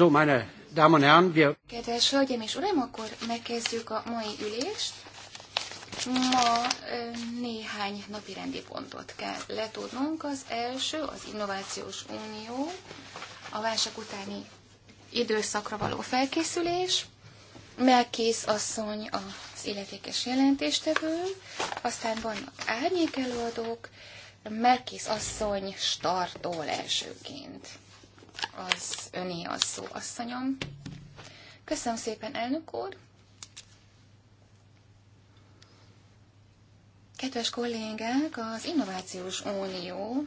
So, meine Damen und Herren, wir... Kedves Hölgyeim és Uraim, akkor megkezdjük a mai ülést. Ma néhány napi rendi pontot kell letudnunk. Az első az Innovációs Unió, a válság utáni időszakra való felkészülés, Melkész asszony az illetékes jelentéstevő, aztán vannak árnyékelőadók, Melkész asszony startol elsőként az öné a szó, asszonyom. Köszönöm szépen, elnök úr! Kedves kollégák, az Innovációs Unió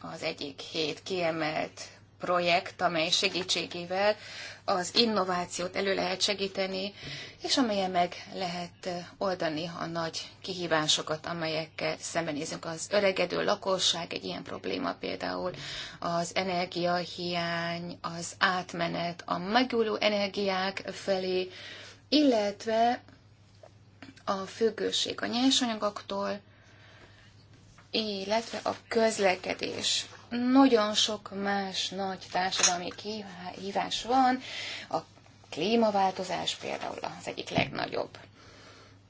az egyik hét kiemelt projekt, amely segítségével az innovációt elő lehet segíteni, és amelyen meg lehet oldani a nagy kihívásokat, amelyekkel szembenézünk. Az öregedő lakosság egy ilyen probléma például, az energiahiány, az átmenet a megújuló energiák felé, illetve a függőség a nyersanyagoktól, illetve a közlekedés nagyon sok más nagy társadalmi kihívás van, a klímaváltozás például az egyik legnagyobb.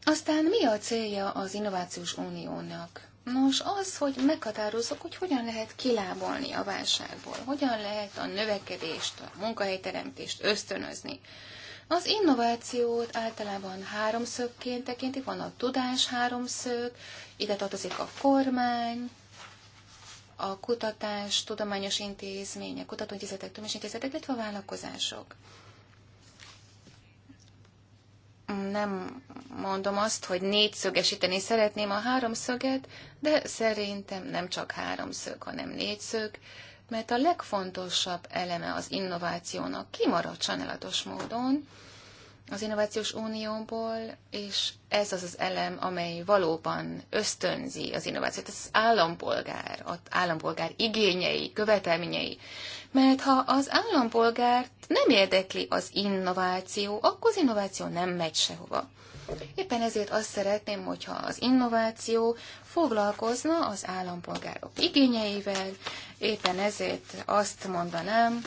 Aztán mi a célja az Innovációs Uniónak? Nos, az, hogy meghatározzuk, hogy hogyan lehet kilábolni a válságból, hogyan lehet a növekedést, a munkahelyteremtést ösztönözni. Az innovációt általában háromszögként tekintik, van a tudás háromszög, ide tartozik a kormány, a kutatás, tudományos intézmények, kutatóintézetek, tudományos intézetek, illetve a vállalkozások. Nem mondom azt, hogy négyszögesíteni szeretném a háromszöget, de szerintem nem csak háromszög, hanem négyszög, mert a legfontosabb eleme az innovációnak kimarad sajnálatos módon, az Innovációs Unióból, és ez az az elem, amely valóban ösztönzi az innovációt, ez az állampolgár, az állampolgár igényei, követelményei. Mert ha az állampolgárt nem érdekli az innováció, akkor az innováció nem megy sehova. Éppen ezért azt szeretném, hogyha az innováció foglalkozna az állampolgárok igényeivel, éppen ezért azt mondanám,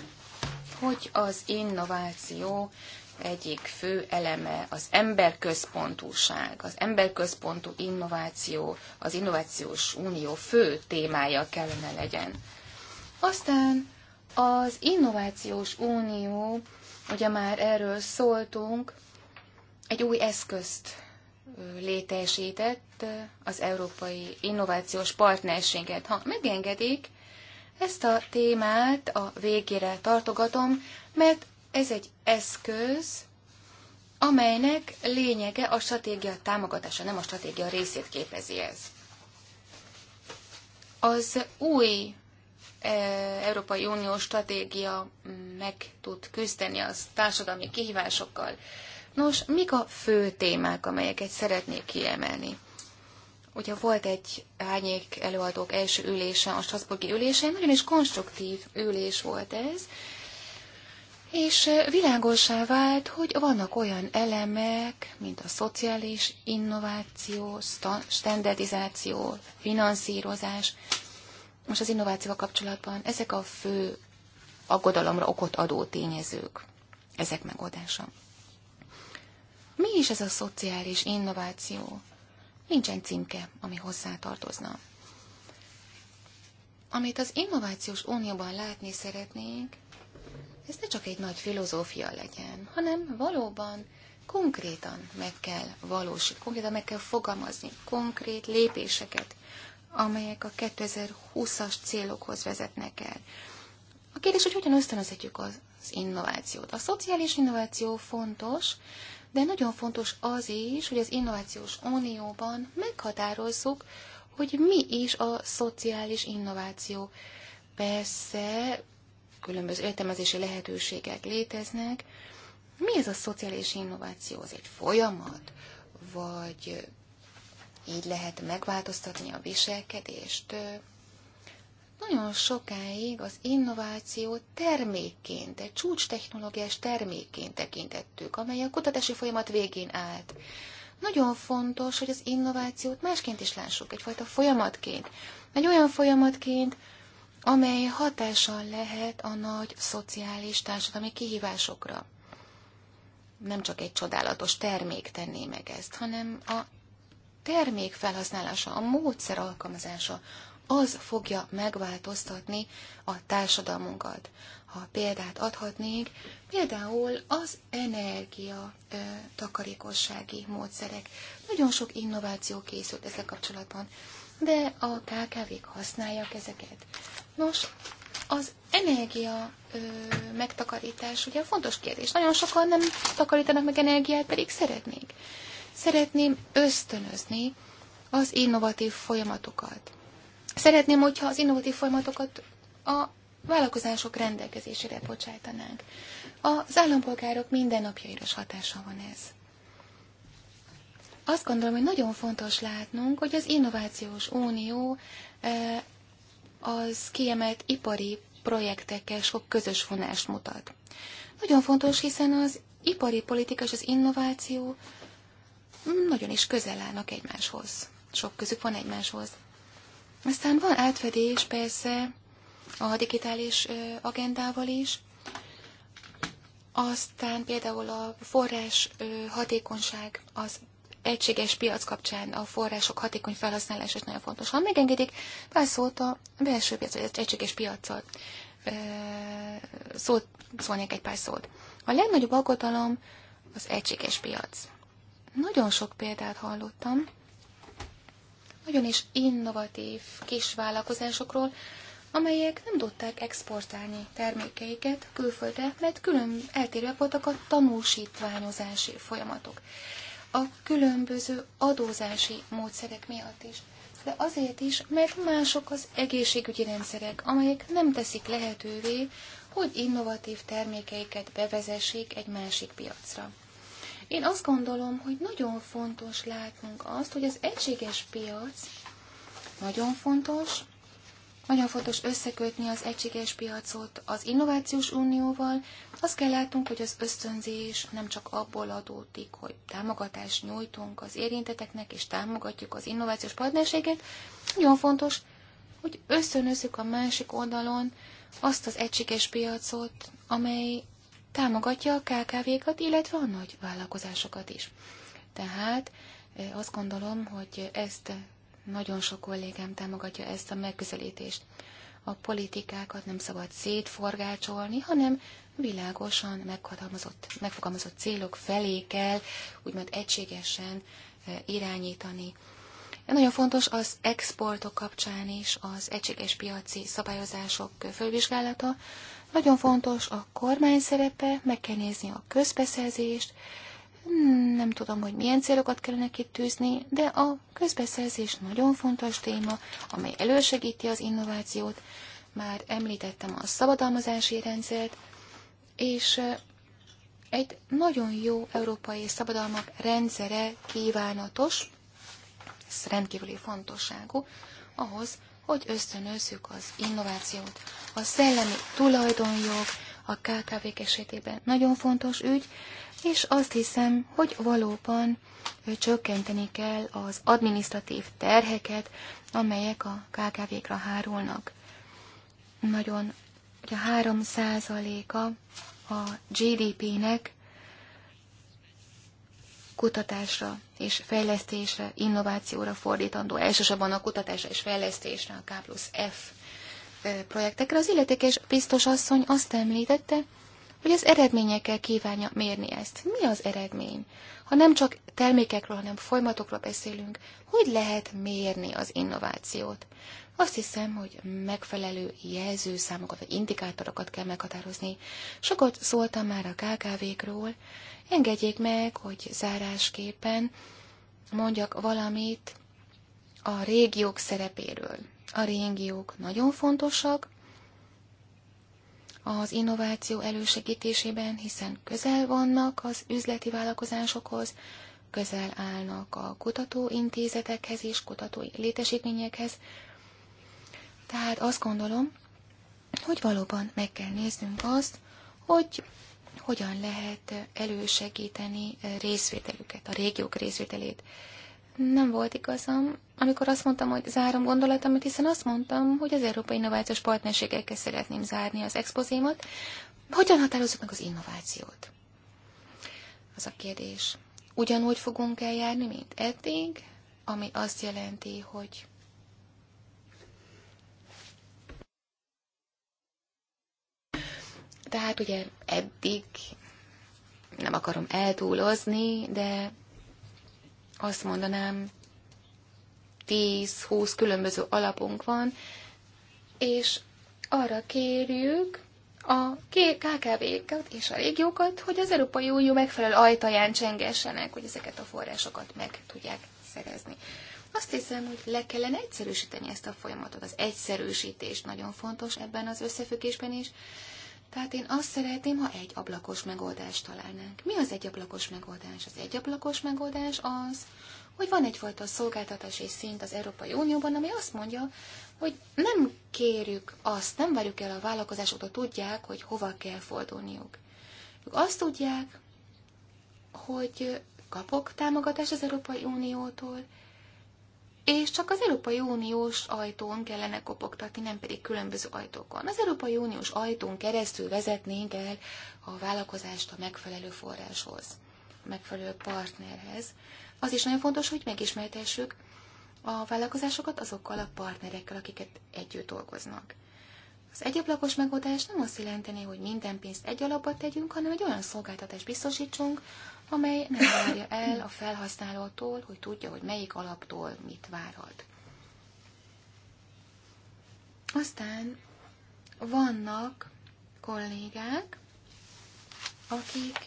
hogy az innováció egyik fő eleme az emberközpontúság, az emberközpontú innováció, az innovációs unió fő témája kellene legyen. Aztán az innovációs unió, ugye már erről szóltunk, egy új eszközt létesített, az Európai Innovációs Partnerséget. Ha megengedik, ezt a témát a végére tartogatom, mert ez egy eszköz, amelynek lényege a stratégia támogatása, nem a stratégia részét képezi ez. Az új e, Európai Unió stratégia mm, meg tud küzdeni az társadalmi kihívásokkal. Nos, mik a fő témák, amelyeket szeretnék kiemelni? Ugye volt egy hányék előadók első ülése, a Strasburgi ülése, nagyon is konstruktív ülés volt ez, és világosá vált, hogy vannak olyan elemek, mint a szociális innováció, standardizáció, finanszírozás. Most az innovációval kapcsolatban ezek a fő aggodalomra okot adó tényezők, ezek megoldása. Mi is ez a szociális innováció? Nincsen címke, ami hozzá tartozna. Amit az Innovációs Unióban látni szeretnénk, ez ne csak egy nagy filozófia legyen, hanem valóban konkrétan meg kell valósítani, konkrétan meg kell fogalmazni konkrét lépéseket, amelyek a 2020-as célokhoz vezetnek el. A kérdés, hogy hogyan ösztönözhetjük az innovációt. A szociális innováció fontos, de nagyon fontos az is, hogy az Innovációs Unióban meghatározzuk, hogy mi is a szociális innováció. Persze különböző értelmezési lehetőségek léteznek. Mi ez a szociális innováció? Ez egy folyamat? Vagy így lehet megváltoztatni a viselkedést? Nagyon sokáig az innováció termékként, egy csúcs technológiás termékként tekintettük, amely a kutatási folyamat végén állt. Nagyon fontos, hogy az innovációt másként is lássuk, egyfajta folyamatként. Egy olyan folyamatként, amely hatással lehet a nagy szociális társadalmi kihívásokra. Nem csak egy csodálatos termék tenné meg ezt, hanem a termék felhasználása, a módszer alkalmazása az fogja megváltoztatni a társadalmunkat. Ha példát adhatnék, például az energia ö, takarékossági módszerek. Nagyon sok innováció készült ezzel kapcsolatban de a KKV-k használják ezeket. Nos, az energia ö, megtakarítás ugye fontos kérdés. Nagyon sokan nem takarítanak meg energiát, pedig szeretnék. Szeretném ösztönözni az innovatív folyamatokat. Szeretném, hogyha az innovatív folyamatokat a vállalkozások rendelkezésére bocsájtanánk. Az állampolgárok mindennapjaira is hatása van ez. Azt gondolom, hogy nagyon fontos látnunk, hogy az Innovációs Unió e, az kiemelt ipari projektekkel sok közös vonást mutat. Nagyon fontos, hiszen az ipari politika és az innováció nagyon is közel állnak egymáshoz. Sok közük van egymáshoz. Aztán van átfedés persze a digitális e, agendával is, aztán például a forrás e, hatékonyság az egységes piac kapcsán a források hatékony felhasználása is nagyon fontos. Ha megengedik, pár a belső piac, vagy az egységes piacot. Szólt, szólnék egy pár szót. A legnagyobb aggodalom az egységes piac. Nagyon sok példát hallottam, nagyon is innovatív kis vállalkozásokról, amelyek nem tudták exportálni termékeiket külföldre, mert külön eltérőek voltak a tanúsítványozási folyamatok a különböző adózási módszerek miatt is, de azért is, mert mások az egészségügyi rendszerek, amelyek nem teszik lehetővé, hogy innovatív termékeiket bevezessék egy másik piacra. Én azt gondolom, hogy nagyon fontos látnunk azt, hogy az egységes piac nagyon fontos, nagyon fontos összekötni az egységes piacot az Innovációs Unióval, azt kell látnunk, hogy az ösztönzés nem csak abból adódik, hogy támogatást nyújtunk az érinteteknek, és támogatjuk az innovációs partnerséget. Nagyon fontos, hogy ösztönözzük a másik oldalon azt az egységes piacot, amely támogatja a KKV-kat, illetve a nagy vállalkozásokat is. Tehát azt gondolom, hogy ezt nagyon sok kollégám támogatja ezt a megközelítést a politikákat nem szabad szétforgácsolni, hanem világosan meghatalmazott, megfogalmazott célok felé kell úgymond egységesen e, irányítani. Nagyon fontos az exportok kapcsán is az egységes piaci szabályozások fölvizsgálata. Nagyon fontos a kormány szerepe, meg kell nézni a közbeszerzést, nem tudom, hogy milyen célokat kellene kitűzni, de a közbeszerzés nagyon fontos téma, amely elősegíti az innovációt. Már említettem a szabadalmazási rendszert, és egy nagyon jó európai szabadalmak rendszere kívánatos, ez rendkívüli fontosságú, ahhoz, hogy ösztönözzük az innovációt. A szellemi tulajdonjog a KKV-k esetében nagyon fontos ügy, és azt hiszem, hogy valóban csökkenteni kell az administratív terheket, amelyek a KKV-kra hárulnak. Nagyon, ugye 3 százaléka a GDP-nek kutatásra és fejlesztésre, innovációra fordítandó, elsősorban a kutatásra és fejlesztésre, a K plusz F projektekre. Az illetékes biztos asszony azt említette, hogy az eredményekkel kívánja mérni ezt. Mi az eredmény? Ha nem csak termékekről, hanem folyamatokról beszélünk, hogy lehet mérni az innovációt? Azt hiszem, hogy megfelelő jelzőszámokat vagy indikátorokat kell meghatározni. Sokat szóltam már a KKV-król, engedjék meg, hogy zárásképpen mondjak valamit a régiók szerepéről. A régiók nagyon fontosak, az innováció elősegítésében, hiszen közel vannak az üzleti vállalkozásokhoz, közel állnak a kutatóintézetekhez és kutatói létesítményekhez. Tehát azt gondolom, hogy valóban meg kell néznünk azt, hogy hogyan lehet elősegíteni részvételüket, a régiók részvételét nem volt igazam, amikor azt mondtam, hogy zárom gondolatomat, hiszen azt mondtam, hogy az Európai Innovációs Partnerségekkel szeretném zárni az expozémat. Hogyan határozzuk meg az innovációt? Az a kérdés. Ugyanúgy fogunk eljárni, mint eddig, ami azt jelenti, hogy Tehát ugye eddig nem akarom eltúlozni, de azt mondanám, 10-20 különböző alapunk van, és arra kérjük a KKV-kat és a régiókat, hogy az Európai Unió megfelelő ajtaján csengessenek, hogy ezeket a forrásokat meg tudják szerezni. Azt hiszem, hogy le kellene egyszerűsíteni ezt a folyamatot. Az egyszerűsítés nagyon fontos ebben az összefüggésben is. Tehát én azt szeretném, ha egy ablakos megoldást találnánk. Mi az egy ablakos megoldás? Az egy ablakos megoldás az, hogy van egyfajta szolgáltatási szint az Európai Unióban, ami azt mondja, hogy nem kérjük azt, nem várjuk el a vállalkozásoktól, tudják, hogy hova kell fordulniuk. Ők azt tudják, hogy kapok támogatást az Európai Uniótól, és csak az Európai Uniós ajtón kellene kopogtatni, nem pedig különböző ajtókon. Az Európai Uniós ajtón keresztül vezetnénk el a vállalkozást a megfelelő forráshoz, a megfelelő partnerhez. Az is nagyon fontos, hogy megismertessük a vállalkozásokat azokkal a partnerekkel, akiket együtt dolgoznak. Az egyablakos megoldás nem azt jelenteni, hogy minden pénzt egy alapba tegyünk, hanem egy olyan szolgáltatást biztosítsunk, amely nem várja el a felhasználótól, hogy tudja, hogy melyik alaptól mit várhat. Aztán vannak kollégák, akik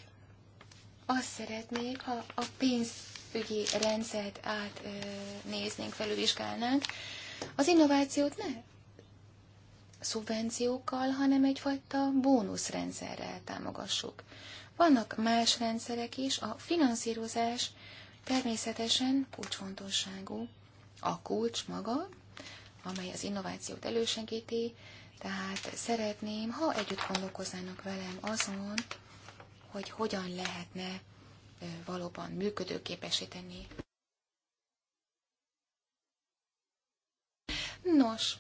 azt szeretnék, ha a pénzügyi rendszert átnéznénk, felülvizsgálnánk, az innovációt ne szubvenciókkal, hanem egyfajta bónuszrendszerrel támogassuk. Vannak más rendszerek is, a finanszírozás természetesen kulcsfontosságú. A kulcs maga, amely az innovációt elősegíti, tehát szeretném, ha együtt gondolkoznának velem azon, hogy hogyan lehetne valóban működőképesíteni. Nos,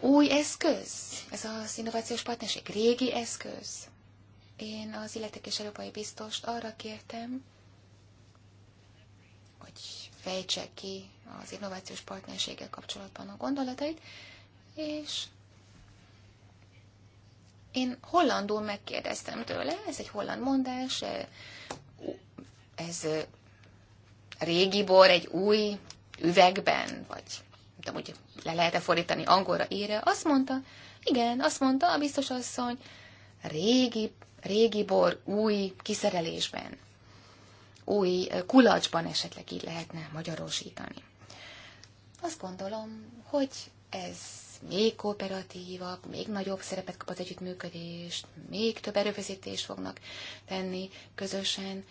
új eszköz, ez az innovációs partnerség, régi eszköz. Én az illetékes európai biztost arra kértem, hogy fejtse ki az innovációs partnerséggel kapcsolatban a gondolatait, és én hollandul megkérdeztem tőle, ez egy holland mondás, e, ez e, régi bor egy új üvegben, vagy nem tudom, hogy le lehet-e fordítani angolra, ére, azt mondta, igen, azt mondta a biztos asszony, régi régi bor új kiszerelésben, új kulacsban esetleg így lehetne magyarosítani. Azt gondolom, hogy ez még kooperatívabb, még nagyobb szerepet kap az együttműködést, még több erőfeszítést fognak tenni közösen.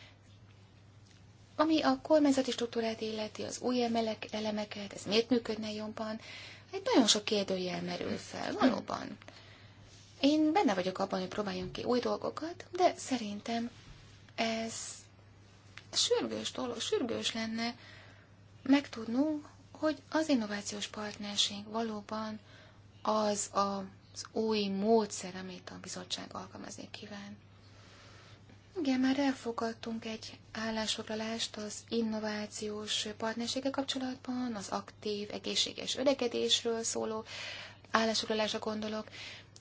Ami a kormányzati struktúrát illeti, az új emelek, elemeket, ez miért működne jobban, egy nagyon sok kérdőjel merül fel, valóban. Én benne vagyok abban, hogy próbáljunk ki új dolgokat, de szerintem ez sürgős, dolog, sürgős lenne megtudnunk, hogy az innovációs partnerség valóban az az új módszer, amit a bizottság alkalmazni kíván. Igen, már elfogadtunk egy állásfoglalást az innovációs partnersége kapcsolatban, az aktív, egészséges öregedésről szóló állásfoglalásra gondolok.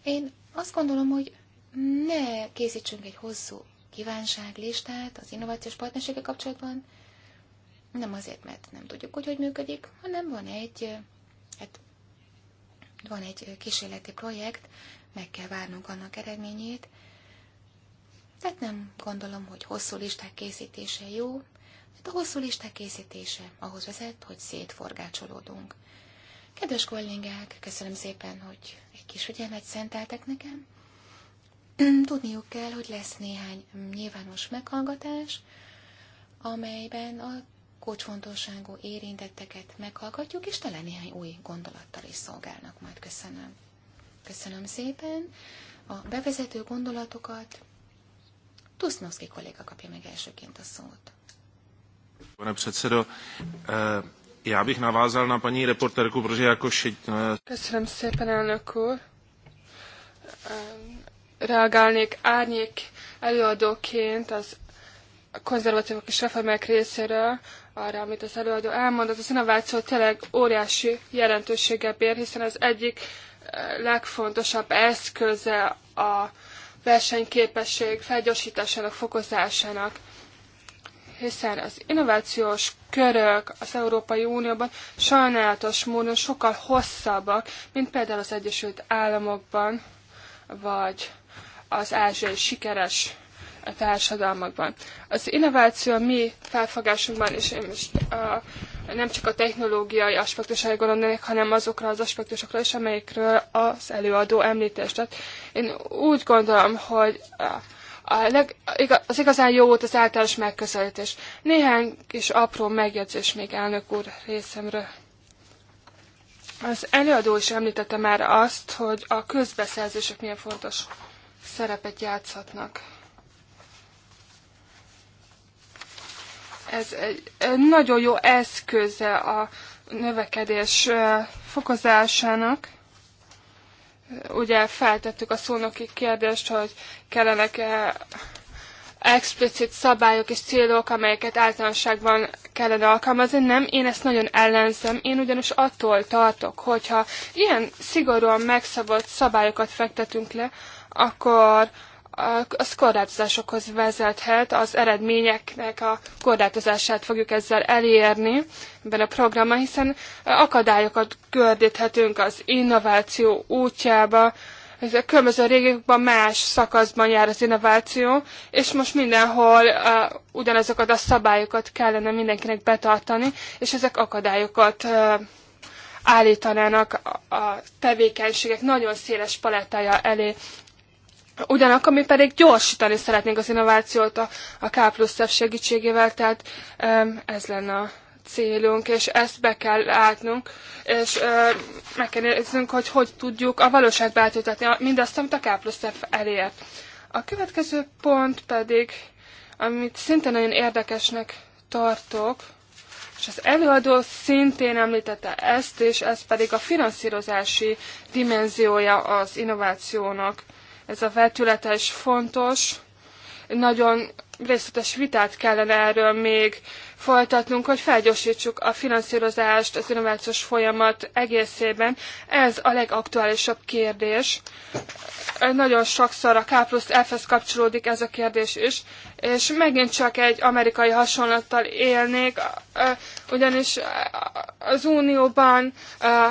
Én azt gondolom, hogy ne készítsünk egy hosszú kívánságlistát az innovációs partnersége kapcsolatban, nem azért, mert nem tudjuk, hogy hogy működik, hanem van egy, hát van egy kísérleti projekt, meg kell várnunk annak eredményét. Tehát nem gondolom, hogy hosszú listák készítése jó, mert hát a hosszú listák készítése ahhoz vezet, hogy szétforgácsolódunk. Kedves kollégák, köszönöm szépen, hogy kis figyelmet szenteltek nekem. Tudniuk kell, hogy lesz néhány nyilvános meghallgatás, amelyben a kocsfontosságú érintetteket meghallgatjuk, és talán néhány új gondolattal is szolgálnak majd. Köszönöm. Köszönöm szépen. A bevezető gondolatokat Tusznoszki kolléga kapja meg elsőként a szót. Pane předsedo, eh, Já bych navázal na paní reportérku, protože jako šit... Eh, Köszönöm szépen, elnök úr. Reagálnék árnyék előadóként az konzervatívok és reformák részéről arra, amit az előadó elmondott. Az innováció tényleg óriási jelentőséggel bír, hiszen az egyik eh, legfontosabb eszköze a versenyképesség felgyorsításának, fokozásának hiszen az innovációs körök az Európai Unióban sajnálatos módon sokkal hosszabbak, mint például az Egyesült Államokban, vagy az ázsiai sikeres társadalmakban. Az innováció a mi felfogásunkban, és én most a, nem csak a technológiai aspektusai gondolnék, hanem azokra az aspektusokra is, amelyikről az előadó említést tett. Én úgy gondolom, hogy a, a leg, az igazán jó volt az általános megközelítés. Néhány kis apró megjegyzés még elnök úr részemről. Az előadó is említette már azt, hogy a közbeszerzések milyen fontos szerepet játszhatnak. Ez egy nagyon jó eszköze a növekedés fokozásának, ugye feltettük a szónoki kérdést, hogy kellenek-e explicit szabályok és célok, amelyeket általánosságban kellene alkalmazni. Nem, én ezt nagyon ellenzem. Én ugyanis attól tartok, hogyha ilyen szigorúan megszabott szabályokat fektetünk le, akkor az korlátozásokhoz vezethet, az eredményeknek a korlátozását fogjuk ezzel elérni ebben a programban, hiszen akadályokat gördíthetünk az innováció útjába, ez a különböző régiókban más szakaszban jár az innováció, és most mindenhol uh, ugyanazokat a szabályokat kellene mindenkinek betartani, és ezek akadályokat uh, állítanának a, a tevékenységek nagyon széles palettája elé. Ugyanakkor mi pedig gyorsítani szeretnénk az innovációt a, a K plusz F segítségével, tehát ez lenne a célunk, és ezt be kell látnunk, és meg kell néznünk, hogy hogy tudjuk a valóságba átültetni mindazt, amit a K plusz F elért. A következő pont pedig, amit szintén nagyon érdekesnek tartok, és az előadó szintén említette ezt, és ez pedig a finanszírozási dimenziója az innovációnak ez a vetületes, fontos. Nagyon részletes vitát kellene erről még folytatnunk, hogy felgyorsítsuk a finanszírozást az innovációs folyamat egészében. Ez a legaktuálisabb kérdés. Nagyon sokszor a K plusz F-hez kapcsolódik ez a kérdés is, és megint csak egy amerikai hasonlattal élnék, ugyanis az Unióban eh,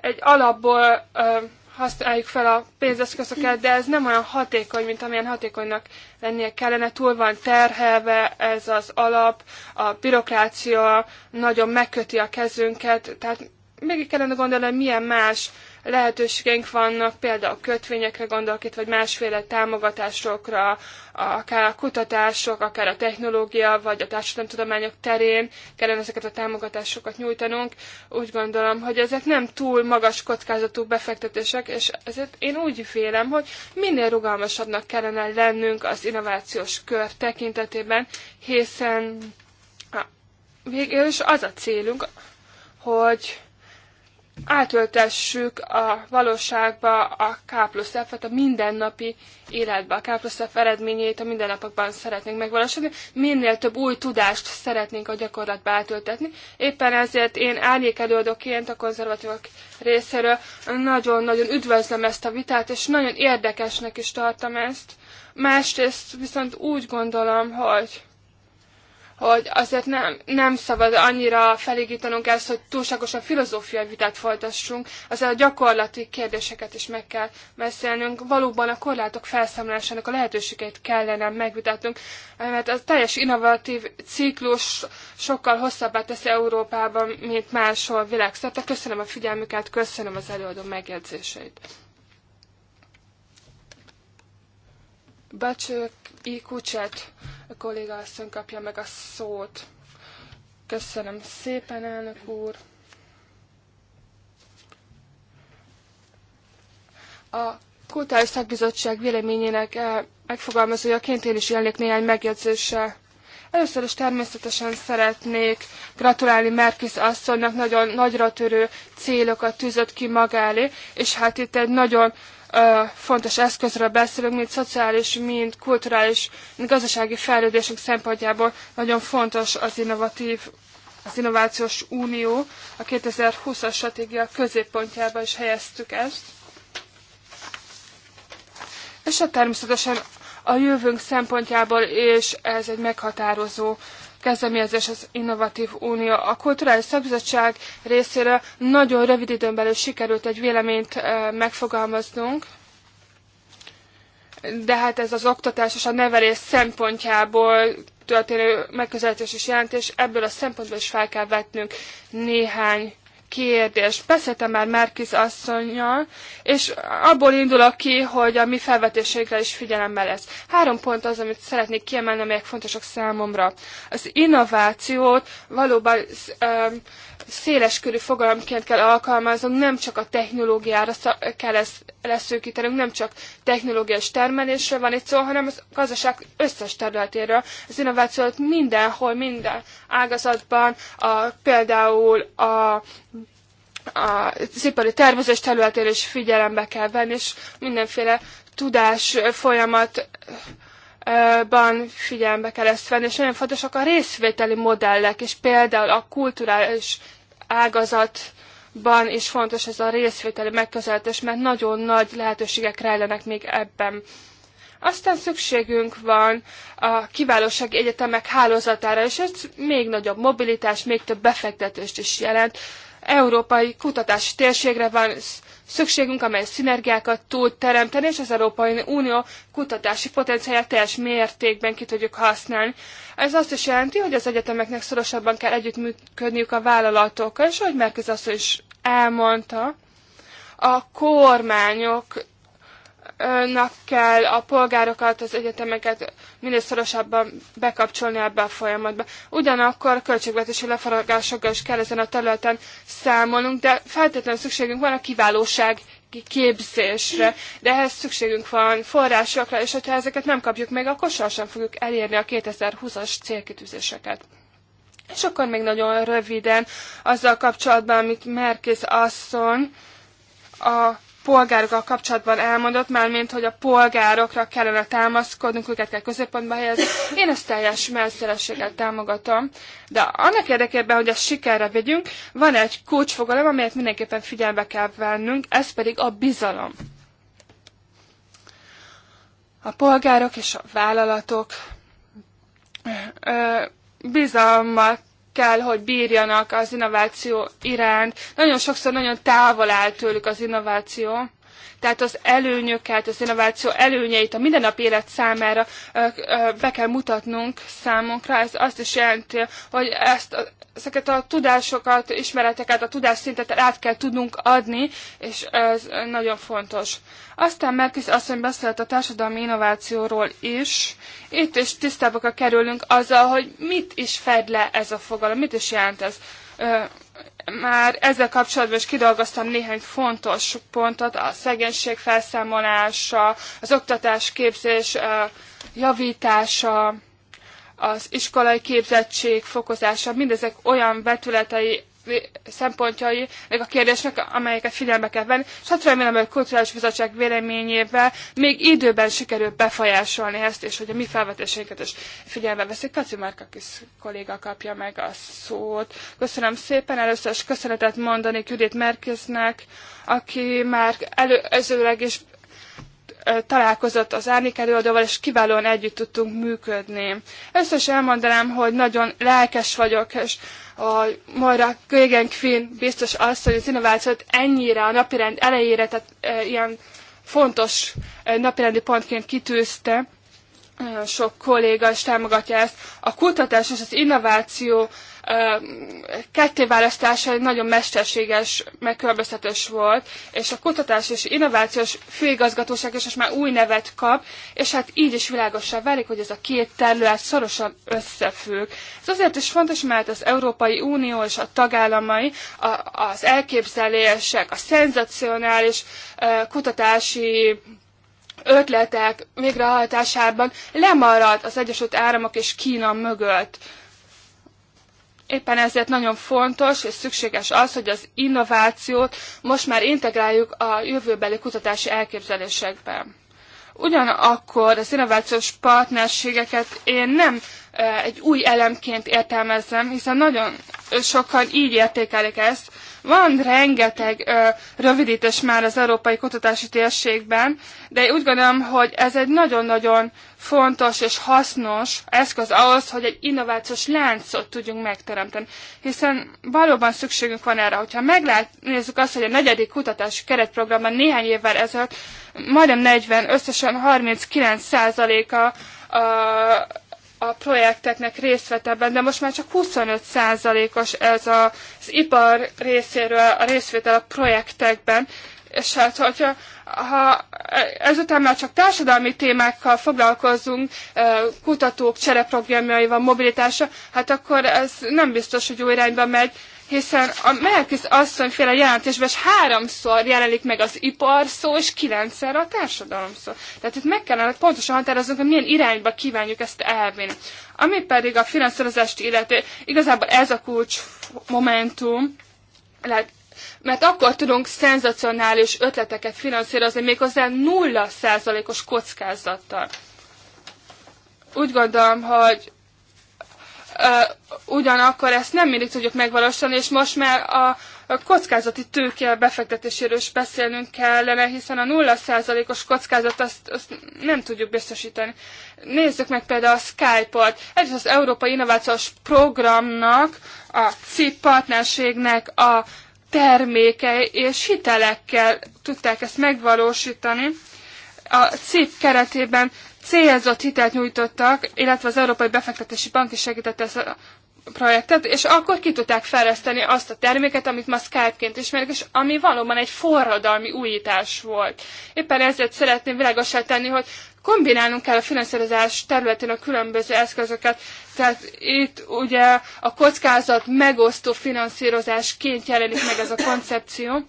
egy alapból eh, használjuk fel a pénzeszközöket, de ez nem olyan hatékony, mint amilyen hatékonynak lennie kellene. Túl van terhelve ez az alap, a bürokrácia nagyon megköti a kezünket, tehát még kellene gondolni, hogy milyen más lehetőségeink vannak, például kötvényekre gondolok itt, vagy másféle támogatásokra, akár a kutatások, akár a technológia, vagy a társadalomtudományok terén kellene ezeket a támogatásokat nyújtanunk. Úgy gondolom, hogy ezek nem túl magas kockázatú befektetések, és ezért én úgy vélem, hogy minél rugalmasabbnak kellene lennünk az innovációs kör tekintetében, hiszen végül is az a célunk, hogy átöltessük a valóságba a K plusz F-et, a mindennapi életbe. A K plusz F eredményét a mindennapokban szeretnénk megvalósítani. Minél több új tudást szeretnénk a gyakorlatba átöltetni. Éppen ezért én árnyékelődőként a konzervatívok részéről nagyon-nagyon üdvözlöm ezt a vitát, és nagyon érdekesnek is tartom ezt. Másrészt viszont úgy gondolom, hogy hogy azért nem, nem szabad annyira felégítenünk ezt, hogy túlságosan filozófiai vitát folytassunk, azért a gyakorlati kérdéseket is meg kell beszélnünk. Valóban a korlátok felszámolásának a lehetőségeit kellene megvitatnunk, mert a teljes innovatív ciklus sokkal hosszabbá teszi Európában, mint máshol világszerte. Köszönöm a figyelmüket, köszönöm az előadó megjegyzéseit. Bacsők. I. Kucset kolléga kapja meg a szót. Köszönöm szépen, elnök úr! A Kultúrás Szakbizottság véleményének eh, megfogalmazójaként én is élnék néhány megjegyzéssel. Először is természetesen szeretnék gratulálni Merkis asszonynak, nagyon nagyra törő célokat tűzött ki maga elé, és hát itt egy nagyon fontos eszközről beszélünk, mint szociális, mint kulturális, mint gazdasági fejlődésünk szempontjából nagyon fontos az innovatív az Innovációs Unió a 2020-as stratégia középpontjába is helyeztük ezt. És hát természetesen a jövőnk szempontjából is ez egy meghatározó kezdeményezés az Innovatív Unió. A Kulturális Szabizottság részéről nagyon rövid időn belül sikerült egy véleményt megfogalmaznunk, de hát ez az oktatás és a nevelés szempontjából történő megközelítés jelentés ebből a szempontból is fel kell vetnünk néhány kérdés Beszéltem már Merkiz asszonynal, és abból indulok ki, hogy a mi felvetéseinkre is figyelemmel lesz. Három pont az, amit szeretnék kiemelni, amelyek fontosak számomra. Az innovációt valóban um, széleskörű fogalomként kell alkalmaznunk, nem csak a technológiára kell ezt leszűkítenünk, nem csak technológiai termelésről van itt szó, hanem az gazdaság összes területéről. Az innovációt mindenhol, minden ágazatban, a, például a a ipari tervezés területére is figyelembe kell venni, és mindenféle tudás folyamat ban figyelembe kell ezt venni, és nagyon fontosak a részvételi modellek, és például a kulturális ágazatban is fontos ez a részvételi megközelítés, mert nagyon nagy lehetőségek rejlenek még ebben. Aztán szükségünk van a kiválósági egyetemek hálózatára, és ez még nagyobb mobilitás, még több befektetést is jelent európai kutatási térségre van szükségünk, amely szinergiákat tud teremteni, és az Európai Unió kutatási potenciáját teljes mértékben ki tudjuk használni. Ez azt is jelenti, hogy az egyetemeknek szorosabban kell együttműködniük a vállalatokkal, és ahogy Merkez azt is elmondta, a kormányok nak kell a polgárokat, az egyetemeket minél szorosabban bekapcsolni ebbe a folyamatba. Ugyanakkor költségvetési leforgásokkal is kell ezen a területen számolnunk, de feltétlenül szükségünk van a kiválóság képzésre, de ehhez szükségünk van forrásokra, és hogyha ezeket nem kapjuk meg, akkor sohasem fogjuk elérni a 2020-as célkitűzéseket. És akkor még nagyon röviden azzal kapcsolatban, amit Merkész asszony a polgárokkal kapcsolatban elmondott, mármint, hogy a polgárokra kellene támaszkodnunk, őket kell középpontba helyezni. Én ezt teljes mellszerességgel támogatom. De annak érdekében, hogy ezt sikerre vegyünk, van egy kulcsfogalom, amelyet mindenképpen figyelme kell vennünk, ez pedig a bizalom. A polgárok és a vállalatok bizalmat kell, hogy bírjanak az innováció iránt. Nagyon sokszor nagyon távol áll tőlük az innováció. Tehát az előnyöket, az innováció előnyeit a mindennapi élet számára be kell mutatnunk számunkra. Ez azt is jelenti, hogy ezt a, ezeket a tudásokat, ismereteket, a tudásszintet át kell tudnunk adni, és ez nagyon fontos. Aztán Merkis asszony beszélt a társadalmi innovációról is. Itt is tisztába kerülünk azzal, hogy mit is fed le ez a fogalom, mit is jelent ez már ezzel kapcsolatban is kidolgoztam néhány fontos pontot, a szegénység felszámolása, az oktatás képzés javítása, az iskolai képzettség fokozása, mindezek olyan vetületei szempontjai, meg a kérdésnek, amelyeket figyelme kell venni, és hát remélem, hogy a Kulturális Bizottság véleményével még időben sikerül befolyásolni ezt, és hogy a mi felvetéseinket is figyelme veszik. Kaci kis kolléga kapja meg a szót. Köszönöm szépen, először is köszönetet mondani Judit Merkésznek, aki már előzőleg is találkozott az árnyék előadóval, és kiválóan együtt tudtunk működni. Összes elmondanám, hogy nagyon lelkes vagyok, és a Moira Gögen Quinn biztos azt, hogy az innovációt ennyire a napirend elejére, tehát e, ilyen fontos e, napirendi pontként kitűzte, sok kolléga is támogatja ezt. A kutatás és az innováció kettéválasztása egy nagyon mesterséges megkülönböztetős volt, és a kutatás és innovációs főigazgatóság is most már új nevet kap, és hát így is világosá válik, hogy ez a két terület szorosan összefügg. Ez azért is fontos, mert az Európai Unió és a tagállamai a, az elképzelések, a szenzacionális kutatási ötletek végrehajtásában lemarad az Egyesült Államok és Kína mögött. Éppen ezért nagyon fontos és szükséges az, hogy az innovációt most már integráljuk a jövőbeli kutatási elképzelésekbe. Ugyanakkor az innovációs partnerségeket én nem eh, egy új elemként értelmezem, hiszen nagyon sokan így értékelik ezt, van rengeteg ö, rövidítés már az európai kutatási térségben, de úgy gondolom, hogy ez egy nagyon-nagyon fontos és hasznos eszköz ahhoz, hogy egy innovációs láncot tudjunk megteremteni. Hiszen valóban szükségünk van erre, hogyha megnézzük azt, hogy a negyedik kutatási keretprogramban néhány évvel ezelőtt majdnem 40, összesen 39 százaléka a a projekteknek részt vett ebben, de most már csak 25%-os ez a, az ipar részéről a részvétel a projektekben, és hát, hogyha ha ezután már csak társadalmi témákkal foglalkozunk, kutatók csereprogramjaival, mobilitása, hát akkor ez nem biztos, hogy jó irányba megy, hiszen a Melkis asszonyféle jelentésben is háromszor jelenik meg az ipar szó, és kilencszer a társadalom szó. Tehát itt meg kellene pontosan határozunk, hogy milyen irányba kívánjuk ezt elvinni. Ami pedig a finanszírozást illeti, igazából ez a kulcs momentum, lehet, mert akkor tudunk szenzacionális ötleteket finanszírozni, méghozzá nulla százalékos kockázattal. Úgy gondolom, hogy ugyanakkor ezt nem mindig tudjuk megvalósítani, és most már a kockázati tőke befektetéséről is beszélnünk kellene, hiszen a 0%-os kockázat azt, azt nem tudjuk biztosítani. Nézzük meg például a Skype-ot. Ez az Európai Innovációs Programnak, a CIP partnerségnek a termékei és hitelekkel tudták ezt megvalósítani. A CIP keretében célzott hitelt nyújtottak, illetve az Európai Befektetési Bank is segítette ezt a projektet, és akkor ki tudták fejleszteni azt a terméket, amit ma Skype-ként ismerik, és ami valóban egy forradalmi újítás volt. Éppen ezért szeretném világosá tenni, hogy kombinálnunk kell a finanszírozás területén a különböző eszközöket, tehát itt ugye a kockázat megosztó finanszírozásként jelenik meg ez a koncepció.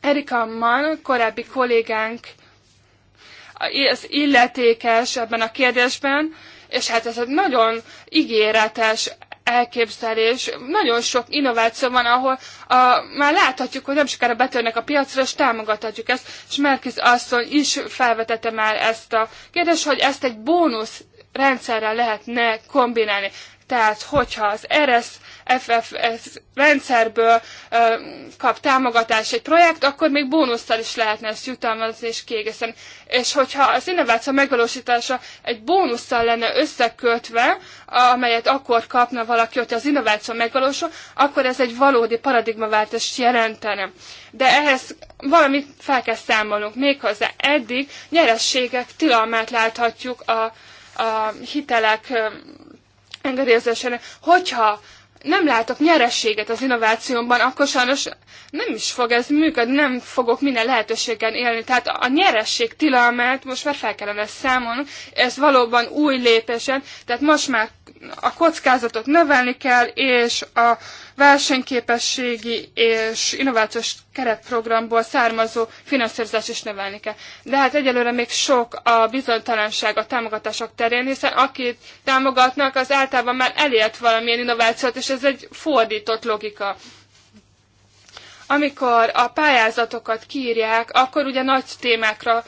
Erika Mann, korábbi kollégánk az illetékes ebben a kérdésben, és hát ez egy nagyon ígéretes elképzelés. Nagyon sok innováció van, ahol a, már láthatjuk, hogy nem sokára betörnek a piacra, és támogathatjuk ezt. És Merkis asszony is felvetette már ezt a kérdést, hogy ezt egy bónusz rendszerrel lehetne kombinálni. Tehát, hogyha az ERESZ FFS rendszerből kap támogatás egy projekt, akkor még bónusztal is lehetne ezt jutalmazni és kiegészíteni. És hogyha az innováció megvalósítása egy bónusztal lenne összekötve, amelyet akkor kapna valaki, hogyha az innováció megvalósul, akkor ez egy valódi paradigmaváltást jelentene. De ehhez valamit fel kell számolnunk. Méghozzá eddig nyerességek tilalmát láthatjuk a, a hitelek engedélyezésének. Hogyha nem látok nyerességet az innovációban, akkor sajnos nem is fog ez működni, nem fogok minden lehetőségen élni. Tehát a nyeresség tilalmát most már fel kellene számolni, ez valóban új lépésen, tehát most már a kockázatot növelni kell, és a versenyképességi és innovációs keretprogramból származó finanszírozás is növelni kell. De hát egyelőre még sok a bizonytalanság a támogatások terén, hiszen akit támogatnak, az általában már elért valamilyen innovációt, és ez egy fordított logika amikor a pályázatokat kírják, akkor ugye nagy témákra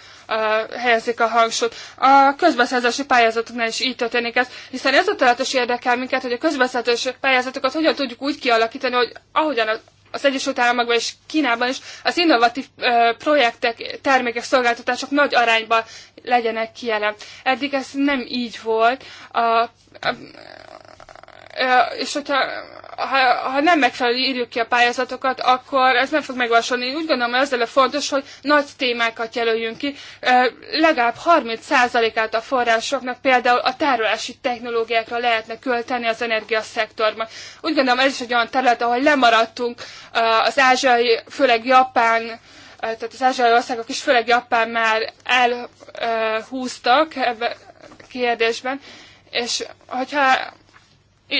helyezik a hangsúlyt. A közbeszerzési pályázatoknál is így történik ez, hiszen ez a tudatos érdekel minket, hogy a közbeszerzési pályázatokat hogyan tudjuk úgy kialakítani, hogy ahogyan az az Egyesült Államokban és Kínában is az innovatív ö, projektek, termékek, szolgáltatások nagy arányban legyenek kielem. Eddig ez nem így volt, a, a, a, és hogyha ha, ha nem megfelelő írjuk ki a pályázatokat, akkor ez nem fog megvalósulni. Úgy gondolom, hogy ezzel a fontos, hogy nagy témákat jelöljünk ki. Legalább 30%-át a forrásoknak például a tárolási technológiákra lehetne költeni az energiaszektorban. Úgy gondolom, ez is egy olyan terület, ahol lemaradtunk az ázsiai, főleg Japán, tehát az ázsiai országok is, főleg Japán már elhúztak ebben a kérdésben, és hogyha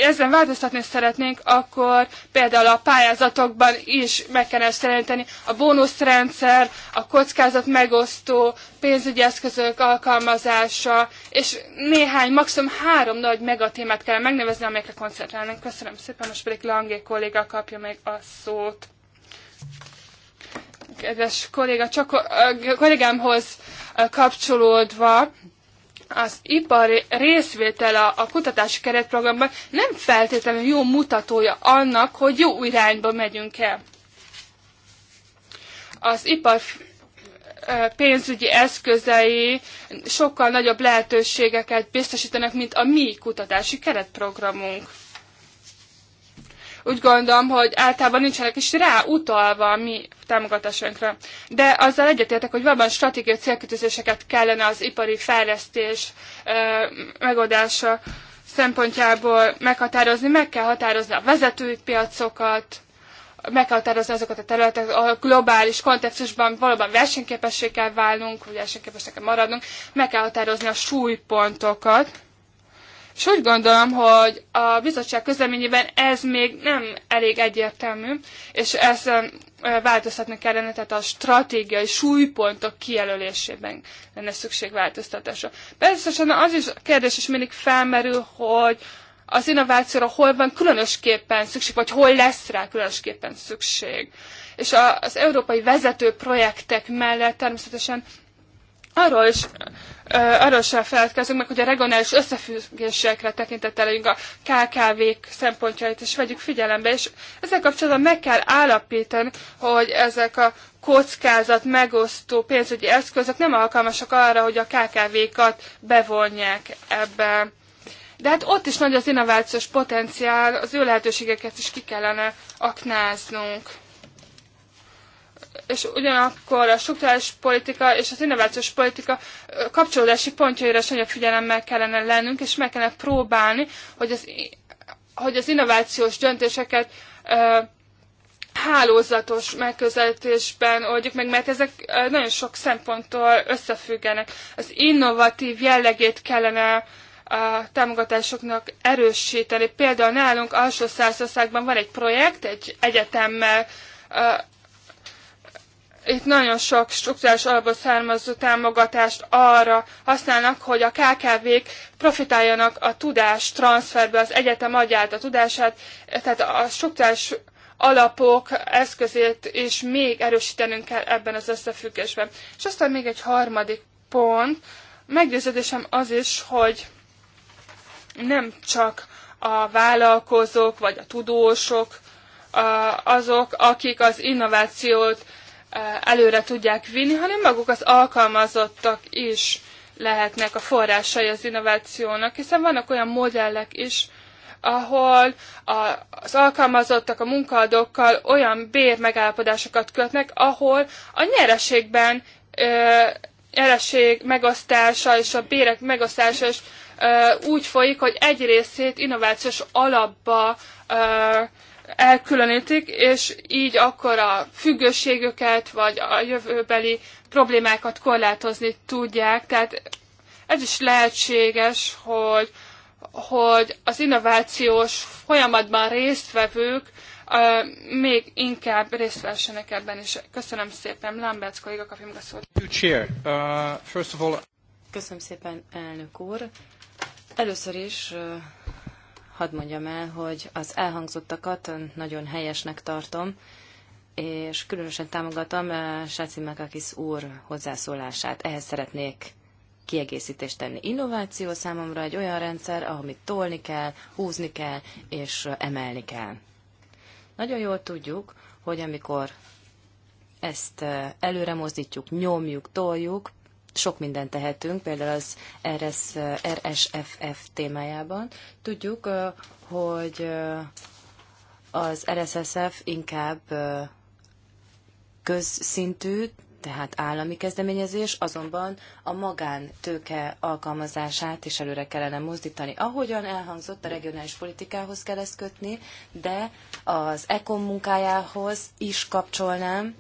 ezen változtatni szeretnénk, akkor például a pályázatokban is meg kellene szerinteni a bónuszrendszer, a kockázat megosztó, pénzügyi eszközök alkalmazása, és néhány, maximum három nagy megatémát kell megnevezni, amelyekre koncentrálnánk. Köszönöm szépen, most pedig Langé kolléga kapja meg a szót. Kedves kolléga, csak a kollégámhoz kapcsolódva, az ipar részvétele a kutatási keretprogramban nem feltétlenül jó mutatója annak, hogy jó irányba megyünk el. Az ipar pénzügyi eszközei sokkal nagyobb lehetőségeket biztosítanak, mint a mi kutatási keretprogramunk úgy gondolom, hogy általában nincsenek is rá utalva a mi támogatásainkra. De azzal egyetértek, hogy valóban stratégiai célkötözéseket kellene az ipari fejlesztés ö, megoldása szempontjából meghatározni, meg kell határozni a vezetői piacokat, meg kell határozni azokat a területeket, a globális kontextusban valóban versenyképessé kell válnunk, hogy versenyképesek kell maradnunk, meg kell határozni a súlypontokat, és úgy gondolom, hogy a bizottság közleményében ez még nem elég egyértelmű, és ezen változtatni kellene, tehát a stratégiai súlypontok kijelölésében lenne szükség változtatásra. Persze az is a kérdés is mindig felmerül, hogy az innovációra hol van különösképpen szükség, vagy hol lesz rá különösképpen szükség. És az európai vezető projektek mellett természetesen arról is arról sem feledkezünk meg, hogy a regionális összefüggésekre tekintettel a KKV-k szempontjait is vegyük figyelembe, és ezzel kapcsolatban meg kell állapítani, hogy ezek a kockázat megosztó pénzügyi eszközök nem alkalmasak arra, hogy a KKV-kat bevonják ebbe. De hát ott is nagy az innovációs potenciál, az ő lehetőségeket is ki kellene aknáznunk és ugyanakkor a struktúrális politika és az innovációs politika kapcsolódási pontjaira is nagyobb figyelemmel kellene lennünk, és meg kellene próbálni, hogy az, hogy az innovációs döntéseket hálózatos megközelítésben oldjuk meg, mert ezek nagyon sok szemponttól összefüggenek. Az innovatív jellegét kellene a támogatásoknak erősíteni. Például nálunk alsó százországban van egy projekt, egy egyetemmel itt nagyon sok struktúrás alapból származó támogatást arra használnak, hogy a KKV-k profitáljanak a tudás transferből, az egyetem adja át a tudását, tehát a struktúrás alapok eszközét is még erősítenünk kell ebben az összefüggésben. És aztán még egy harmadik pont, meggyőződésem az is, hogy nem csak a vállalkozók vagy a tudósok azok, akik az innovációt előre tudják vinni, hanem maguk az alkalmazottak is lehetnek a forrásai az innovációnak, hiszen vannak olyan modellek is, ahol a, az alkalmazottak a munkaadókkal olyan bérmegállapodásokat kötnek, ahol a nyereségben ö, nyereség megosztása és a bérek megosztása is ö, úgy folyik, hogy egy részét innovációs alapba ö, elkülönítik, és így akkor a függőségüket, vagy a jövőbeli problémákat korlátozni tudják. Tehát ez is lehetséges, hogy, hogy az innovációs folyamatban résztvevők uh, még inkább részt vessenek ebben is. Köszönöm szépen, Lambert kolléga, kapja meg a szót. Uh, Köszönöm szépen, elnök úr. Először is uh hadd mondjam el, hogy az elhangzottakat nagyon helyesnek tartom, és különösen támogatom eh, Sáci Mekakis úr hozzászólását. Ehhez szeretnék kiegészítést tenni. Innováció számomra egy olyan rendszer, amit tolni kell, húzni kell és eh, emelni kell. Nagyon jól tudjuk, hogy amikor ezt eh, előre mozdítjuk, nyomjuk, toljuk, sok mindent tehetünk, például az RS, RSFF témájában. Tudjuk, hogy az RSSF inkább közszintű, tehát állami kezdeményezés, azonban a magántőke alkalmazását is előre kellene mozdítani. Ahogyan elhangzott, a regionális politikához kell ezt kötni, de az ECOM munkájához is kapcsolnám,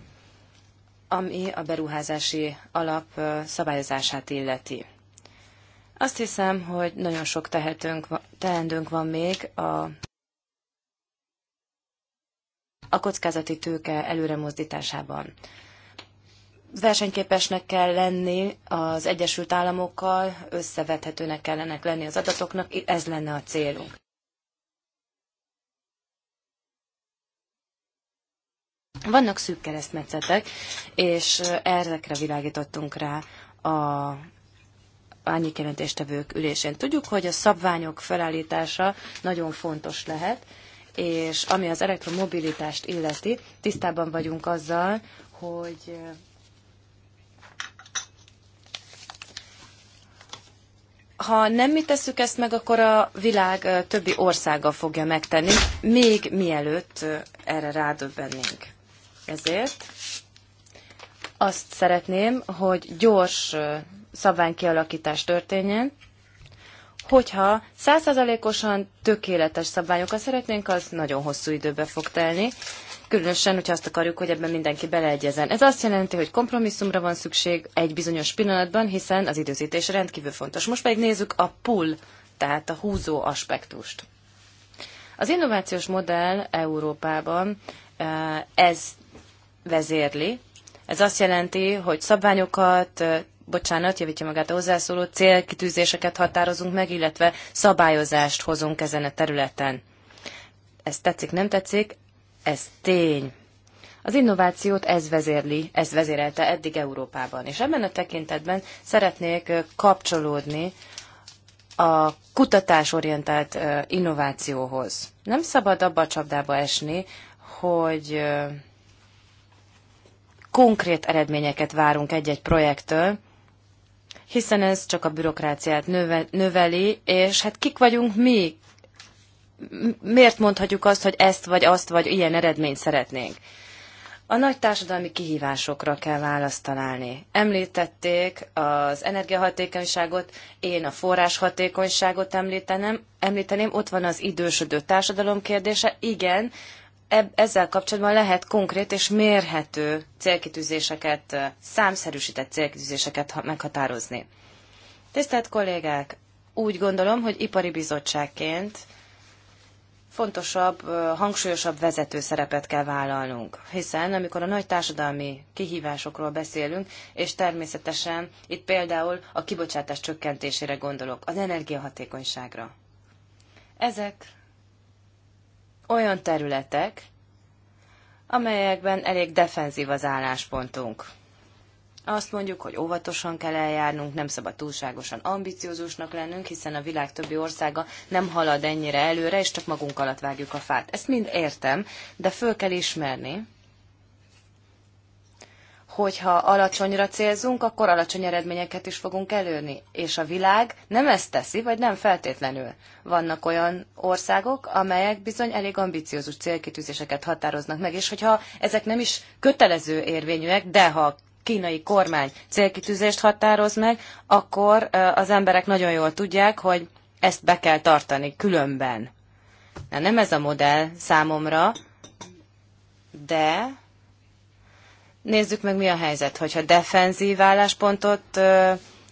ami a beruházási alap szabályozását illeti. Azt hiszem, hogy nagyon sok tehetünk, teendőnk van még a, a kockázati tőke előremozdításában. Versenyképesnek kell lenni az Egyesült Államokkal, összevethetőnek kellene lenni az adatoknak, ez lenne a célunk. Vannak szűk keresztmetszetek, és ezekre világítottunk rá a annyi jelentéstevők ülésén. Tudjuk, hogy a szabványok felállítása nagyon fontos lehet, és ami az elektromobilitást illeti, tisztában vagyunk azzal, hogy ha nem mi tesszük ezt meg, akkor a világ többi országa fogja megtenni, még mielőtt erre rádöbbennénk. Ezért azt szeretném, hogy gyors szabványkialakítás történjen, hogyha százszerzalékosan tökéletes szabványokat szeretnénk, az nagyon hosszú időbe fog telni, különösen, hogyha azt akarjuk, hogy ebben mindenki beleegyezen. Ez azt jelenti, hogy kompromisszumra van szükség egy bizonyos pillanatban, hiszen az időzítés rendkívül fontos. Most pedig nézzük a pull, tehát a húzó aspektust. Az innovációs modell Európában ez vezérli. Ez azt jelenti, hogy szabványokat, bocsánat, javítja magát a hozzászóló, célkitűzéseket határozunk meg, illetve szabályozást hozunk ezen a területen. Ez tetszik, nem tetszik, ez tény. Az innovációt ez vezérli, ez vezérelte eddig Európában. És ebben a tekintetben szeretnék kapcsolódni a kutatásorientált innovációhoz. Nem szabad abba a csapdába esni, hogy konkrét eredményeket várunk egy-egy projektől, hiszen ez csak a bürokráciát növe, növeli, és hát kik vagyunk mi? Miért mondhatjuk azt, hogy ezt vagy azt vagy ilyen eredményt szeretnénk? A nagy társadalmi kihívásokra kell választ találni. Említették az energiahatékonyságot, én a forráshatékonyságot említenem, említeném, ott van az idősödő társadalom kérdése. Igen, ezzel kapcsolatban lehet konkrét és mérhető célkitűzéseket, számszerűsített célkitűzéseket meghatározni. Tisztelt kollégák, úgy gondolom, hogy ipari bizottságként fontosabb, hangsúlyosabb vezető szerepet kell vállalnunk. Hiszen amikor a nagy társadalmi kihívásokról beszélünk, és természetesen itt például a kibocsátás csökkentésére gondolok, az energiahatékonyságra. Ezek olyan területek, amelyekben elég defenzív az álláspontunk. Azt mondjuk, hogy óvatosan kell eljárnunk, nem szabad túlságosan ambiciózusnak lennünk, hiszen a világ többi országa nem halad ennyire előre, és csak magunk alatt vágjuk a fát. Ezt mind értem, de föl kell ismerni, hogyha alacsonyra célzunk, akkor alacsony eredményeket is fogunk előni. És a világ nem ezt teszi, vagy nem feltétlenül. Vannak olyan országok, amelyek bizony elég ambiciózus célkitűzéseket határoznak meg, és hogyha ezek nem is kötelező érvényűek, de ha kínai kormány célkitűzést határoz meg, akkor az emberek nagyon jól tudják, hogy ezt be kell tartani különben. Na, nem ez a modell számomra, de Nézzük meg, mi a helyzet. Hogyha defenzív álláspontot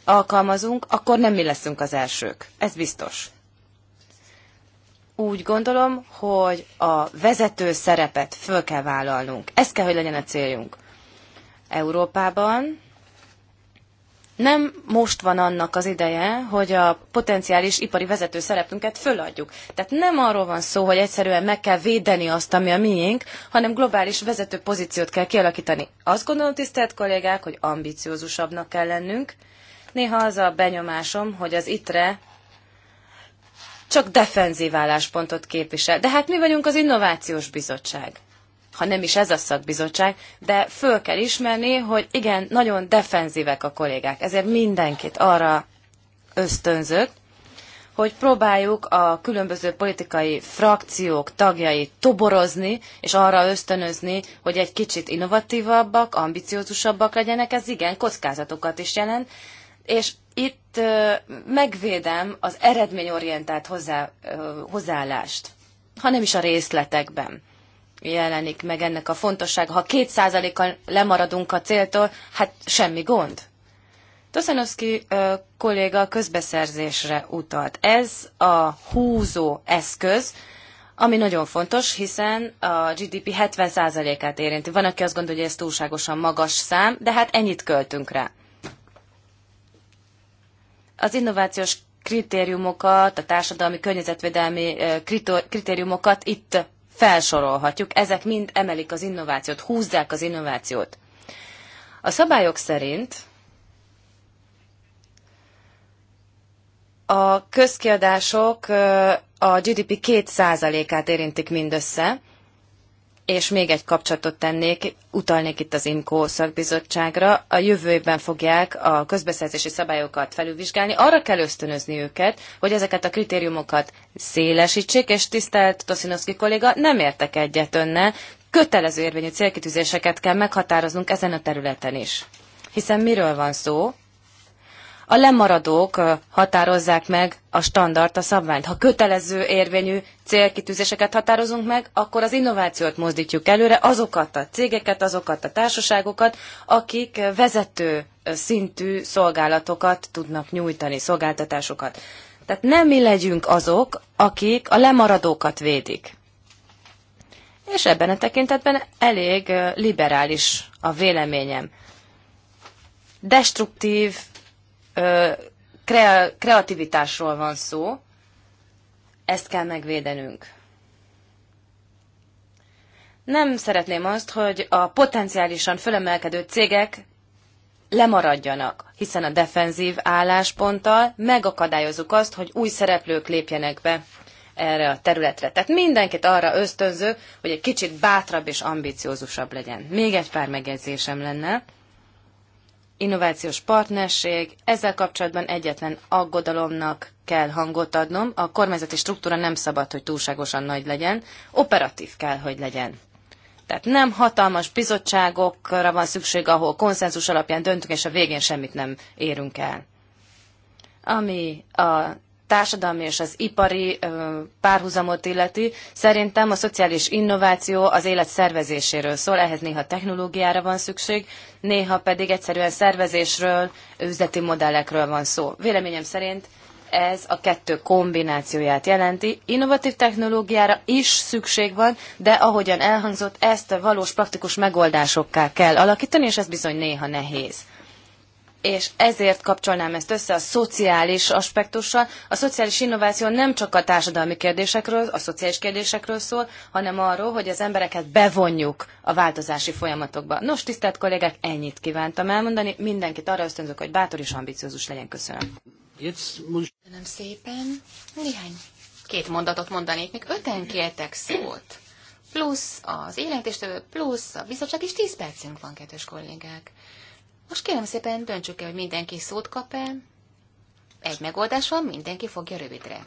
alkalmazunk, akkor nem mi leszünk az elsők. Ez biztos. Úgy gondolom, hogy a vezető szerepet föl kell vállalnunk. Ez kell, hogy legyen a céljunk. Európában nem most van annak az ideje, hogy a potenciális ipari vezető szerepünket föladjuk. Tehát nem arról van szó, hogy egyszerűen meg kell védeni azt, ami a miénk, hanem globális vezető pozíciót kell kialakítani. Azt gondolom, tisztelt kollégák, hogy ambiciózusabbnak kell lennünk. Néha az a benyomásom, hogy az ITRE csak defenzív álláspontot képvisel. De hát mi vagyunk az Innovációs Bizottság ha nem is ez a szakbizottság, de föl kell ismerni, hogy igen, nagyon defenzívek a kollégák, ezért mindenkit arra ösztönzök, hogy próbáljuk a különböző politikai frakciók tagjait toborozni, és arra ösztönözni, hogy egy kicsit innovatívabbak, ambiciózusabbak legyenek, ez igen, kockázatokat is jelent, és itt megvédem az eredményorientált hozzá, hozzáállást, hanem is a részletekben jelenik meg ennek a fontossága. Ha két százalékkal lemaradunk a céltól, hát semmi gond. Toszanovszki kolléga a közbeszerzésre utalt. Ez a húzó eszköz, ami nagyon fontos, hiszen a GDP 70%-át érinti. Van, aki azt gondolja, hogy ez túlságosan magas szám, de hát ennyit költünk rá. Az innovációs kritériumokat, a társadalmi környezetvédelmi kritériumokat itt felsorolhatjuk, ezek mind emelik az innovációt, húzzák az innovációt. A szabályok szerint a közkiadások a GDP 2%-át érintik mindössze, és még egy kapcsolatot tennék, utalnék itt az IMCO szakbizottságra. A jövőben fogják a közbeszerzési szabályokat felülvizsgálni. Arra kell ösztönözni őket, hogy ezeket a kritériumokat szélesítsék, és tisztelt Toszinovszki kolléga, nem értek egyet önne, Kötelező érvényű célkitűzéseket kell meghatároznunk ezen a területen is. Hiszen miről van szó? A lemaradók határozzák meg a standard, a szabványt. Ha kötelező érvényű célkitűzéseket határozunk meg, akkor az innovációt mozdítjuk előre, azokat a cégeket, azokat a társaságokat, akik vezető szintű szolgálatokat tudnak nyújtani, szolgáltatásokat. Tehát nem mi legyünk azok, akik a lemaradókat védik. És ebben a tekintetben elég liberális a véleményem. Destruktív kreativitásról van szó, ezt kell megvédenünk. Nem szeretném azt, hogy a potenciálisan fölemelkedő cégek lemaradjanak, hiszen a defenzív állásponttal megakadályozunk azt, hogy új szereplők lépjenek be erre a területre. Tehát mindenkit arra ösztönző, hogy egy kicsit bátrabb és ambiciózusabb legyen. Még egy pár megjegyzésem lenne innovációs partnerség, ezzel kapcsolatban egyetlen aggodalomnak kell hangot adnom, a kormányzati struktúra nem szabad, hogy túlságosan nagy legyen, operatív kell, hogy legyen. Tehát nem hatalmas bizottságokra van szükség, ahol konszenzus alapján döntünk, és a végén semmit nem érünk el. Ami a társadalmi és az ipari párhuzamot illeti, szerintem a szociális innováció az élet szervezéséről szól, ehhez néha technológiára van szükség, néha pedig egyszerűen szervezésről, üzleti modellekről van szó. Véleményem szerint ez a kettő kombinációját jelenti. Innovatív technológiára is szükség van, de ahogyan elhangzott, ezt a valós praktikus megoldásokká kell alakítani, és ez bizony néha nehéz és ezért kapcsolnám ezt össze a szociális aspektussal. A szociális innováció nem csak a társadalmi kérdésekről, a szociális kérdésekről szól, hanem arról, hogy az embereket bevonjuk a változási folyamatokba. Nos, tisztelt kollégák, ennyit kívántam elmondani. Mindenkit arra ösztönzök, hogy bátor és ambiciózus legyen. Köszönöm. Köszönöm szépen. Néhány két mondatot mondanék. Még öten kértek szót. Plusz az és plusz a bizottság, és tíz percünk van, kedves kollégák. Most kérem szépen döntsük el, hogy mindenki szót kap-e. Egy megoldás van, mindenki fogja rövidre.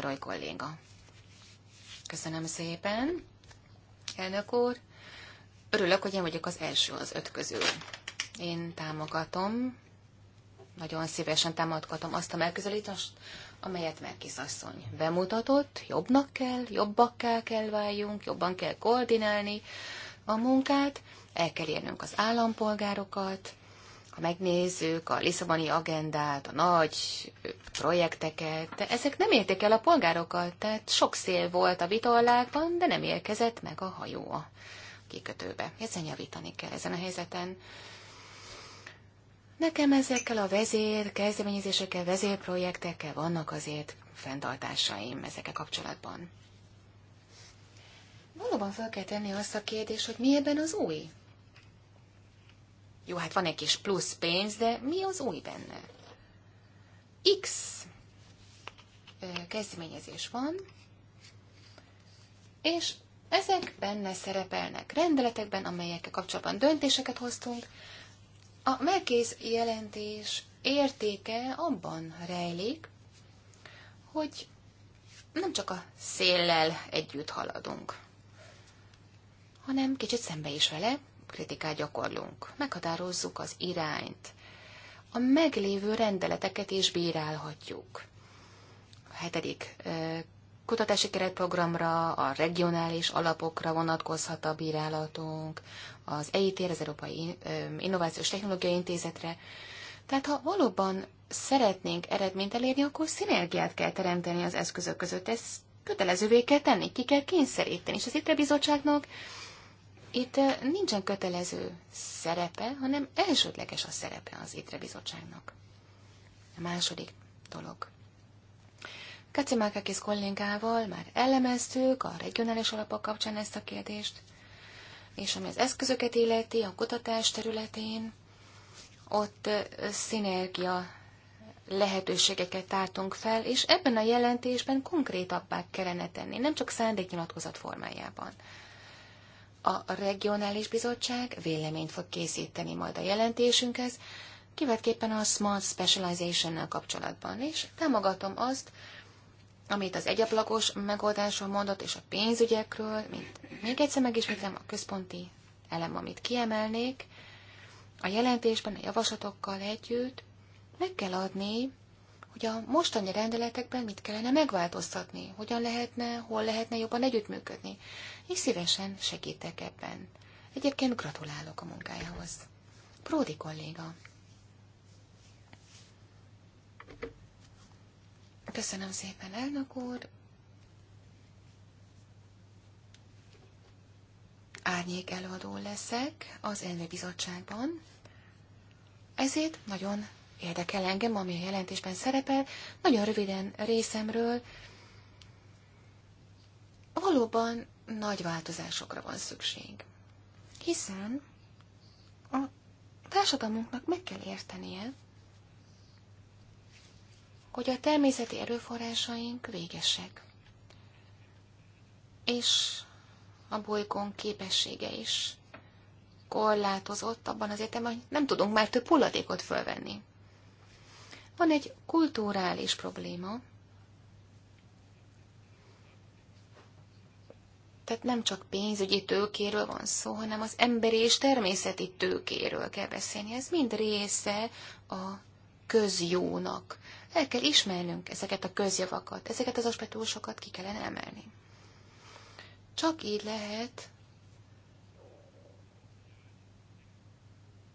Roy kolléga. Köszönöm szépen. Elnök úr, örülök, hogy én vagyok az első az öt közül. Én támogatom, nagyon szívesen támogatom azt a megközelítést, amelyet Merkis asszony bemutatott. Jobbnak kell, jobbakká kell váljunk, jobban kell koordinálni a munkát, el kell érnünk az állampolgárokat, ha megnézzük a Lisszaboni agendát, a nagy projekteket, de ezek nem érték el a polgárokat, tehát sok szél volt a vitorlákban, de nem érkezett meg a hajó a kikötőbe. Ezen javítani kell ezen a helyzeten. Nekem ezekkel a vezér kezdeményezésekkel, vezérprojektekkel vannak azért fenntartásaim ezekkel kapcsolatban. Valóban fel kell tenni azt a kérdést, hogy mi ebben az új? Jó, hát van egy kis plusz pénz, de mi az új benne? X kezdeményezés van, és ezek benne szerepelnek rendeletekben, amelyekkel kapcsolatban döntéseket hoztunk. A megkész jelentés értéke abban rejlik, hogy nem csak a széllel együtt haladunk, hanem kicsit szembe is vele, kritikát gyakorlunk. Meghatározzuk az irányt. A meglévő rendeleteket is bírálhatjuk. A hetedik kutatási keretprogramra, a regionális alapokra vonatkozhat a bírálatunk, az eit az Európai Innovációs Technológiai Intézetre. Tehát ha valóban szeretnénk eredményt elérni, akkor szinergiát kell teremteni az eszközök között. Ez kötelezővé kell tenni, ki kell kényszeríteni. És az itt a bizottságnak itt nincsen kötelező szerepe, hanem elsődleges a szerepe az étrebizottságnak. A második dolog. Kacimákakis kollégával már elemeztük a regionális alapok kapcsán ezt a kérdést, és ami az eszközöket illeti a kutatás területén, ott szinergia lehetőségeket tártunk fel, és ebben a jelentésben konkrétabbá kellene tenni, nem csak szándéknyilatkozat formájában. A regionális bizottság véleményt fog készíteni majd a jelentésünkhez, kivetképpen a Smart Specialization-nel kapcsolatban, és támogatom azt, amit az egyablakos megoldásról mondott, és a pénzügyekről, mint még egyszer megismétlem a központi elem, amit kiemelnék, a jelentésben a javaslatokkal együtt meg kell adni hogy a mostani rendeletekben mit kellene megváltoztatni, hogyan lehetne, hol lehetne jobban együttműködni, és szívesen segítek ebben. Egyébként gratulálok a munkájához. Pródi kolléga. Köszönöm szépen, elnök úr. Árnyék előadó leszek az elnök bizottságban, ezért nagyon érdekel engem, ami a jelentésben szerepel. Nagyon röviden részemről valóban nagy változásokra van szükség. Hiszen a társadalmunknak meg kell értenie, hogy a természeti erőforrásaink végesek, és a bolygón képessége is korlátozott abban az értelemben, hogy nem tudunk már több hulladékot fölvenni. Van egy kulturális probléma, tehát nem csak pénzügyi tőkéről van szó, hanem az emberi és természeti tőkéről kell beszélni. Ez mind része a közjónak. El kell ismernünk ezeket a közjavakat, ezeket az aspektusokat ki kellene emelni. Csak így lehet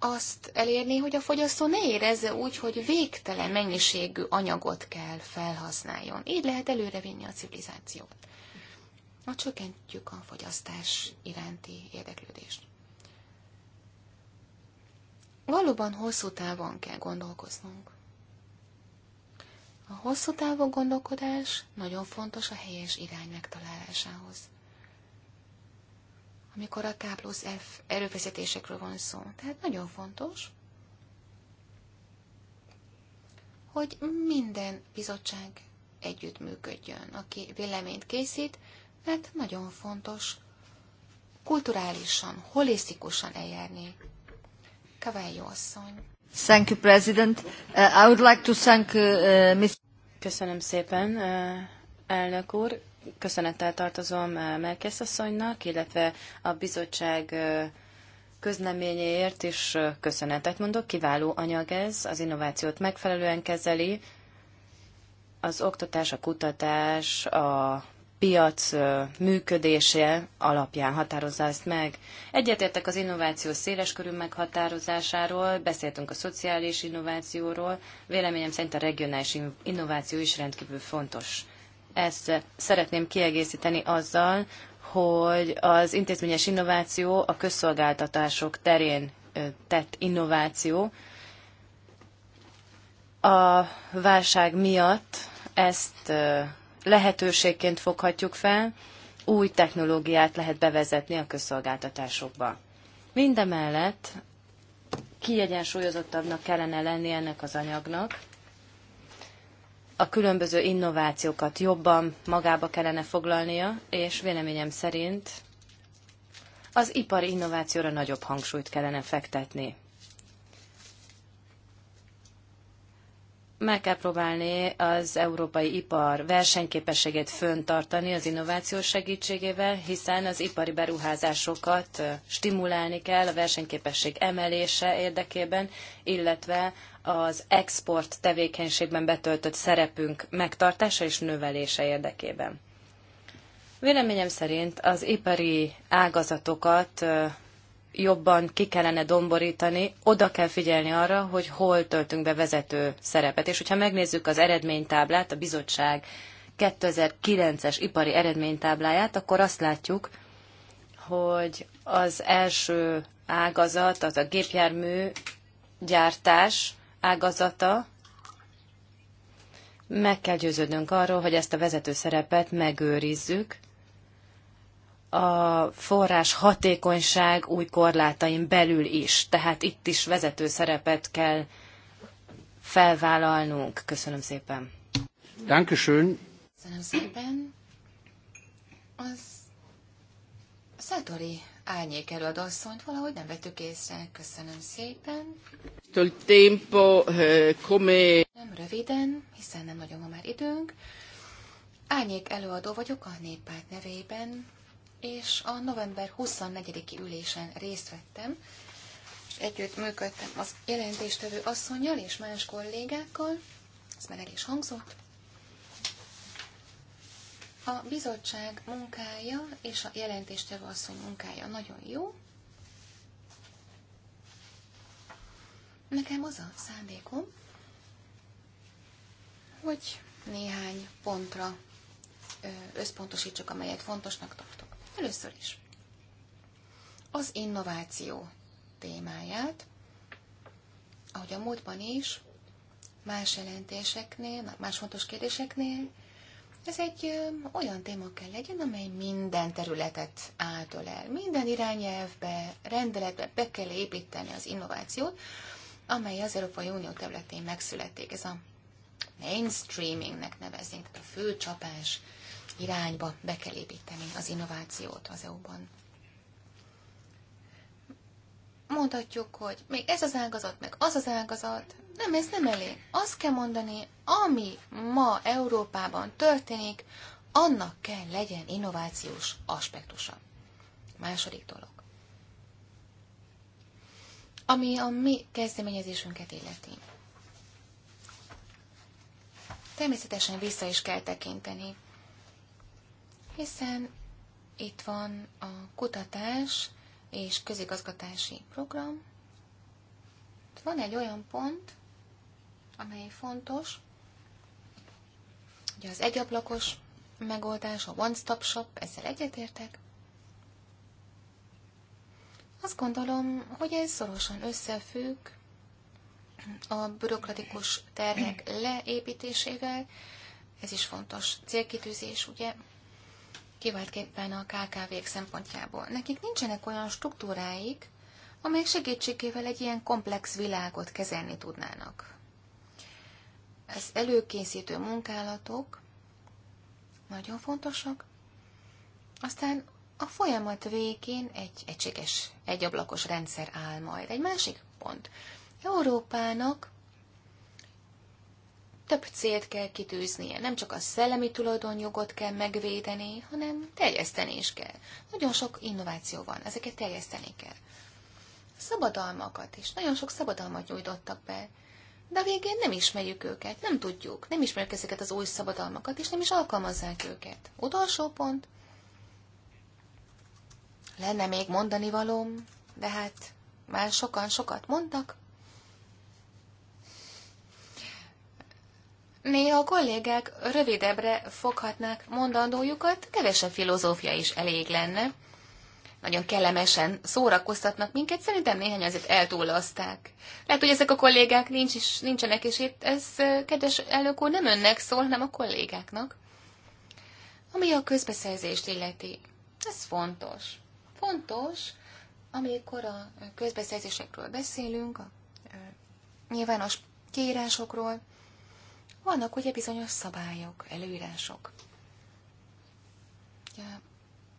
azt elérni, hogy a fogyasztó ne érezze úgy, hogy végtelen mennyiségű anyagot kell felhasználjon. Így lehet előrevinni a civilizációt. Na, csökkentjük a fogyasztás iránti érdeklődést. Valóban hosszú távon kell gondolkoznunk. A hosszú távú gondolkodás nagyon fontos a helyes irány megtalálásához amikor a K plusz F erőfeszítésekről van szó. Tehát nagyon fontos, hogy minden bizottság együttműködjön, aki véleményt készít, mert nagyon fontos kulturálisan, holisztikusan eljárni. Kavályó asszony. Thank you, President. Uh, I would like to thank uh, uh Mr. Köszönöm szépen, uh, elnök úr köszönettel tartozom eh, Melkész asszonynak, illetve a bizottság eh, közleményéért is eh, köszönetet mondok. Kiváló anyag ez, az innovációt megfelelően kezeli, az oktatás, a kutatás, a piac működése alapján határozza ezt meg. Egyetértek az innováció széles körű meghatározásáról, beszéltünk a szociális innovációról, véleményem szerint a regionális innováció is rendkívül fontos ezt szeretném kiegészíteni azzal, hogy az intézményes innováció a közszolgáltatások terén tett innováció. A válság miatt ezt lehetőségként foghatjuk fel, új technológiát lehet bevezetni a közszolgáltatásokba. Mindemellett kiegyensúlyozottabbnak kellene lenni ennek az anyagnak, a különböző innovációkat jobban magába kellene foglalnia, és véleményem szerint az ipari innovációra nagyobb hangsúlyt kellene fektetni. meg kell próbálni az európai ipar versenyképességét föntartani az innováció segítségével, hiszen az ipari beruházásokat stimulálni kell a versenyképesség emelése érdekében, illetve az export tevékenységben betöltött szerepünk megtartása és növelése érdekében. Véleményem szerint az ipari ágazatokat jobban ki kellene domborítani, oda kell figyelni arra, hogy hol töltünk be vezető szerepet. És hogyha megnézzük az eredménytáblát, a bizottság 2009-es ipari eredménytábláját, akkor azt látjuk, hogy az első ágazat, az a gépjármű gyártás ágazata, meg kell győződnünk arról, hogy ezt a vezető szerepet megőrizzük, a forrás hatékonyság új korlátain belül is. Tehát itt is vezető szerepet kell felvállalnunk. Köszönöm szépen. Dankeschön. Köszönöm szépen. Az Szátori árnyék előadasszonyt valahogy nem vettük észre. Köszönöm szépen. Tempo, eh, come... Nem röviden, hiszen nem nagyon van már időnk. Árnyék előadó vagyok a néppárt nevében és a november 24-i ülésen részt vettem, és együtt működtem az jelentéstevő asszonyjal és más kollégákkal, ez már el is hangzott. A bizottság munkája és a jelentéstevő asszony munkája nagyon jó. Nekem az a szándékom, hogy néhány pontra összpontosítsuk, amelyet fontosnak tartok. Először is az innováció témáját, ahogy a múltban is, más jelentéseknél, más fontos kérdéseknél, ez egy olyan téma kell legyen, amely minden területet által el. Minden irányelvbe, rendeletbe be kell építeni az innovációt, amely az Európai Unió területén megszületik. Ez a mainstreamingnek nevezünk, tehát a főcsapás irányba be kell építeni az innovációt az EU-ban. Mondhatjuk, hogy még ez az ágazat, meg az az ágazat, nem, ez nem elég. Azt kell mondani, ami ma Európában történik, annak kell legyen innovációs aspektusa. Második dolog. Ami a mi kezdeményezésünket illeti. Természetesen vissza is kell tekinteni hiszen itt van a kutatás és közigazgatási program. Van egy olyan pont, amely fontos, ugye az egyablakos megoldás, a one-stop shop, ezzel egyetértek. Azt gondolom, hogy ez szorosan összefügg a bürokratikus terhek leépítésével, ez is fontos célkitűzés, ugye, kiváltképpen a KKV-k szempontjából. Nekik nincsenek olyan struktúráik, amelyek segítségével egy ilyen komplex világot kezelni tudnának. Az előkészítő munkálatok nagyon fontosak, aztán a folyamat végén egy egységes, egyablakos rendszer áll majd. Egy másik pont. Európának több célt kell kitűznie, nem csak a szellemi tulajdonjogot kell megvédeni, hanem terjeszteni is kell. Nagyon sok innováció van, ezeket terjeszteni kell. Szabadalmakat is, nagyon sok szabadalmat nyújtottak be, de a végén nem ismerjük őket, nem tudjuk, nem ismerjük ezeket az új szabadalmakat, és nem is alkalmazzák őket. Utolsó pont. Lenne még mondani valóm, de hát már sokan sokat mondtak, Néha a kollégák rövidebbre foghatnák mondandójukat, kevesebb filozófia is elég lenne. Nagyon kellemesen szórakoztatnak minket, szerintem néhány azért eltúlozták. Lehet, hogy ezek a kollégák nincs is, nincsenek, és itt ez, kedves elnök úr, nem önnek szól, hanem a kollégáknak. Ami a közbeszerzést illeti, ez fontos. Fontos, amikor a közbeszerzésekről beszélünk, a nyilvános kiírásokról, vannak ugye bizonyos szabályok, előírások.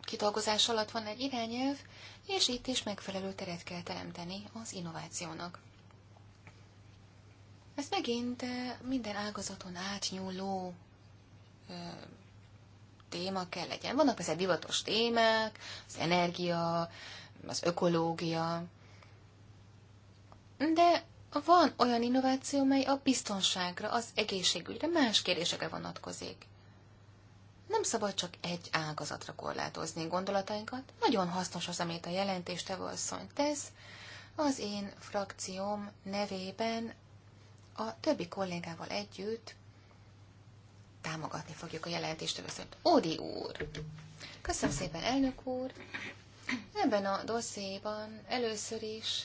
Kitolgozás alatt van egy irányelv, és itt is megfelelő teret kell teremteni az innovációnak. Ez megint eh, minden ágazaton átnyúló ö, eh, téma kell legyen. Vannak persze divatos témák, az energia, az ökológia, de van olyan innováció, mely a biztonságra, az egészségügyre, más kérdésekre vonatkozik. Nem szabad csak egy ágazatra korlátozni gondolatainkat. Nagyon hasznos az, amit a jelentéstevő asszony tesz. Az én frakcióm nevében a többi kollégával együtt támogatni fogjuk a jelentést, viszont Odi úr! Köszönöm szépen, elnök úr! Ebben a dosszéban először is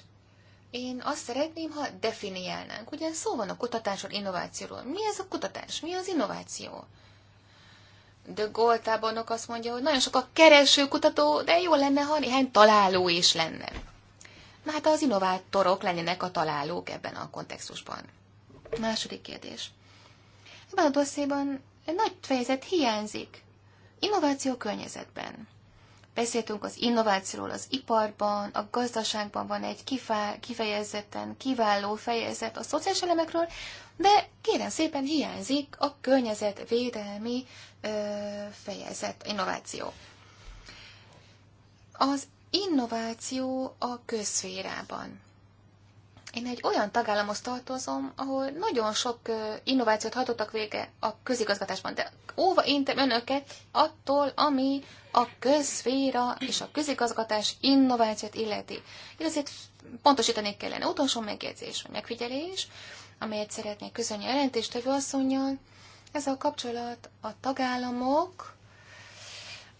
én azt szeretném, ha definiálnánk. Ugye szó van a kutatásról, innovációról. Mi ez a kutatás? Mi az innováció? De Gaulle azt mondja, hogy nagyon sok a kereső kutató, de jó lenne, ha néhány találó is lenne. Na hát az innovátorok lennének a találók ebben a kontextusban. Második kérdés. Ebben a dosszéban egy nagy fejezet hiányzik. Innováció környezetben. Beszéltünk az innovációról az iparban, a gazdaságban van egy kifejezetten kiváló fejezet a szociális elemekről, de kérem szépen hiányzik a környezetvédelmi ö, fejezet, innováció. Az innováció a közszférában. Én egy olyan tagállamhoz tartozom, ahol nagyon sok innovációt hajtottak vége a közigazgatásban, de óva intem önöket attól, ami a közféra és a közigazgatás innovációt illeti. Én azért pontosítani kellene. Utolsó megjegyzés, vagy megfigyelés, amelyet szeretnék közölni a jelentéstevő asszonynal, ez a kapcsolat a tagállamok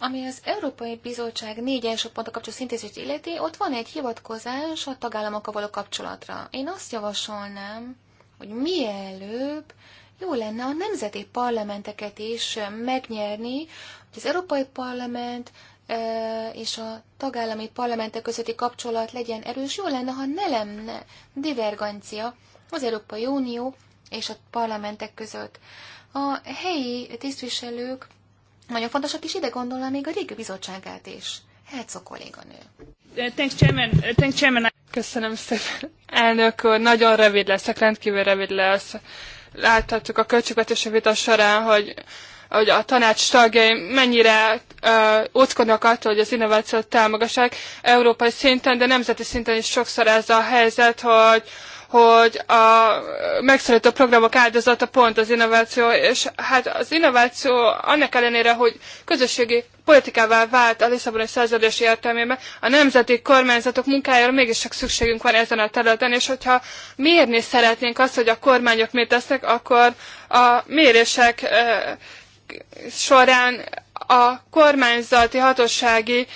ami az Európai Bizottság első pontok kapcsolatos szintézést illeti, ott van egy hivatkozás a tagállamokkal való kapcsolatra. Én azt javasolnám, hogy mielőbb jó lenne a nemzeti parlamenteket is megnyerni, hogy az Európai Parlament és a tagállami parlamentek közötti kapcsolat legyen erős, jó lenne, ha ne lenne divergancia az Európai Unió és a parlamentek között. A helyi tisztviselők nagyon fontos a is ide gondolná még a régi bizottságát is. Herzog kolléganő. Uh, thanks, Chairman. Uh, thanks, Chairman. Köszönöm szépen. Elnök úr, nagyon rövid leszek, rendkívül rövid lesz. Láthattuk a költségvetési vita során, hogy hogy a tanács tagjai mennyire uh, óckodnak attól, hogy az innovációt támogassák európai szinten, de nemzeti szinten is sokszor ez a helyzet, hogy hogy a megszorító programok áldozata pont az innováció, és hát az innováció annak ellenére, hogy közösségi politikává vált a Lisszaboni szerződés értelmében, a nemzeti kormányzatok munkájára mégis csak szükségünk van ezen a területen, és hogyha mérni szeretnénk azt, hogy a kormányok mit tesznek, akkor a mérések során a kormányzati hatósági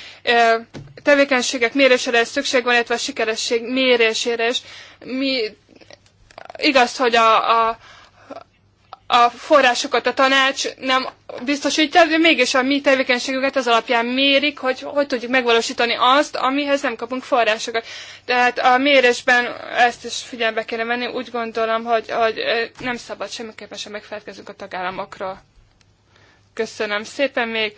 tevékenységek mérésére is szükség van, illetve a sikeresség mérésére is mi igaz, hogy a, a, a forrásokat a tanács nem biztosítja, de mégis a mi tevékenységüket az alapján mérik, hogy hogy tudjuk megvalósítani azt, amihez nem kapunk forrásokat. Tehát a mérésben ezt is figyelembe kéne venni, úgy gondolom, hogy, hogy nem szabad semmiképpen sem megfelelkezünk a tagállamokról. Köszönöm szépen még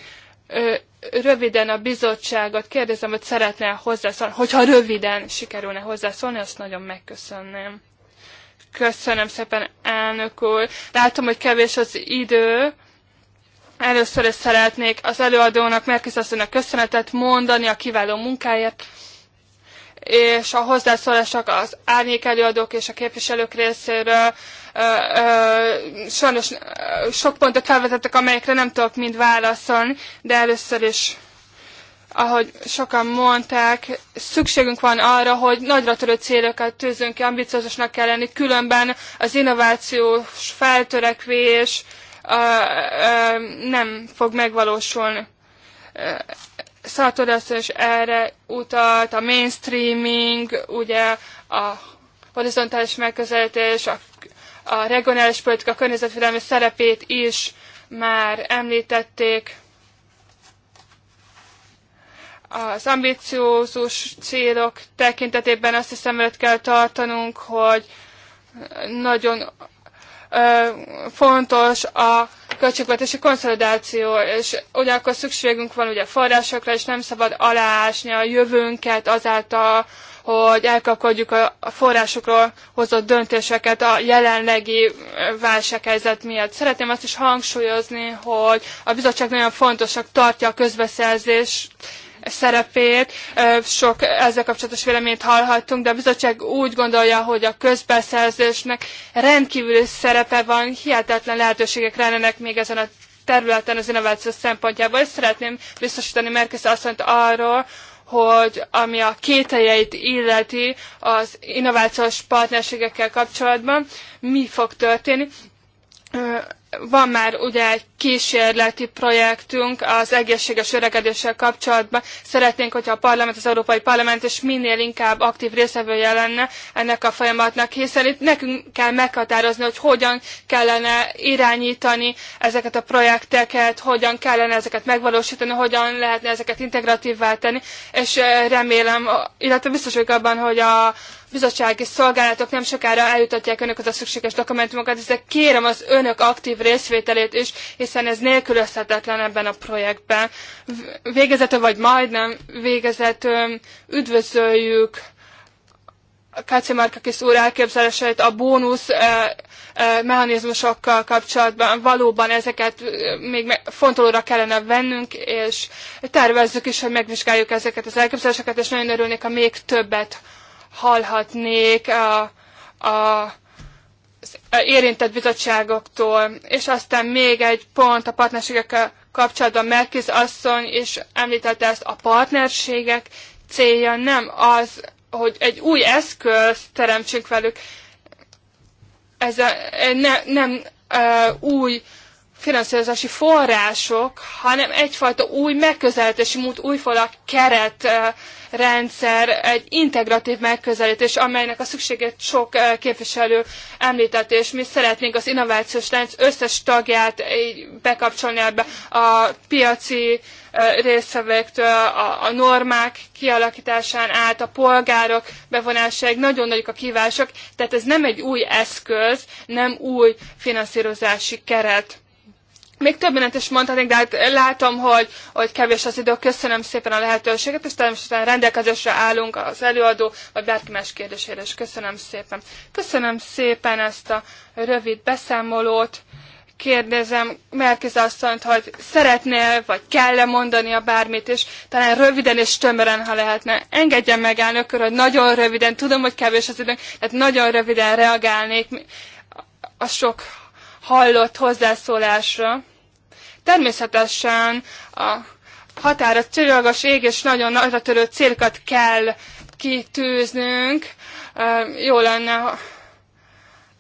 röviden a bizottságot kérdezem, hogy szeretne hozzászólni. Hogyha röviden sikerülne hozzászólni, azt nagyon megköszönném. Köszönöm szépen, elnök úr. Látom, hogy kevés az idő. Először is szeretnék az előadónak, Merkis asszonynak köszönetet mondani a kiváló munkáért, és a hozzászólások az árnyék előadók és a képviselők részéről sajnos sok pontot felvetettek, amelyekre nem tudok mind válaszolni, de először is ahogy sokan mondták, szükségünk van arra, hogy nagyra törő célokat tűzünk ki, ambiciózusnak kell lenni, különben az innovációs feltörekvés ö, ö, nem fog megvalósulni. Szartodász is erre utalt, a mainstreaming, ugye a horizontális megközelítés, a a regionális politika környezetvédelmi szerepét is már említették. Az ambiciózus célok tekintetében azt hiszem hogy kell tartanunk, hogy nagyon ö, fontos a költségvetési konszolidáció, és ugyanakkor szükségünk van ugye forrásokra, és nem szabad aláásni a jövőnket azáltal, hogy elkapkodjuk a forrásokról hozott döntéseket a jelenlegi válsághelyzet miatt. Szeretném azt is hangsúlyozni, hogy a bizottság nagyon fontosak tartja a közbeszerzés szerepét, sok ezzel kapcsolatos véleményt hallhattunk, de a bizottság úgy gondolja, hogy a közbeszerzésnek rendkívüli szerepe van, hihetetlen lehetőségek lennének még ezen a területen az innováció szempontjából, és szeretném biztosítani Merkesz asszonyt arról, hogy ami a kételjeit illeti az innovációs partnerségekkel kapcsolatban, mi fog történni van már ugye egy kísérleti projektünk az egészséges öregedéssel kapcsolatban. Szeretnénk, hogyha a parlament, az Európai Parlament is minél inkább aktív részevője lenne ennek a folyamatnak, hiszen itt nekünk kell meghatározni, hogy hogyan kellene irányítani ezeket a projekteket, hogyan kellene ezeket megvalósítani, hogyan lehetne ezeket integratívvá tenni, és eh, remélem, illetve biztos vagyok abban, hogy a, bizottsági szolgálatok nem sokára eljutatják önökhöz a szükséges dokumentumokat, ezek kérem az önök aktív részvételét is, hiszen ez nélkülözhetetlen ebben a projektben. Végezetül, vagy majdnem végezetül üdvözöljük Kacimarkakis úr elképzeléseit a bónusz eh, eh, mechanizmusokkal kapcsolatban valóban ezeket eh, még fontolóra kellene vennünk, és tervezzük is, hogy megvizsgáljuk ezeket az elképzeléseket, és nagyon örülnék, ha még többet hallhatnék a, a érintett bizottságoktól. És aztán még egy pont a partnerségekkel kapcsolatban Merkiz asszony is említette ezt, a partnerségek célja nem az, hogy egy új eszköz teremtsünk velük, ez a, ne, nem e, új finanszírozási források, hanem egyfajta új megközelítési mód, újfajta keretrendszer, egy integratív megközelítés, amelynek a szükségét sok eh, képviselő említett, és mi szeretnénk az innovációs lánc összes tagját bekapcsolni ebbe a piaci eh, részvevőktől, a, a normák kialakításán át, a polgárok bevonásáig nagyon nagyok a kívások, tehát ez nem egy új eszköz, nem új finanszírozási keret még több mindent is mondhatnék, de hát látom, hogy, hogy kevés az idő. Köszönöm szépen a lehetőséget, és természetesen rendelkezésre állunk az előadó, vagy bárki más kérdésére is. Köszönöm szépen. Köszönöm szépen ezt a rövid beszámolót. Kérdezem Merkiz asszonyt, hogy szeretné vagy kell-e a bármit, és talán röviden és tömören, ha lehetne. Engedjen meg elnök hogy nagyon röviden, tudom, hogy kevés az időnk, tehát nagyon röviden reagálnék a sok hallott hozzászólásra. Természetesen a határa csillagos ég és nagyon nagyra törő célkat kell kitűznünk. Jó lenne,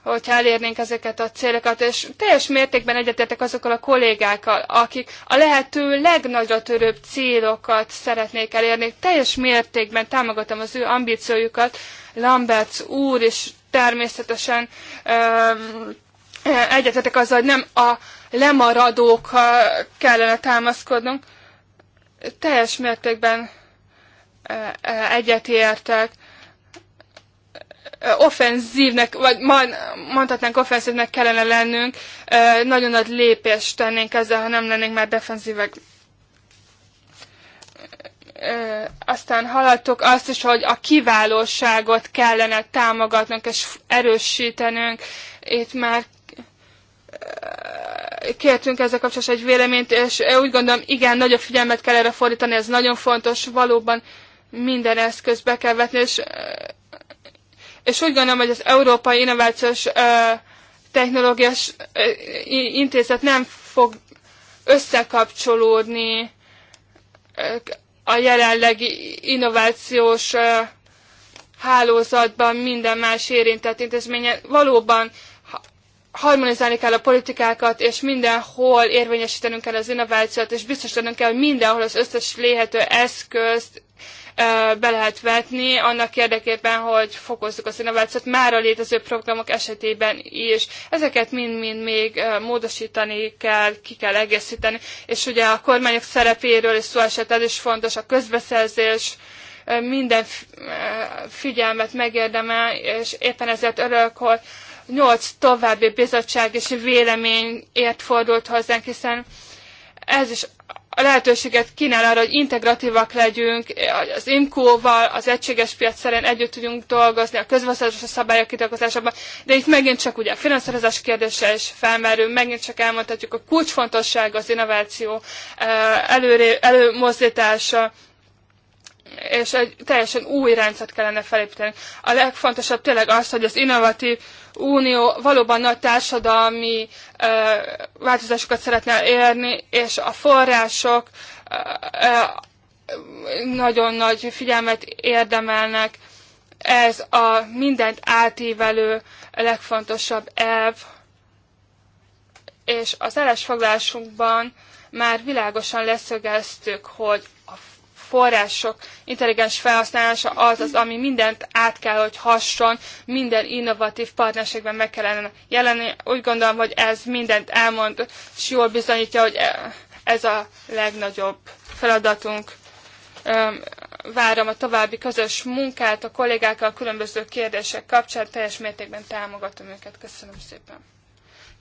hogyha elérnénk ezeket a célokat, és teljes mértékben egyetértek azokkal a kollégákkal, akik a lehető legnagyra törőbb célokat szeretnék elérni. Teljes mértékben támogatom az ő ambíciójukat. Lamberts úr is természetesen um, egyetetek azzal, hogy nem a lemaradók kellene támaszkodnunk. Teljes mértékben e, e, egyetértek. Offenzívnek, vagy mondhatnánk offenzívnek kellene lennünk, e, nagyon nagy lépést tennénk ezzel, ha nem lennénk már defenzívek aztán hallottuk azt is, hogy a kiválóságot kellene támogatnunk és erősítenünk. Itt már kértünk ezzel kapcsolatban egy véleményt, és úgy gondolom, igen, nagyobb figyelmet kell erre fordítani, ez nagyon fontos, valóban minden eszköz be kell vetni, és, és úgy gondolom, hogy az Európai Innovációs Technológiás Intézet nem fog összekapcsolódni a jelenlegi innovációs hálózatban minden más érintett intézménye. Valóban harmonizálni kell a politikákat, és mindenhol érvényesítenünk kell az innovációt, és biztosítanunk kell, hogy mindenhol az összes léhető eszközt be lehet vetni, annak érdekében, hogy fokozzuk az innovációt már a létező programok esetében is. Ezeket mind-mind még módosítani kell, ki kell egészíteni, és ugye a kormányok szerepéről is szó esett, ez is fontos, a közbeszerzés, minden figyelmet megérdemel, és éppen ezért örülök, hogy nyolc további bizottság és véleményért fordult hozzánk, hiszen ez is a lehetőséget kínál arra, hogy integratívak legyünk, az IMCO-val, az egységes piac szerint együtt tudjunk dolgozni, a a szabályok kidolgozásában, de itt megint csak ugye a finanszírozás kérdése is felmerül, megint csak elmondhatjuk a kulcsfontosság az innováció eh, előré, előmozdítása, és egy teljesen új rendszert kellene felépíteni. A legfontosabb tényleg az, hogy az innovatív Unió valóban nagy társadalmi változásokat szeretne érni, és a források nagyon nagy figyelmet érdemelnek. Ez a mindent átívelő legfontosabb elv, és az állásfoglalásunkban már világosan leszögeztük, hogy források intelligens felhasználása az az, ami mindent át kell, hogy hasson, minden innovatív partnerségben meg kellene jelenni. Úgy gondolom, hogy ez mindent elmond, és jól bizonyítja, hogy e- ez a legnagyobb feladatunk. Várom a további közös munkát a kollégákkal a különböző kérdések kapcsán, teljes mértékben támogatom őket. Köszönöm szépen.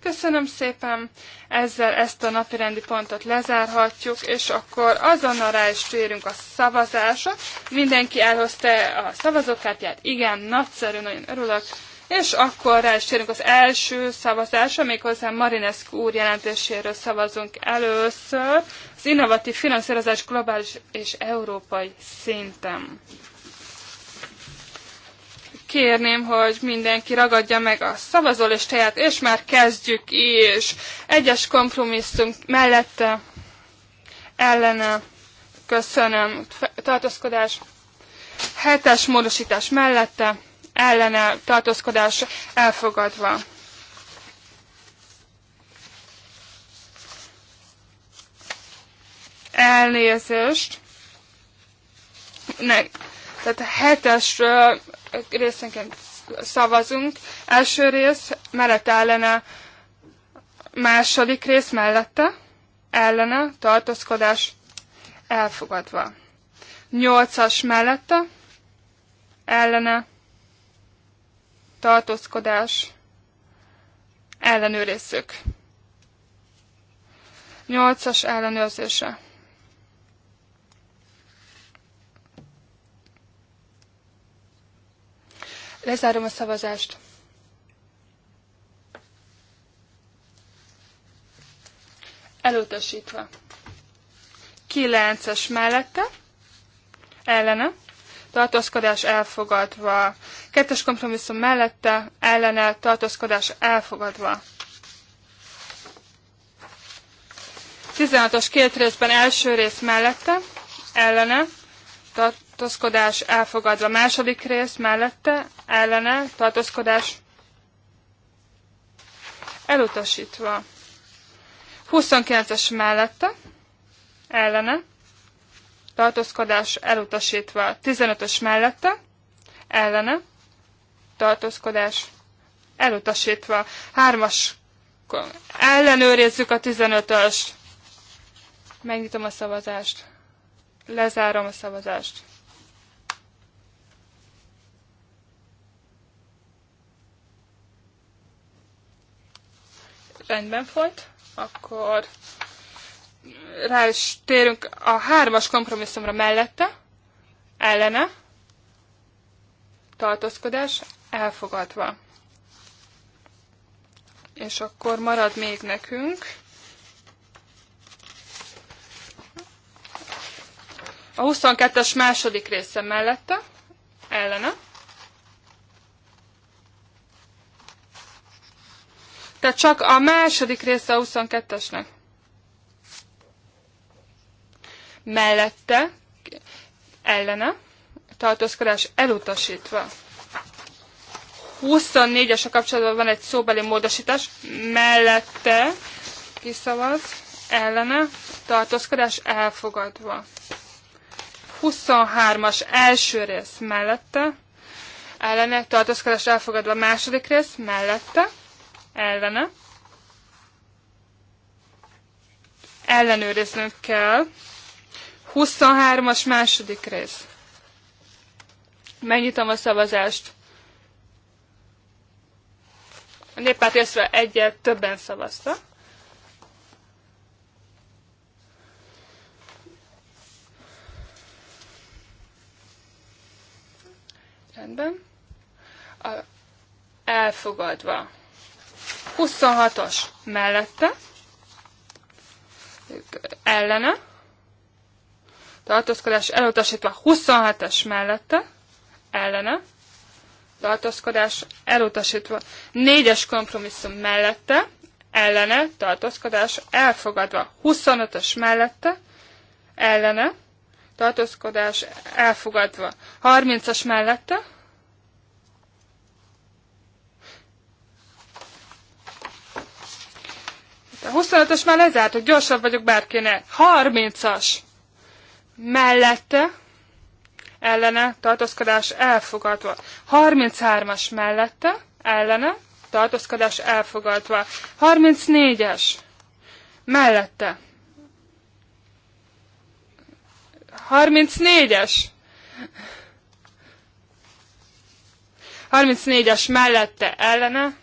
Köszönöm szépen, ezzel ezt a napirendi pontot lezárhatjuk, és akkor azonnal rá is térünk a szavazásra. Mindenki elhozta a szavazókártyát, igen, nagyszerű, nagyon örülök. És akkor rá is térünk az első szavazásra, méghozzá Marinescu úr jelentéséről szavazunk először, az innovatív finanszírozás globális és európai szinten kérném, hogy mindenki ragadja meg a szavazólistáját, és már kezdjük is. Egyes kompromisszum mellette, ellene, köszönöm, tartózkodás. Hetes módosítás mellette, ellene, tartózkodás elfogadva. Elnézést. Ne, tehát a hetesről részenként szavazunk. Első rész mellett ellene, második rész mellette ellene tartózkodás elfogadva. Nyolcas mellette ellene tartózkodás ellenőrizzük. Nyolcas ellenőrzése. Lezárom a szavazást. Elutasítva. 9-es mellette, ellene, tartózkodás elfogadva. Kettes kompromisszum mellette, ellene, tartózkodás elfogadva. 16-os két részben első rész mellette, ellene, tart, tartózkodás elfogadva. Második rész mellette, ellene, tartózkodás elutasítva. 29-es mellette, ellene, tartózkodás elutasítva. 15-ös mellette, ellene, tartózkodás elutasítva. 3-as ellenőrizzük a 15-öst. Megnyitom a szavazást. Lezárom a szavazást. rendben volt, akkor rá is térünk a hármas kompromisszumra mellette, ellene, tartózkodás elfogadva. És akkor marad még nekünk a 22-es második része mellette, ellene, Tehát csak a második része a 22-esnek. Mellette, ellene, tartózkodás elutasítva. 24-es a kapcsolatban van egy szóbeli módosítás, mellette kiszavaz, ellene, tartózkodás elfogadva. 23-as első rész mellette, ellene, tartózkodás elfogadva második rész mellette, ellene. Ellenőriznünk kell. 23-as második rész. Megnyitom a szavazást. A néppárt észre egyet többen szavazta. Rendben. A elfogadva. 26-os mellette, ellene, tartózkodás elutasítva 27-es mellette, ellene, tartózkodás elutasítva 4-es kompromisszum mellette, ellene, tartózkodás elfogadva 25-ös mellette, ellene, tartózkodás elfogadva 30-as mellette, A 25-ös már lezárt, hogy gyorsabb vagyok bárkinek. 30-as mellette ellene tartózkodás elfogadva. 33-as mellette ellene tartózkodás elfogadva. 34-es mellette. 34-es. 34-es mellette ellene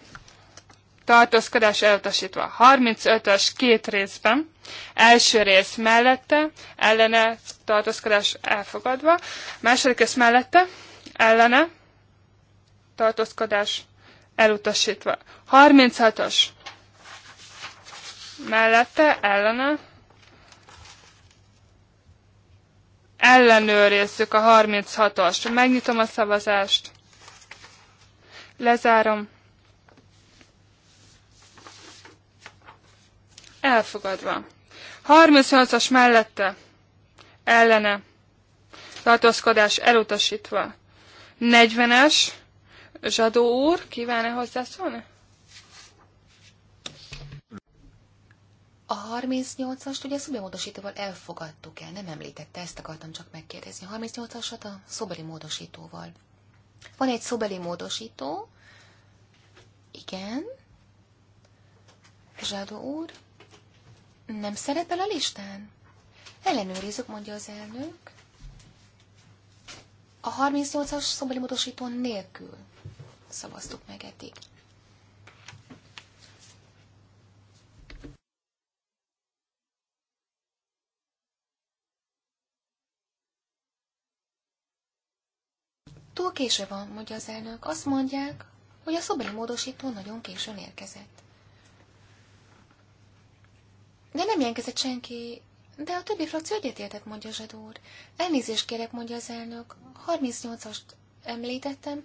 tartózkodás elutasítva. 35-ös két részben, első rész mellette, ellene tartózkodás elfogadva, második rész mellette, ellene tartózkodás elutasítva. 36-os mellette, ellene ellenőrizzük a 36-ost. Megnyitom a szavazást. Lezárom. elfogadva. 38-as mellette ellene tartózkodás elutasítva. 40-es Zsadó úr, kíván-e hozzászólni? A 38-ast ugye szobimódosítóval elfogadtuk el, nem említette, ezt akartam csak megkérdezni. A 38-asat a szobeli módosítóval. Van egy szobeli módosító, igen, Zsadó úr, nem szerepel a listán? Ellenőrizzük, mondja az elnök. A 38-as szobeli módosító nélkül szavaztuk meg eddig. Túl késő van, mondja az elnök. Azt mondják, hogy a szobeli módosító nagyon későn érkezett. De nem jelentkezett senki. De a többi frakció egyetértett, mondja Zsad úr. Elnézést kérek, mondja az elnök. 38-ast említettem,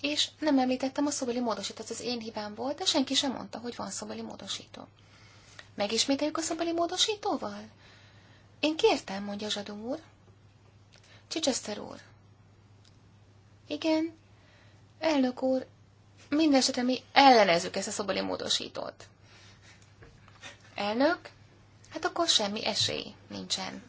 és nem említettem a szobeli módosítót, ez az én hibám volt, de senki sem mondta, hogy van szobeli módosító. Megismételjük a szobeli módosítóval? Én kértem, mondja Zsadó úr. Csicseszter úr. Igen, elnök úr, minden esetre mi ellenezzük ezt a szobeli módosítót. Elnök, hát akkor semmi esély nincsen.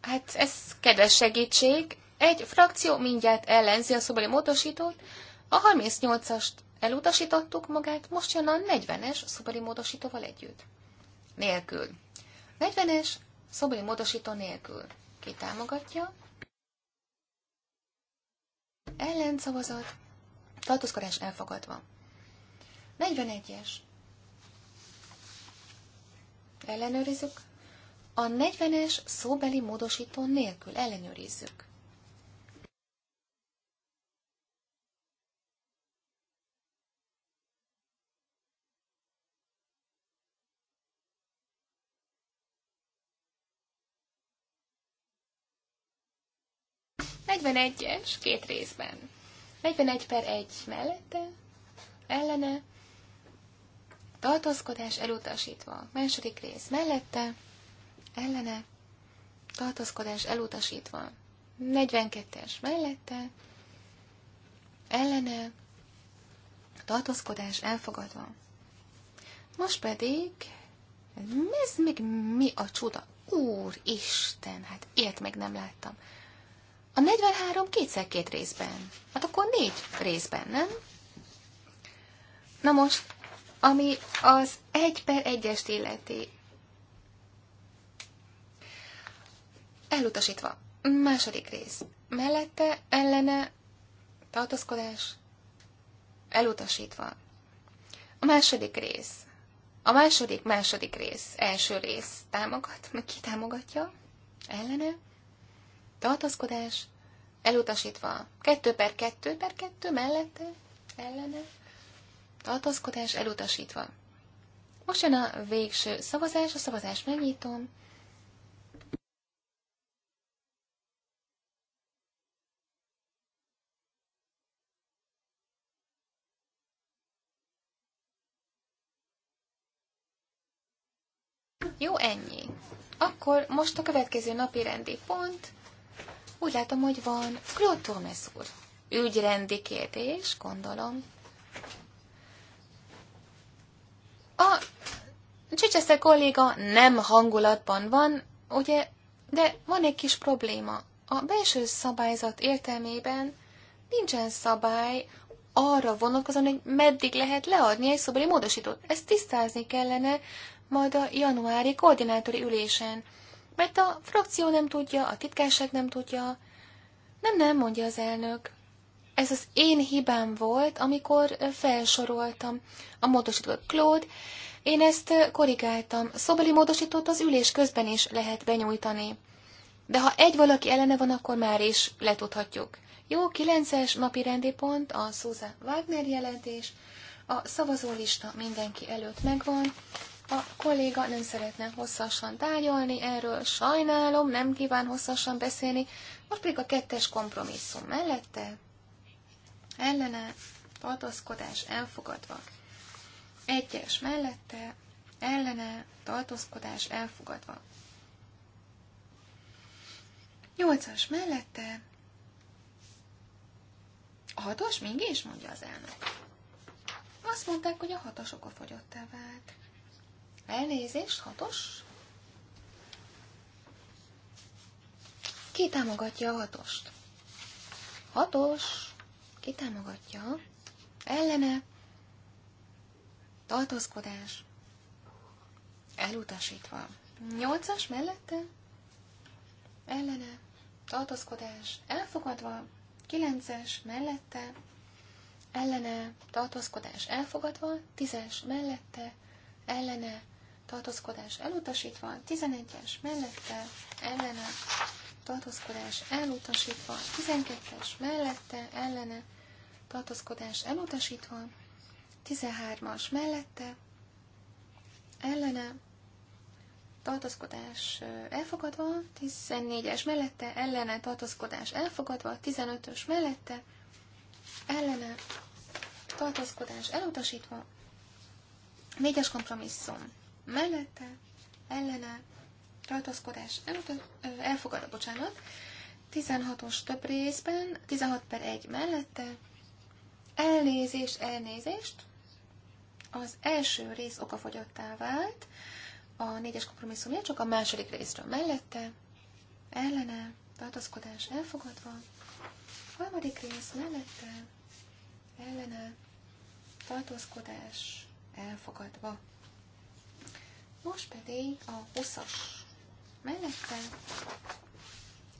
Hát ez kedves segítség. Egy frakció mindjárt ellenzi a szobori módosítót, a 38-ast elutasítottuk magát, most jön a 40-es szobori módosítóval együtt. Nélkül. 40-es szobori módosító nélkül. Ki támogatja? Ellen szavazat. Tartózkodás elfogadva. 41-es. Ellenőrizzük. A 40-es szóbeli módosító nélkül ellenőrizzük. Negyvenegyes, két részben. 41 per 1 mellette, ellene, tartózkodás elutasítva. Második rész mellette, ellene, tartózkodás elutasítva. 42-es mellette, ellene, tartózkodás elfogadva. Most pedig, ez még mi a csuda? Úristen, hát ilyet meg nem láttam. A 43 kétszer két részben. Hát akkor négy részben, nem? Na most ami az egy per egyest illeti. Elutasítva. Második rész. Mellette, ellene, tartozkodás, Elutasítva. A második rész. A második, második rész. Első rész. Támogat. Meg ki támogatja? Ellene. tartozkodás, Elutasítva. Kettő per kettő per kettő mellette. Ellene tartózkodás elutasítva. Most jön a végső szavazás, a szavazást megnyitom. Jó, ennyi. Akkor most a következő napi rendi pont. Úgy látom, hogy van Claude Thomas úr. Ügyrendi kérdés, gondolom. A Csicseszter kolléga nem hangulatban van, ugye, de van egy kis probléma. A belső szabályzat értelmében nincsen szabály arra vonatkozóan, hogy meddig lehet leadni egy szobori módosítót. Ezt tisztázni kellene majd a januári koordinátori ülésen, mert a frakció nem tudja, a titkárság nem tudja. Nem, nem, mondja az elnök ez az én hibám volt, amikor felsoroltam a módosított Claude, én ezt korrigáltam. Szobeli módosítót az ülés közben is lehet benyújtani. De ha egy valaki ellene van, akkor már is letudhatjuk. Jó, kilences napi rendi pont, a Susan Wagner jelentés, a szavazólista mindenki előtt megvan, a kolléga nem szeretne hosszasan tárgyalni erről, sajnálom, nem kíván hosszasan beszélni, most pedig a kettes kompromisszum mellette ellene, tartózkodás elfogadva. Egyes mellette, ellene, tartózkodás elfogadva. Nyolcas mellette, a hatos mégis, mondja az elnök. Azt mondták, hogy a hatos -e vált. Elnézést, hatos? Ki támogatja a hatost? Hatos! Ki támogatja? Ellene? Tartózkodás? Elutasítva. Nyolcas mellette? Ellene? Tartózkodás? Elfogadva? Kilences mellette? Ellene? Tartózkodás? Elfogadva? Tízes mellette? Ellene? tartózkodás elutasítva, Tizenegyes mellette, ellene, tartózkodás elutasítva, 12-es mellette, ellene, tartózkodás elutasítva, 13-as mellette, ellene, tartózkodás elfogadva, 14-es mellette, ellene, tartózkodás elfogadva, 15-ös mellette, ellene, tartózkodás elutasítva, 4-es kompromisszum mellette, ellene, tartózkodás elfogadva, bocsánat, 16-os több részben, 16 per 1 mellette, Elnézés, elnézést. Az első rész okafogyottá vált, a négyes kompromisszum csak a második részről mellette, ellene, tartózkodás elfogadva, harmadik rész mellette, ellene, tartózkodás elfogadva. Most pedig a 20-as mellette,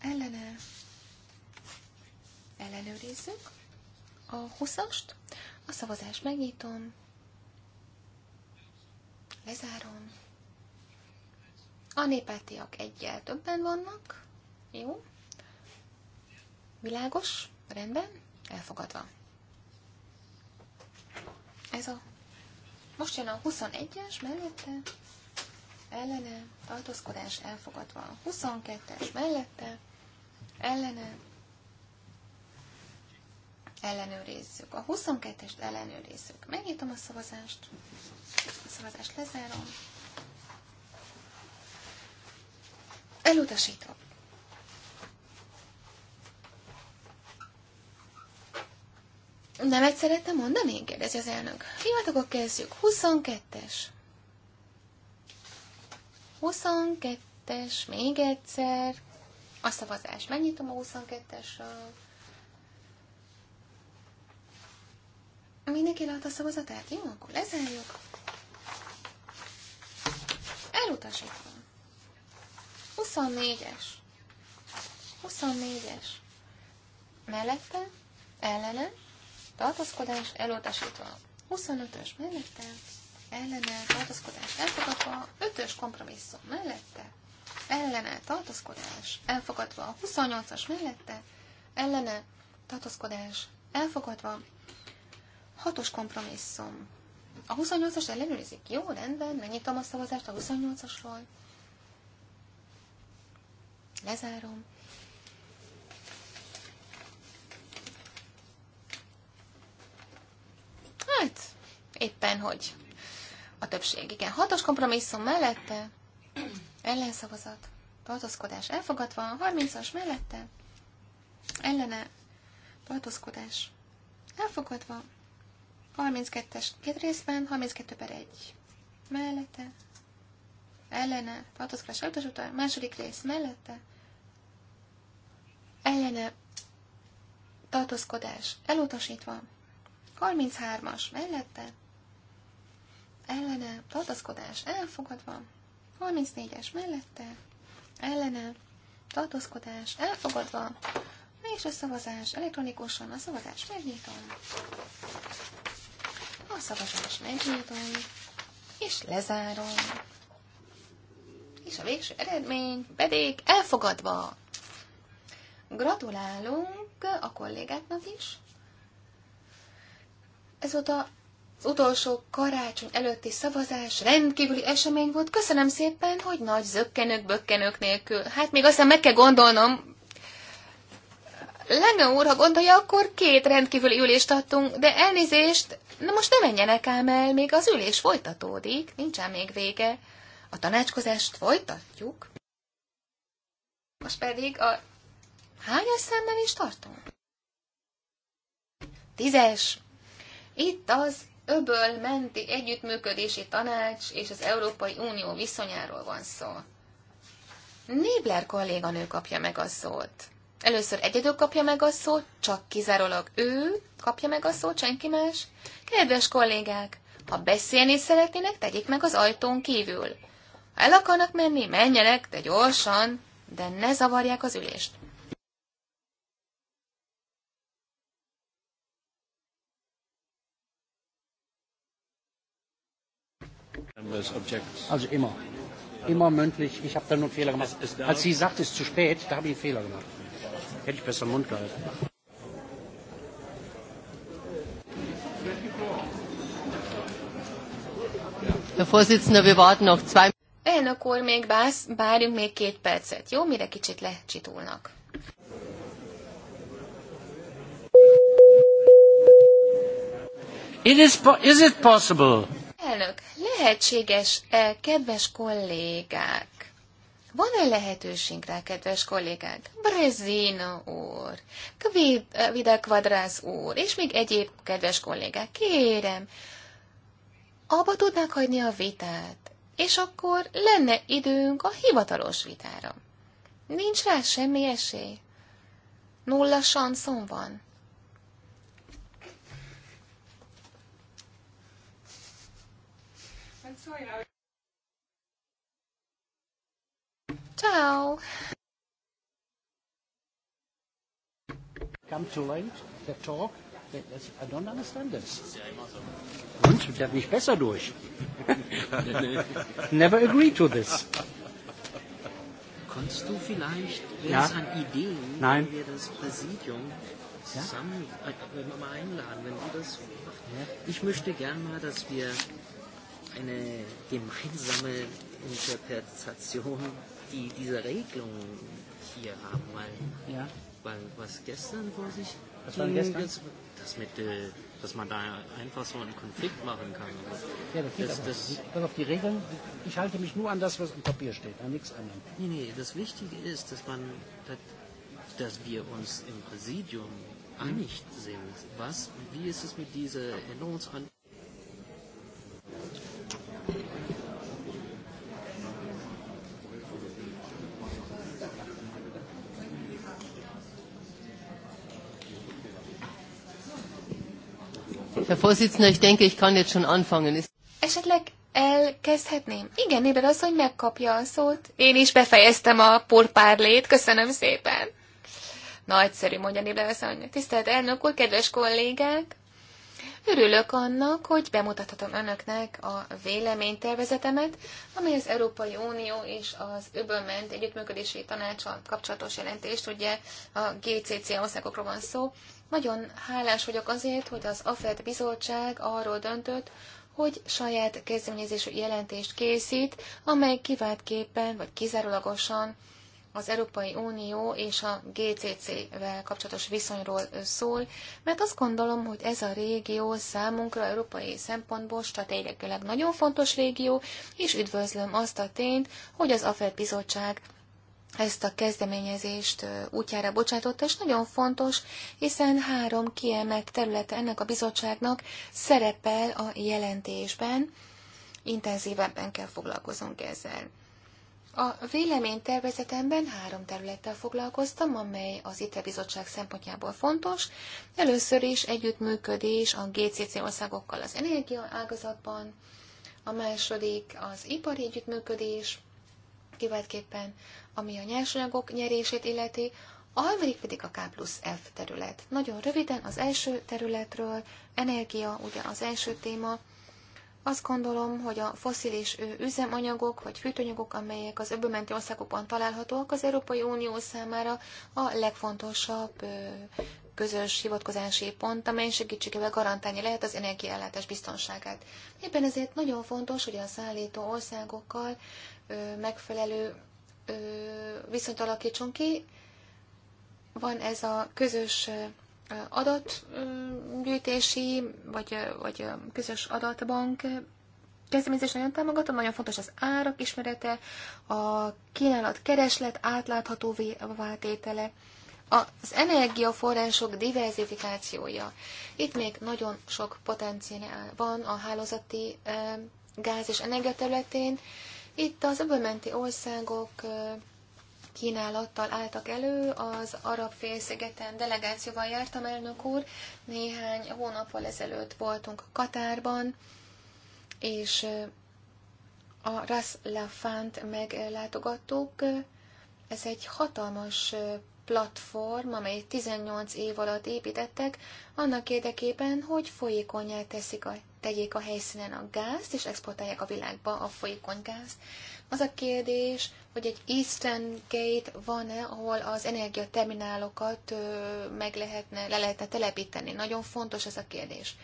ellene, ellenőrizzük, a 20-ast. A szavazást megnyitom, lezárom. A népátiak egyel többen vannak. Jó. Világos, rendben, elfogadva. Ez a... Most jön a 21-es mellette, ellene, tartózkodás elfogadva. 22-es mellette, ellene, ellenőrizzük. A 22-est ellenőrizzük. Megnyitom a szavazást. A szavazást lezárom. Elutasítom. Nem egy szerettem mondani? kérdezi az elnök. Jó, akkor kezdjük. 22-es. 22-es, még egyszer. A szavazás. Megnyitom a 22-esről. Mindenki leadta a szavazatát? Jó, akkor lezárjuk. Elutasítva. 24-es. 24-es. Mellette, ellene, tartózkodás elutasítva. 25-ös mellette, ellene, tartózkodás elfogadva. 5-ös kompromisszum mellette, ellene, tartózkodás elfogadva. 28-as mellette, ellene, tartózkodás elfogadva. Hatos kompromisszum. A 28-as ellenőrizik. Jó, rendben, megnyitom a szavazást a 28-asról. Lezárom. Hát, éppen hogy. A többség, igen. Hatos kompromisszum mellette, ellenszavazat, tartózkodás elfogadva, 30-as mellette, ellene, tartózkodás elfogadva, 32-es két részben, 32 per 1 mellette, ellene, tartózkodás után, második rész mellette, ellene, tartózkodás elutasítva, 33-as mellette, ellene, tartózkodás elfogadva, 34-es mellette, ellene, tartózkodás elfogadva, és a szavazás elektronikusan, a szavazás megnyitom. A szavazás megnyitom, és lezárom. És a végső eredmény pedig elfogadva. Gratulálunk a kollégáknak is. Ez volt az utolsó karácsony előtti szavazás rendkívüli esemény volt. Köszönöm szépen, hogy nagy zöggenők, bökkenők nélkül. Hát még aztán meg kell gondolnom, Lange úr, ha gondolja, akkor két rendkívüli ülést adtunk, de elnézést, na most ne menjenek ám el, még az ülés folytatódik, nincsen még vége. A tanácskozást folytatjuk. Most pedig a hányas szemmel is tartunk? Tízes. Itt az öböl menti együttműködési tanács és az Európai Unió viszonyáról van szó. Nébler kolléganő kapja meg a szót. Először egyedül kapja meg a szót, csak kizárólag ő kapja meg a szót, senki más. Kedves kollégák, ha beszélni szeretnének, tegyék meg az ajtón kívül. Ha el akarnak menni, menjenek, de gyorsan, de ne zavarják az ülést. Also immer. Immer mündlich. Ich habe da nur einen Fehler gemacht. Als sie sagt, es ist zu spät, da habe ich einen Fehler gemacht. Hätte ich besser im Mund gehalten. Herr Vorsitzender, wir warten noch zwei Elnök úr, még bász, várjunk még két percet, jó? Mire kicsit lecsitulnak. It is, is it possible? Elnök, lehetséges-e, kedves kollégák, van-e lehetőség rá, kedves kollégák? Brezina úr, eh, Vida Kvadrász úr, és még egyéb kedves kollégák, kérem, abba tudnák hagyni a vitát, és akkor lenne időnk a hivatalos vitára. Nincs rá semmi esély. Nulla sanszon van. Ciao. Come too late, the talk. I don't understand this. Und? Der mich besser durch. Never agree to this. Kannst du vielleicht, wenn ja? es an Ideen, Nein. wenn wir das Präsidium zusammen ja? äh, äh mal einladen, wenn du das machst? Ja? Ich möchte gern mal, dass wir eine gemeinsame Interpretation die, diese Regelung hier haben, weil, ja. weil was gestern vor sich was ging, war gestern? Das, das mit, äh, dass man da einfach so einen Konflikt machen kann. ja, das geht das, aber. Das, auf die Regeln, ich halte mich nur an das, was im Papier steht, an nichts anderem. Nee, nee, das Wichtige ist, dass man, dass, dass wir uns im Präsidium einig sind. Was, wie ist es mit dieser Änderungsantrag? Herr Vorsitzender, ich denke, ich kann jetzt schon anfangen. Esetleg elkezdhetném? Igen, Éber az, hogy megkapja a szót. Én is befejeztem a porpárlét, köszönöm szépen. Nagyszerű, mondja Néber az anyja. Tisztelt elnök úr, kedves kollégák! Örülök annak, hogy bemutathatom önöknek a véleménytervezetemet, amely az Európai Unió és az Öbölment Együttműködési Tanácsal kapcsolatos jelentést, ugye a GCC országokról van szó, nagyon hálás vagyok azért, hogy az AFED bizottság arról döntött, hogy saját kezdeményezésű jelentést készít, amely kiváltképpen vagy kizárólagosan az Európai Unió és a GCC-vel kapcsolatos viszonyról szól, mert azt gondolom, hogy ez a régió számunkra európai szempontból stratégiailag nagyon fontos régió, és üdvözlöm azt a tényt, hogy az AFED bizottság ezt a kezdeményezést útjára bocsátotta, és nagyon fontos, hiszen három kiemelt területe ennek a bizottságnak szerepel a jelentésben, intenzívebben kell foglalkozunk ezzel. A véleménytervezetemben három területtel foglalkoztam, amely az ITE bizottság szempontjából fontos. Először is együttműködés a GCC országokkal az energiaágazatban, a második az ipari együttműködés, kiváltképpen ami a nyersanyagok nyerését illeti, a harmadik pedig a K plusz F terület. Nagyon röviden az első területről, energia ugye az első téma. Azt gondolom, hogy a foszilis üzemanyagok vagy fűtőanyagok, amelyek az öbölmenti országokban találhatóak, az Európai Unió számára a legfontosabb közös hivatkozási pont, amely segítségével garantálni lehet az energiaellátás biztonságát. Éppen ezért nagyon fontos, hogy a szállító országokkal megfelelő viszont alakítson ki. Van ez a közös adatgyűjtési, vagy, vagy közös adatbank kezdeményezés nagyon támogatom, nagyon fontos az árak ismerete, a kínálat kereslet átláthatóvé váltétele, az energiaforrások diverzifikációja. Itt még nagyon sok potenciál van a hálózati gáz és energia területén. Itt az öbölmenti országok kínálattal álltak elő, az arab félszigeten delegációval jártam elnök úr, néhány hónappal ezelőtt voltunk Katárban, és a Ras Lafant meglátogattuk. Ez egy hatalmas platform, amely 18 év alatt építettek, annak érdekében, hogy folyékonyá teszik a tegyék a helyszínen a gázt, és exportálják a világba a folyékony gázt. Az a kérdés, hogy egy Eastern Gate van-e, ahol az energiaterminálokat meg lehetne, le lehetne telepíteni. Nagyon fontos ez a kérdés.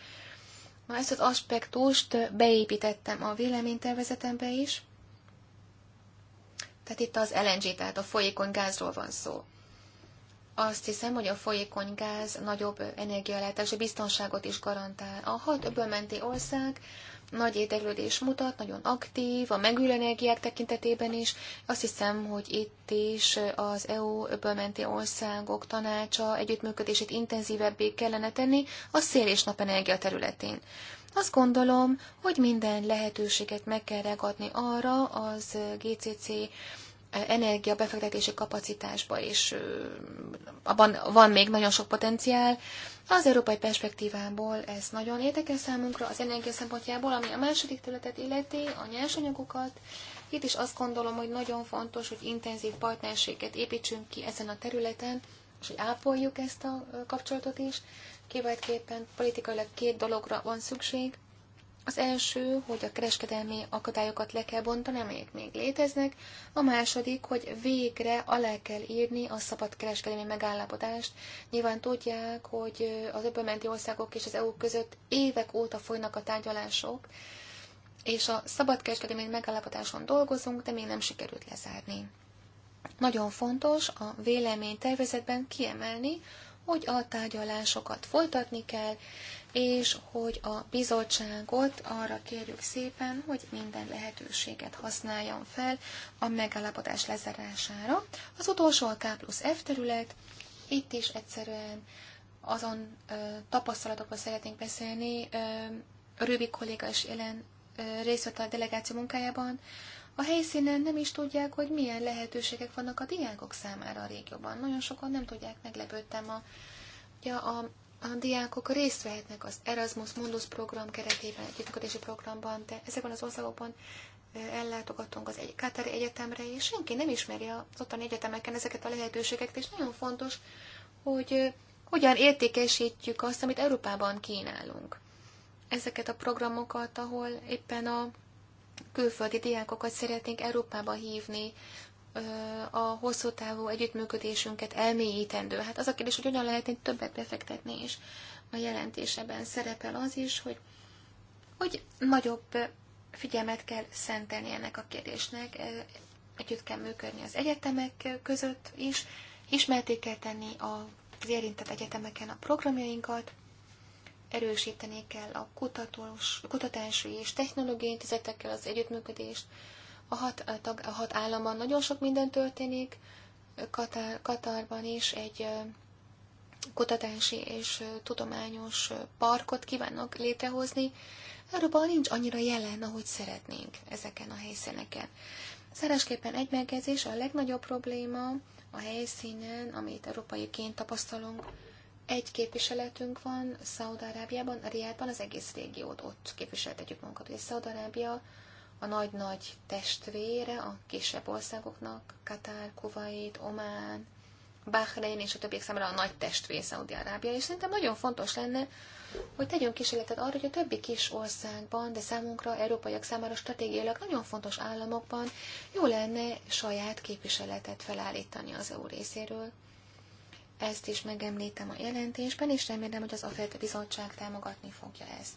Na, ezt az aspektust beépítettem a véleménytervezetembe is. Tehát itt az LNG, tehát a folyékony gázról van szó. Azt hiszem, hogy a folyékony gáz nagyobb energiaellátási biztonságot is garantál. A hat öbölmenti ország nagy érdeklődés mutat, nagyon aktív, a megül energiák tekintetében is. Azt hiszem, hogy itt is az EU öbölmenti országok tanácsa együttműködését intenzívebbé kellene tenni a szél és napenergia területén. Azt gondolom, hogy minden lehetőséget meg kell ragadni arra az GCC energia befektetési kapacitásba, és abban van még nagyon sok potenciál. Az európai perspektívából ez nagyon érdekes számunkra, az energia szempontjából, ami a második területet illeti, a nyersanyagokat. Itt is azt gondolom, hogy nagyon fontos, hogy intenzív partnerséget építsünk ki ezen a területen, és hogy ápoljuk ezt a kapcsolatot is. Kiváltképpen politikailag két dologra van szükség. Az első, hogy a kereskedelmi akadályokat le kell bontani, amelyek még léteznek. A második, hogy végre alá kell írni a szabad kereskedelmi megállapodást. Nyilván tudják, hogy az öbölmenti országok és az EU között évek óta folynak a tárgyalások, és a kereskedelmi megállapodáson dolgozunk, de még nem sikerült lezárni. Nagyon fontos a véleménytervezetben kiemelni, hogy a tárgyalásokat folytatni kell, és hogy a bizottságot arra kérjük szépen, hogy minden lehetőséget használjon fel a megállapodás lezárására. Az utolsó a K plusz F terület, itt is egyszerűen azon ö, tapasztalatokról szeretnénk beszélni, ö, Rübi kolléga is jelen részt vett a delegáció munkájában, a helyszínen nem is tudják, hogy milyen lehetőségek vannak a diákok számára a régióban. Nagyon sokan nem tudják, meglepődtem a, ugye a a diákok részt vehetnek az Erasmus Mundus program keretében, együttműködési programban, de ezekben az országokban ellátogatunk az egy Katari Egyetemre, és senki nem ismeri az ottani egyetemeken ezeket a lehetőségeket, és nagyon fontos, hogy hogyan értékesítjük azt, amit Európában kínálunk. Ezeket a programokat, ahol éppen a külföldi diákokat szeretnénk Európába hívni, a hosszú távú együttműködésünket elmélyítendő. Hát az a kérdés, hogy hogyan lehetne többet befektetni, és a jelentéseben szerepel az is, hogy, hogy nagyobb figyelmet kell szentelni ennek a kérdésnek, együtt kell működni az egyetemek között is, ismerték kell tenni az érintett egyetemeken a programjainkat, erősíteni kell a kutatós, kutatási és technológiai intézetekkel az együttműködést, a hat, tag, a hat államban nagyon sok minden történik, Katar, Katarban is egy kutatási és tudományos parkot kívánnak létrehozni. Európa nincs annyira jelen, ahogy szeretnénk ezeken a helyszíneken. Zárásképpen egy megjegyzés, a legnagyobb probléma a helyszínen, amit európaiként tapasztalunk, egy képviseletünk van Szaudarábiában, Riádban az egész régiót ott képviseltetjük magunkat, és arábia a nagy-nagy testvére a kisebb országoknak, Katár, Kuwait, Omán, Bahrein és a többiek számára a nagy testvér Szaudi-Arábia, és szerintem nagyon fontos lenne, hogy tegyünk kísérletet arra, hogy a többi kis országban, de számunkra, európaiak számára stratégiailag nagyon fontos államokban jó lenne saját képviseletet felállítani az EU részéről. Ezt is megemlítem a jelentésben, és remélem, hogy az AFED bizottság támogatni fogja ezt.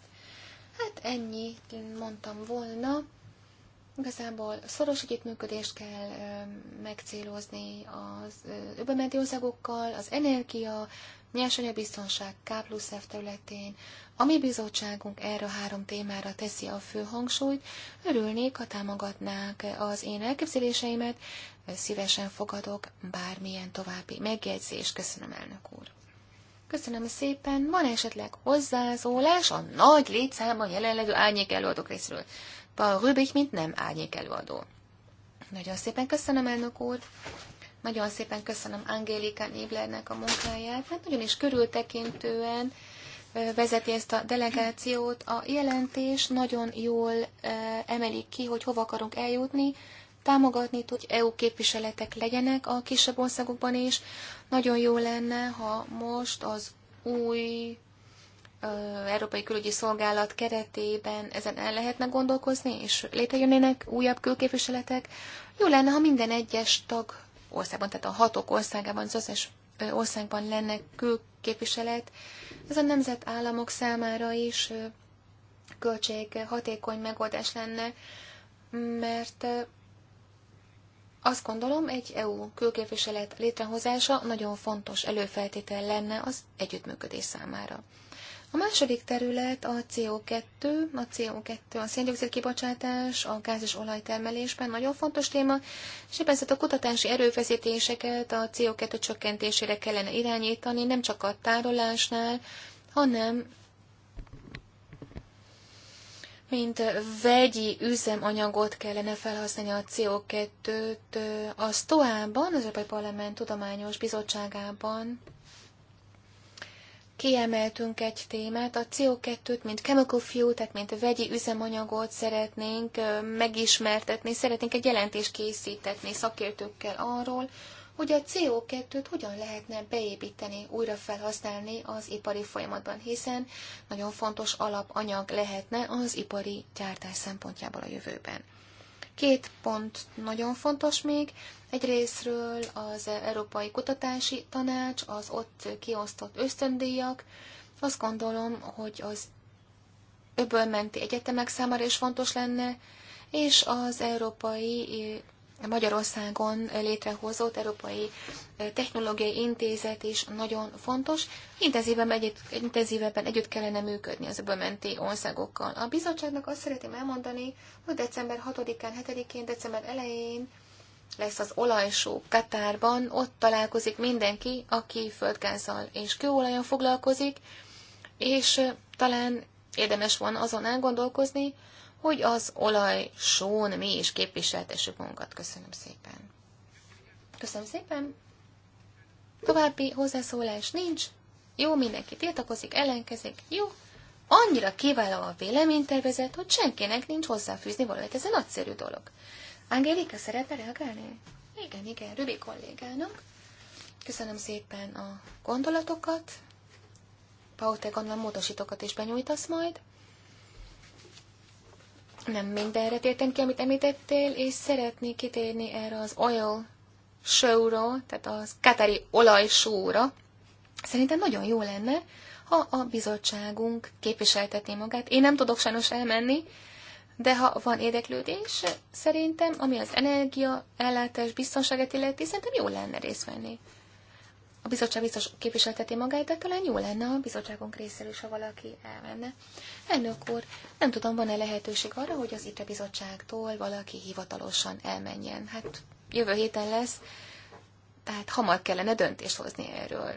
Hát ennyi mondtam volna. Igazából szoros együttműködést kell megcélozni az öbömenti országokkal, az energia, nyersanyagbiztonság K plusz F területén. A mi bizottságunk erre a három témára teszi a fő hangsúlyt. Örülnék, ha támogatnák az én elképzeléseimet, szívesen fogadok bármilyen további megjegyzést. Köszönöm, elnök úr! Köszönöm szépen. Van esetleg hozzászólás a nagy létszámban jelenlegű árnyék előadók részről. Paul Rübik, mint nem árnyék előadó. Nagyon szépen köszönöm, elnök úr! Nagyon szépen köszönöm Angélika Néblernek a munkáját, mert hát nagyon is körültekintően vezeti ezt a delegációt. A jelentés nagyon jól emelik ki, hogy hova akarunk eljutni, támogatni tud, hogy EU képviseletek legyenek a kisebb országokban is. Nagyon jó lenne, ha most az új Európai Külügyi Szolgálat keretében ezen el lehetne gondolkozni, és létrejönnének újabb külképviseletek. Jó lenne, ha minden egyes tag országban, tehát a hatok országában, az összes országban lenne külképviselet. Ez a nemzetállamok számára is költség hatékony megoldás lenne, mert azt gondolom, egy EU külképviselet létrehozása nagyon fontos előfeltétel lenne az együttműködés számára. A második terület a CO2, a CO2 a széndiokszid kibocsátás, a gáz és olajtermelésben nagyon fontos téma, és éppen a kutatási erőfeszítéseket a CO2 csökkentésére kellene irányítani, nem csak a tárolásnál, hanem mint vegyi üzemanyagot kellene felhasználni a CO2-t. A stoa az Európai Parlament Tudományos Bizottságában Kiemeltünk egy témát, a CO2-t, mint chemical fuel, tehát mint a vegyi üzemanyagot szeretnénk megismertetni, szeretnénk egy jelentést készítetni szakértőkkel arról, hogy a CO2-t hogyan lehetne beépíteni, újra felhasználni az ipari folyamatban, hiszen nagyon fontos alapanyag lehetne az ipari gyártás szempontjából a jövőben. Két pont nagyon fontos még. részről az Európai Kutatási Tanács, az ott kiosztott ösztöndíjak. Azt gondolom, hogy az öbölmenti egyetemek számára is fontos lenne, és az Európai Magyarországon létrehozott Európai Technológiai Intézet is nagyon fontos. Intenzívebben együtt, intenzívebben együtt kellene működni az öbölmenti országokkal. A bizottságnak azt szeretném elmondani, hogy december 6-án, 7-én, december elején lesz az olajsó Katárban, ott találkozik mindenki, aki földgázzal és kőolajon foglalkozik, és talán érdemes van azon elgondolkozni, hogy az olaj són mi is képviseltessük magunkat. Köszönöm szépen. Köszönöm szépen. További hozzászólás nincs. Jó, mindenki tiltakozik, ellenkezik. Jó. Annyira kiváló a véleménytervezet, hogy senkinek nincs hozzáfűzni valamit. Ez egy nagyszerű dolog. Angélika szeretne reagálni? Igen, igen, Rübi kollégának. Köszönöm szépen a gondolatokat. Paute gondolom módosítókat is benyújtasz majd. Nem mindenre tértem ki, amit említettél, és szeretnék kitérni erre az oil show tehát az katari olajsóra. Szerintem nagyon jó lenne, ha a bizottságunk képviseltetné magát. Én nem tudok sajnos elmenni, de ha van érdeklődés, szerintem, ami az energia, ellátás, biztonságet illeti, szerintem jó lenne részt venni a bizottság biztos képviselteti magát, de talán jó lenne a bizottságunk részéről is, ha valaki elmenne. Elnök úr, nem tudom, van-e lehetőség arra, hogy az ITRE bizottságtól valaki hivatalosan elmenjen. Hát jövő héten lesz, tehát hamar kellene döntést hozni erről.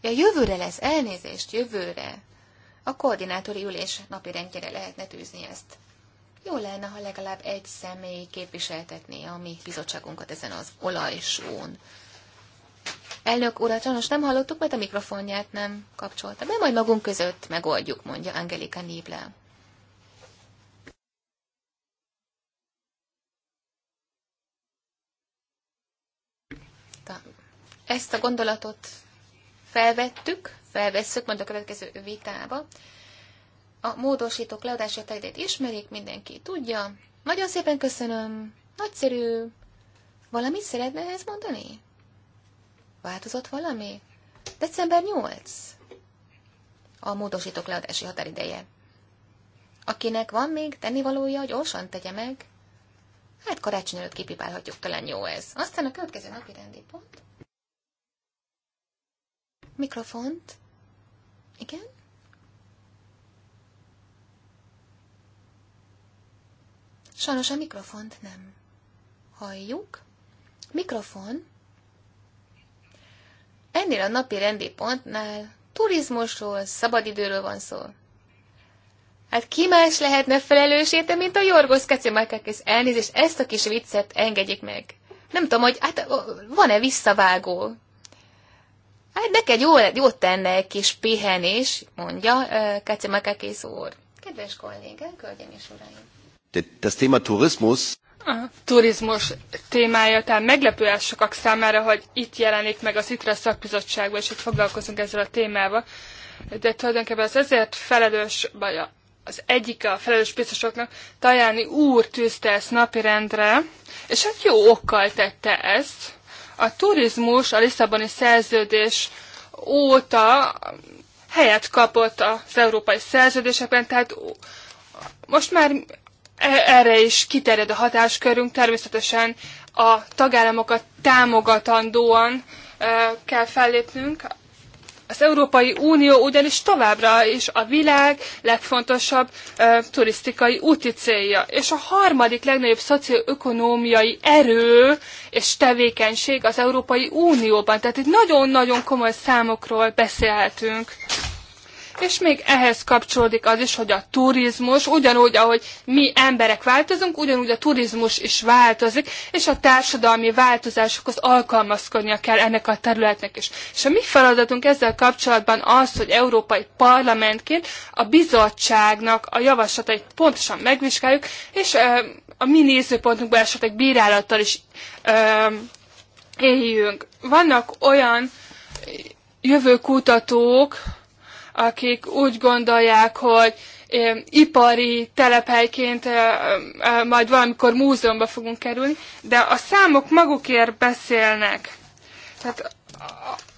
Ja, jövőre lesz, elnézést, jövőre. A koordinátori ülés napi rendjére lehetne tűzni ezt. Jó lenne, ha legalább egy személy képviseltetné a mi bizottságunkat ezen az olajsón. Elnök urat sajnos nem hallottuk, mert a mikrofonját nem kapcsolta be, majd magunk között megoldjuk, mondja Angelika Niblá. Ezt a gondolatot felvettük, felvesszük majd a következő vitába. A módosítók leadása idejét ismerik, mindenki tudja. Nagyon szépen köszönöm, nagyszerű. Valamit szeretne ehhez mondani? Változott valami? December 8. A módosítók leadási határideje. Akinek van még tennivalója, gyorsan tegye meg. Hát karácsony előtt kipipálhatjuk, talán jó ez. Aztán a következő napi rendi pont. Mikrofont. Igen? Sajnos a mikrofont nem halljuk. Mikrofon. Ennél a napi rendi pontnál turizmusról, szabadidőről van szó. Hát ki más lehetne felelős érte, mint a Jorgos Kecimarkakis elnézést, ezt a kis viccet engedjék meg. Nem tudom, hogy hát van-e visszavágó. Hát neked jó, jó tenne egy kis pihenés, mondja Kecimarkakis úr. Kedves kollégák, hölgyeim és uraim! De Das Thema Tourismus a turizmus témája, tehát meglepő el sokak számára, hogy itt jelenik meg az ITRA szakbizottságban, és itt foglalkozunk ezzel a témával. De tulajdonképpen az ezért felelős, vagy az egyik a felelős biztosoknak, Tajáni úr tűzte ezt napirendre, és hát jó okkal tette ezt. A turizmus a Lisszaboni szerződés óta helyet kapott az európai szerződésekben, tehát most már erre is kiterjed a hatáskörünk, természetesen a tagállamokat támogatandóan kell fellépnünk. Az Európai Unió ugyanis továbbra is a világ legfontosabb e, turisztikai úti célja. És a harmadik legnagyobb szocioökonómiai erő és tevékenység az Európai Unióban. Tehát itt nagyon-nagyon komoly számokról beszélhetünk és még ehhez kapcsolódik az is, hogy a turizmus, ugyanúgy, ahogy mi emberek változunk, ugyanúgy a turizmus is változik, és a társadalmi változásokhoz alkalmazkodnia kell ennek a területnek is. És a mi feladatunk ezzel kapcsolatban az, hogy Európai Parlamentként a bizottságnak a javaslatait pontosan megvizsgáljuk, és a mi nézőpontunkban esetleg bírálattal is éljünk. Vannak olyan jövőkutatók, akik úgy gondolják, hogy eh, ipari telephelyként eh, eh, majd valamikor múzeumba fogunk kerülni, de a számok magukért beszélnek. Tehát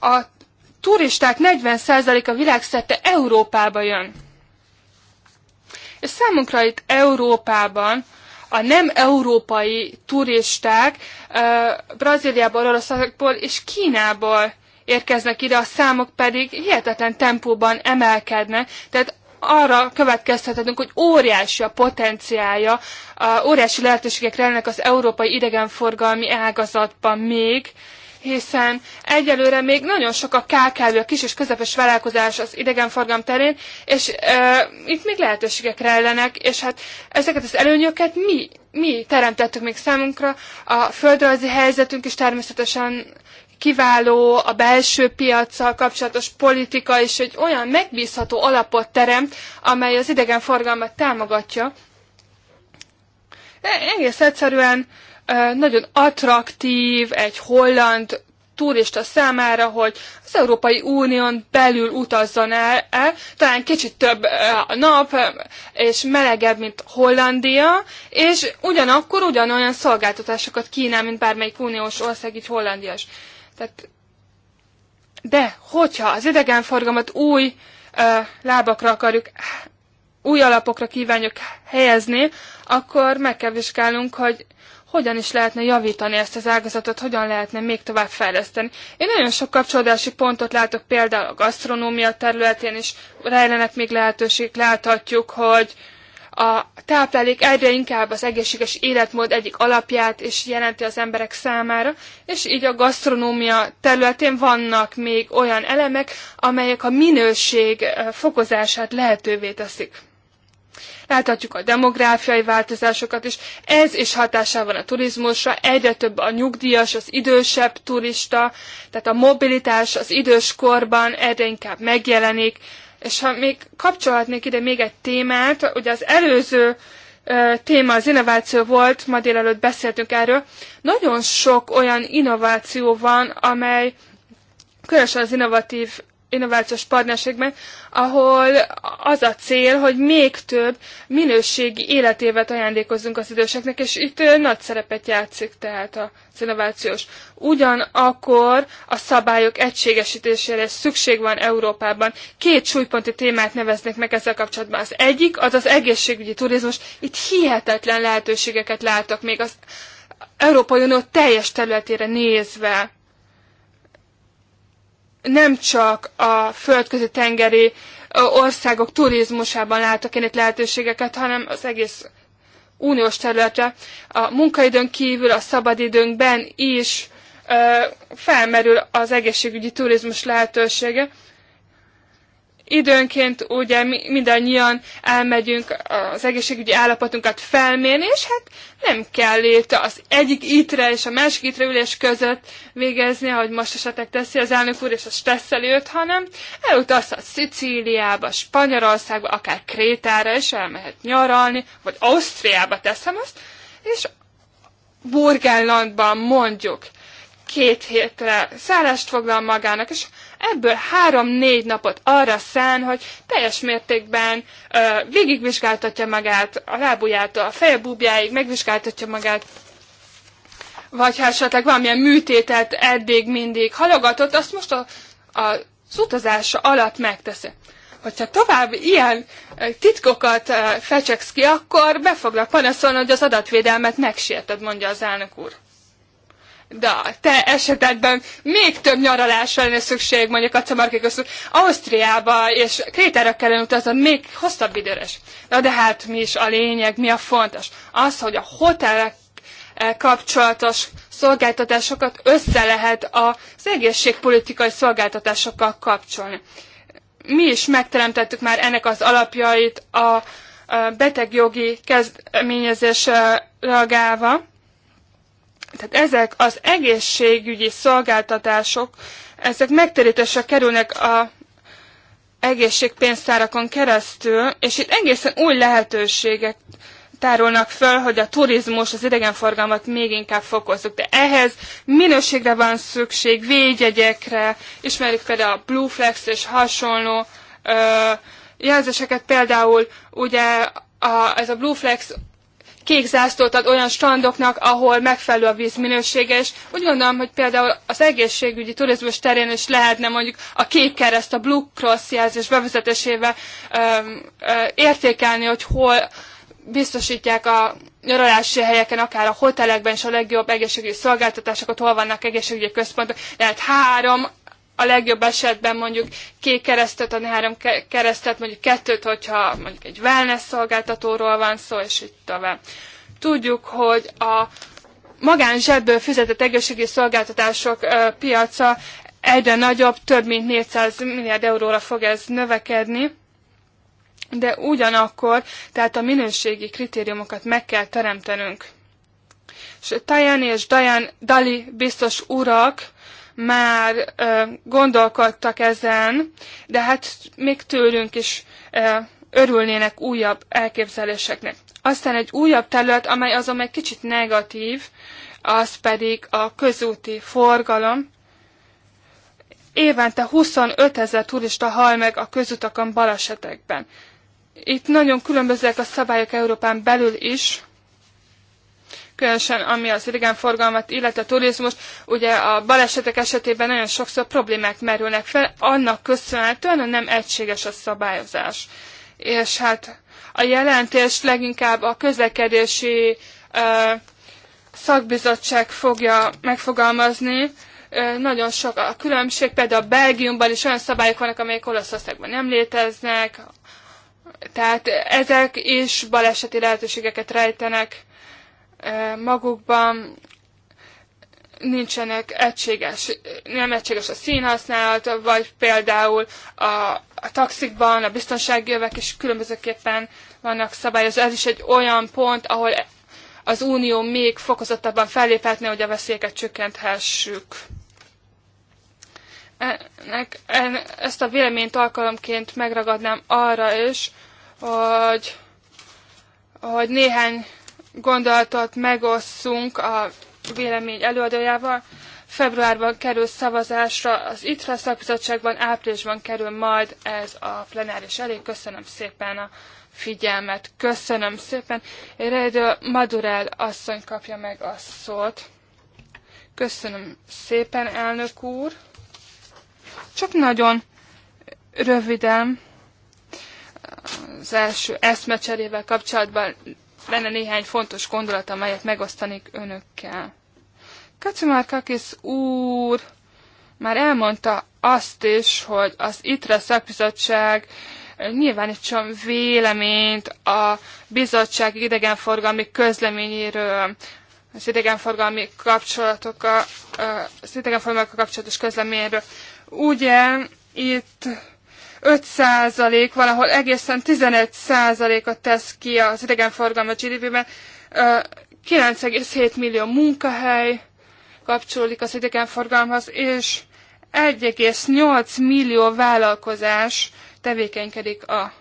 a, a turisták 40%-a világszerte Európába jön. És számunkra itt Európában a nem európai turisták Brazíliából, Oroszországból és Kínából érkeznek ide, a számok pedig hihetetlen tempóban emelkednek, tehát arra következtethetünk, hogy óriási a potenciálja, óriási lehetőségek rejlenek az európai idegenforgalmi ágazatban még, hiszen egyelőre még nagyon sok a KKV, a kis és közepes vállalkozás az idegenforgalom terén, és e, itt még lehetőségek rejlenek, és hát ezeket az előnyöket mi, mi teremtettük még számunkra, a földrajzi helyzetünk is természetesen kiváló a belső piaccal kapcsolatos politika, és egy olyan megbízható alapot teremt, amely az idegenforgalmat támogatja. E, egész egyszerűen e, nagyon attraktív egy holland turista számára, hogy az Európai Unión belül utazzon el, el talán kicsit több e, a nap, és melegebb, mint Hollandia, és ugyanakkor ugyanolyan szolgáltatásokat kínál, mint bármelyik uniós ország, így Hollandia is. Tehát, de hogyha az idegenforgalmat új ö, lábakra akarjuk, új alapokra kívánjuk helyezni, akkor meg kell vizsgálnunk, hogy hogyan is lehetne javítani ezt az ágazatot, hogyan lehetne még tovább fejleszteni. Én nagyon sok kapcsolódási pontot látok, például a gasztronómia területén is rejlenek még lehetőség, láthatjuk, hogy a táplálék egyre inkább az egészséges életmód egyik alapját és jelenti az emberek számára, és így a gasztronómia területén vannak még olyan elemek, amelyek a minőség fokozását lehetővé teszik. Láthatjuk a demográfiai változásokat is, ez is hatással van a turizmusra, egyre több a nyugdíjas, az idősebb turista, tehát a mobilitás az időskorban egyre inkább megjelenik, és ha még kapcsolhatnék ide még egy témát, ugye az előző téma az innováció volt, ma délelőtt beszéltünk erről. Nagyon sok olyan innováció van, amely különösen az innovatív innovációs partnerségben, ahol az a cél, hogy még több minőségi életévet ajándékozzunk az időseknek, és itt nagy szerepet játszik tehát az innovációs. Ugyanakkor a szabályok egységesítésére szükség van Európában. Két súlyponti témát neveznek meg ezzel kapcsolatban. Az egyik az az egészségügyi turizmus. Itt hihetetlen lehetőségeket látok még az Európai Unió teljes területére nézve nem csak a földközi tengeri országok turizmusában látok én itt lehetőségeket, hanem az egész uniós területre. A munkaidőn kívül, a szabadidőnkben is felmerül az egészségügyi turizmus lehetősége időnként ugye mindannyian elmegyünk az egészségügyi állapotunkat felmérni, és hát nem kell itt az egyik ítre és a másik ítre ülés között végezni, ahogy most esetleg teszi az elnök úr, és az stresszeli őt, hanem elutazhat Szicíliába, Spanyolországba, akár Krétára is elmehet nyaralni, vagy Ausztriába teszem azt, és Burgenlandban mondjuk két hétre szállást foglal magának, és ebből három-négy napot arra szán, hogy teljes mértékben ö, végigvizsgáltatja magát a lábujától a fejebúbjáig, megvizsgáltatja magát, vagy ha esetleg valamilyen műtétet eddig mindig halogatott, azt most a, a, az utazása alatt megteszi. Hogyha tovább ilyen titkokat fecseksz ki, akkor be foglak panaszolni, hogy az adatvédelmet megsérted, mondja az elnök úr de a te esetedben még több nyaralásra lenne szükség, mondjuk a Camarki köztük, Ausztriába és Krétára kellene utaznod még hosszabb időre is. Na de hát mi is a lényeg, mi a fontos? Az, hogy a hotelek e, kapcsolatos szolgáltatásokat össze lehet az egészségpolitikai szolgáltatásokkal kapcsolni. Mi is megteremtettük már ennek az alapjait a e, betegjogi kezdeményezés reagálva, tehát ezek az egészségügyi szolgáltatások, ezek megterítésre kerülnek a egészségpénztárakon keresztül, és itt egészen új lehetőségek tárolnak föl, hogy a turizmus, az idegenforgalmat még inkább fokozzuk. De ehhez minőségre van szükség, védjegyekre, ismerik például a Blue Flex és hasonló ö, jelzéseket, például ugye a, ez a Blue Flex kék zászlót ad olyan strandoknak, ahol megfelelő a víz minősége, és úgy gondolom, hogy például az egészségügyi turizmus terén is lehetne mondjuk a kék kereszt, a Blue Cross jelzés bevezetésével értékelni, hogy hol biztosítják a nyaralási helyeken, akár a hotelekben is a legjobb egészségügyi szolgáltatásokat, hol vannak egészségügyi központok. Lehet három a legjobb esetben mondjuk két keresztet adni, három keresztet, mondjuk kettőt, hogyha mondjuk egy wellness szolgáltatóról van szó, és így tovább. Tudjuk, hogy a magán zsebből fizetett egészségügyi szolgáltatások piaca egyre nagyobb, több mint 400 milliárd euróra fog ez növekedni, de ugyanakkor, tehát a minőségi kritériumokat meg kell teremtenünk. És Tajani és Dajan, Dali biztos urak már gondolkodtak ezen, de hát még tőlünk is örülnének újabb elképzeléseknek. Aztán egy újabb terület, amely azon egy kicsit negatív, az pedig a közúti forgalom. Évente 25 ezer turista hal meg a közutakon balesetekben. Itt nagyon különbözőek a szabályok Európán belül is, különösen ami az idegenforgalmat, illetve a turizmus, ugye a balesetek esetében nagyon sokszor problémák merülnek fel, annak köszönhetően, hogy nem egységes a szabályozás. És hát a jelentés leginkább a közlekedési ö, szakbizottság fogja megfogalmazni, nagyon sok a különbség, például Belgiumban is olyan szabályok vannak, amelyek Olaszországban nem léteznek, tehát ezek is baleseti lehetőségeket rejtenek, magukban nincsenek egységes, nem egységes a színhasználat, vagy például a, a taxikban a biztonsági övek is különbözőképpen vannak szabályozva. Ez is egy olyan pont, ahol az Unió még fokozottabban felléphetne, hogy a veszélyeket csökkenthessük. Ennek, en, ezt a véleményt alkalomként megragadnám arra is, hogy, hogy néhány gondolatot megosszunk a vélemény előadójával. Februárban kerül szavazásra az ITRA szakbizottságban, áprilisban kerül majd ez a plenáris elé. Köszönöm szépen a figyelmet. Köszönöm szépen. Rejdő Madurel asszony kapja meg a szót. Köszönöm szépen, elnök úr. Csak nagyon röviden az első eszmecserével kapcsolatban lenne néhány fontos gondolat, amelyet megosztanék önökkel. Kacimárkakis úr már elmondta azt is, hogy az ITRA szakbizottság nyilvánítson véleményt a bizottság idegenforgalmi közleményéről, az idegenforgalmi kapcsolatok, az idegenforgalmi kapcsolatos közleményéről. Ugye itt 5% valahol egészen 11 ot tesz ki az idegenforgalma GDP-ben, 9,7 millió munkahely kapcsolódik az idegenforgalmhoz, és 1,8 millió vállalkozás tevékenykedik a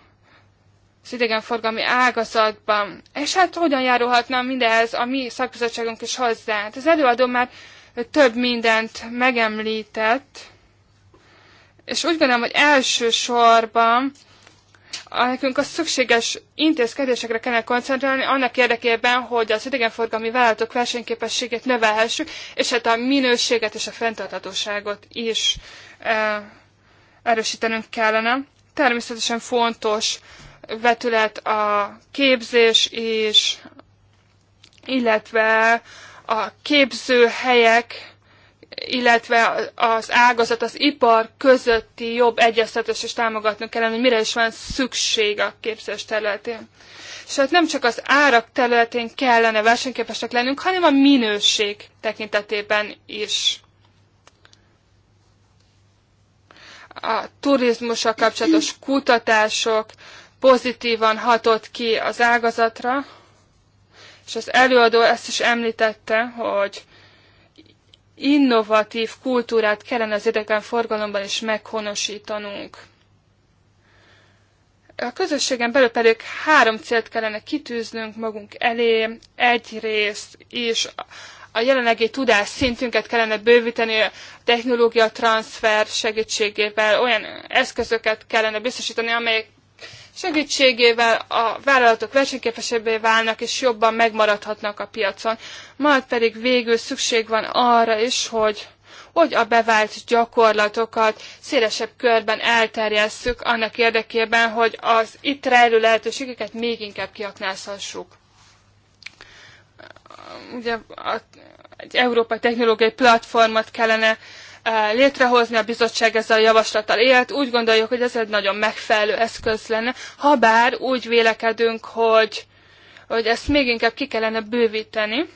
az idegenforgalmi ágazatban. És hát hogyan járulhatna mindehez a mi szakbizottságunk is hozzá? Hát az előadó már több mindent megemlített, és úgy gondolom, hogy elsősorban nekünk a szükséges intézkedésekre kellene koncentrálni annak érdekében, hogy az idegenforgalmi vállalatok versenyképességét növelhessük, és hát a minőséget és a fenntarthatóságot is e, erősítenünk kellene. Természetesen fontos vetület a képzés és illetve a képzőhelyek illetve az ágazat, az ipar közötti jobb egyeztetés is támogatni kellene, hogy mire is van szükség a képzés területén. És hát nem csak az árak területén kellene versenyképesek lennünk, hanem a minőség tekintetében is. A turizmussal kapcsolatos kutatások pozitívan hatott ki az ágazatra, és az előadó ezt is említette, hogy innovatív kultúrát kellene az forgalomban is meghonosítanunk. A közösségen belül pedig három célt kellene kitűznünk magunk elé. Egyrészt is a jelenlegi tudás szintünket kellene bővíteni a technológia transfer segítségével, olyan eszközöket kellene biztosítani, amelyek segítségével a vállalatok versenyképesebbé válnak, és jobban megmaradhatnak a piacon. Majd pedig végül szükség van arra is, hogy hogy a bevált gyakorlatokat szélesebb körben elterjesszük annak érdekében, hogy az itt rejlő lehetőségeket még inkább kiaknázhassuk. Ugye a, egy európai technológiai platformot kellene létrehozni, a bizottság ezzel a javaslattal élt. Úgy gondoljuk, hogy ez egy nagyon megfelelő eszköz lenne, ha bár úgy vélekedünk, hogy, hogy ezt még inkább ki kellene bővíteni.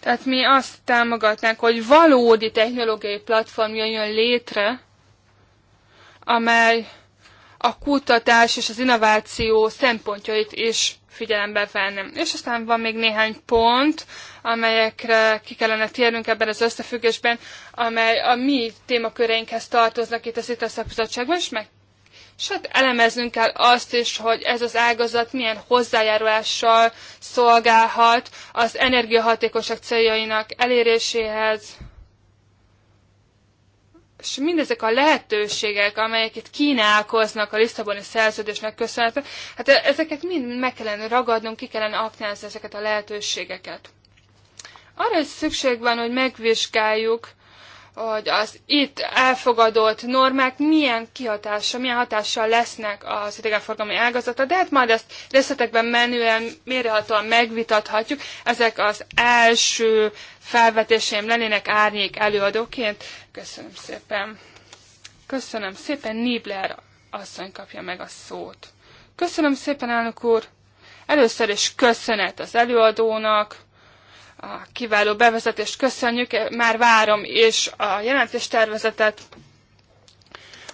Tehát mi azt támogatnánk, hogy valódi technológiai platform jöjjön létre, amely a kutatás és az innováció szempontjait is figyelembe venni. És aztán van még néhány pont, amelyekre ki kellene térnünk ebben az összefüggésben, amely a mi témaköreinkhez tartoznak itt az itt a szabizottságban, és meg és hát elemeznünk kell azt is, hogy ez az ágazat milyen hozzájárulással szolgálhat az energiahatékosság céljainak eléréséhez, és mindezek a lehetőségek, amelyek itt kínálkoznak a Lisszaboni szerződésnek köszönhetően, hát ezeket mind meg kellene ragadnunk, ki kellene aknázni ezeket a lehetőségeket. Arra is szükség van, hogy megvizsgáljuk hogy az itt elfogadott normák milyen kihatása, milyen hatással lesznek az idegenforgalmi ágazata, de hát majd ezt részletekben menően mérhetően megvitathatjuk. Ezek az első felvetéseim lennének árnyék előadóként. Köszönöm szépen. Köszönöm szépen, Nibler asszony kapja meg a szót. Köszönöm szépen, elnök úr. Először is köszönet az előadónak, a kiváló bevezetést köszönjük, már várom és a jelentéstervezetet.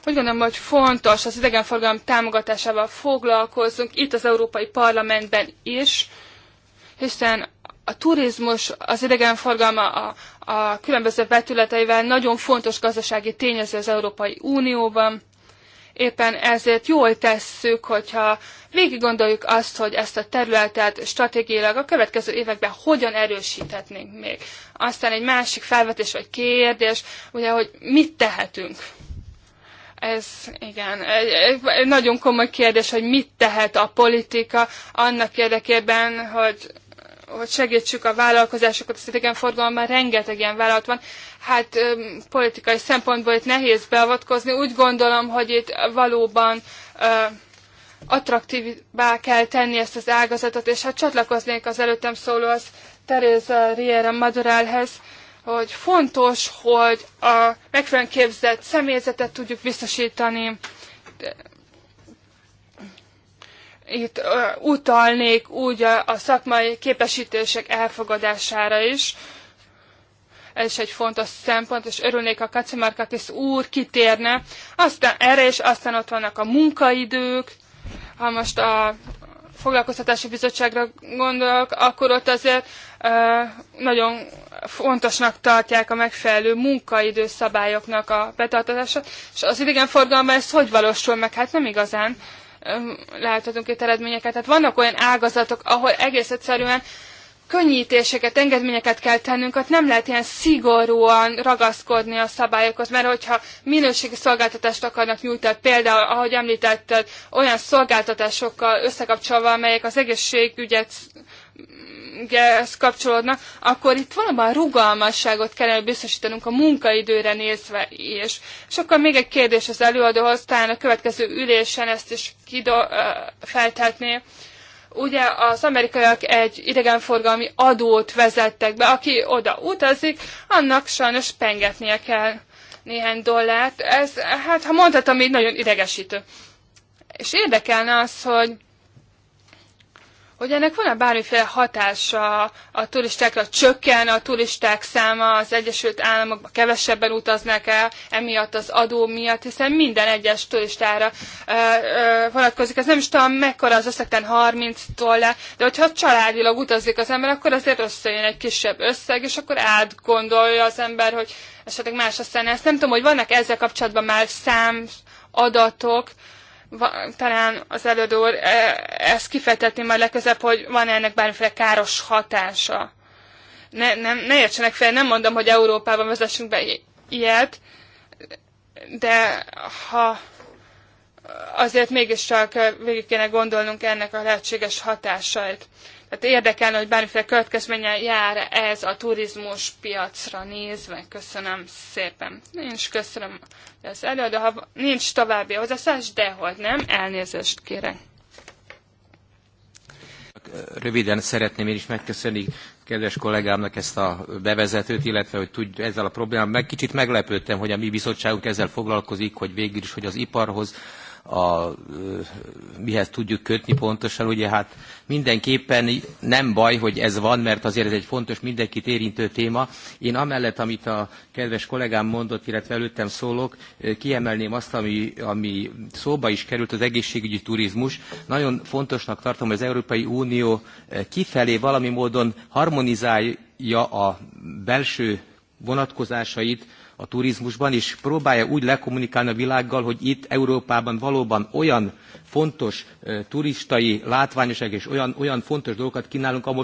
Úgy gondolom, hogy fontos az idegenforgalom támogatásával foglalkozzunk, itt az Európai Parlamentben is, hiszen a turizmus, az idegenforgalma a, a különböző vetületeivel nagyon fontos gazdasági tényező az Európai Unióban. Éppen ezért jól tesszük, hogyha végig gondoljuk azt, hogy ezt a területet stratégiailag a következő években hogyan erősíthetnénk még. Aztán egy másik felvetés vagy kérdés, ugye, hogy mit tehetünk. Ez igen, egy, egy nagyon komoly kérdés, hogy mit tehet a politika annak érdekében, hogy hogy segítsük a vállalkozásokat, az idegenforgalomban rengeteg ilyen vállalat van. Hát politikai szempontból itt nehéz beavatkozni. Úgy gondolom, hogy itt valóban attraktívvá kell tenni ezt az ágazatot, és hát csatlakoznék az előttem szólóhoz, Teresa Riera Madurálhez, hogy fontos, hogy a megfelelően képzett személyzetet tudjuk biztosítani, itt utalnék úgy a, szakmai képesítések elfogadására is. Ez is egy fontos szempont, és örülnék, ha Kacimarkakis úr kitérne. Aztán erre is, aztán ott vannak a munkaidők. Ha most a foglalkoztatási bizottságra gondolok, akkor ott azért nagyon fontosnak tartják a megfelelő munkaidő szabályoknak a betartatását, és az idegenforgalomban ez hogy valósul meg? Hát nem igazán láthatunk itt eredményeket. Tehát vannak olyan ágazatok, ahol egész egyszerűen könnyítéseket, engedményeket kell tennünk, ott nem lehet ilyen szigorúan ragaszkodni a szabályokhoz, mert hogyha minőségi szolgáltatást akarnak nyújtani, például, ahogy említetted, olyan szolgáltatásokkal összekapcsolva, amelyek az egészségügyet ez kapcsolódnak, akkor itt valóban rugalmasságot kellene biztosítanunk a munkaidőre nézve is. És akkor még egy kérdés az előadóhoz, talán a következő ülésen ezt is kido, feltetné. Ugye az amerikaiak egy idegenforgalmi adót vezettek be, aki oda utazik, annak sajnos pengetnie kell néhány dollárt. Ez, hát ha mondhatom, így nagyon idegesítő. És érdekelne az, hogy hogy ennek van-e bármiféle hatása a turistákra? Csökken a turisták száma, az Egyesült Államokba kevesebben utaznak el, emiatt az adó miatt, hiszen minden egyes turistára ö, ö, vonatkozik. Ez nem is tudom, mekkora az összegten 30 dollár, de hogyha családilag utazik az ember, akkor azért összejön egy kisebb összeg, és akkor átgondolja az ember, hogy esetleg más szene. ezt. Nem tudom, hogy vannak ezzel kapcsolatban már szám, adatok, talán az előadó úr e, ezt kifejtetni majd legközelebb, hogy van -e ennek bármiféle káros hatása. Ne, nem, ne értsenek fel, nem mondom, hogy Európában vezessünk be ilyet, de ha azért mégiscsak végig kéne gondolnunk ennek a lehetséges hatásait. Tehát érdekelne, hogy bármiféle következménye jár ez a turizmus piacra nézve. Köszönöm szépen. Én is köszönöm az előadó. Ha nincs további hozzászás, dehogy nem, elnézést kérek. Röviden szeretném én is megköszönni kedves kollégámnak ezt a bevezetőt, illetve hogy tudj ezzel a problémával. Meg kicsit meglepődtem, hogy a mi bizottságunk ezzel foglalkozik, hogy végül is, hogy az iparhoz a, mihez tudjuk kötni pontosan. Ugye hát mindenképpen nem baj, hogy ez van, mert azért ez egy fontos, mindenkit érintő téma. Én amellett, amit a kedves kollégám mondott, illetve előttem szólok, kiemelném azt, ami, ami szóba is került, az egészségügyi turizmus. Nagyon fontosnak tartom, hogy az Európai Unió kifelé valami módon harmonizálja a belső vonatkozásait a turizmusban, és próbálja úgy lekommunikálni a világgal, hogy itt Európában valóban olyan fontos turistai látványosság és olyan, olyan fontos dolgokat kínálunk, ami,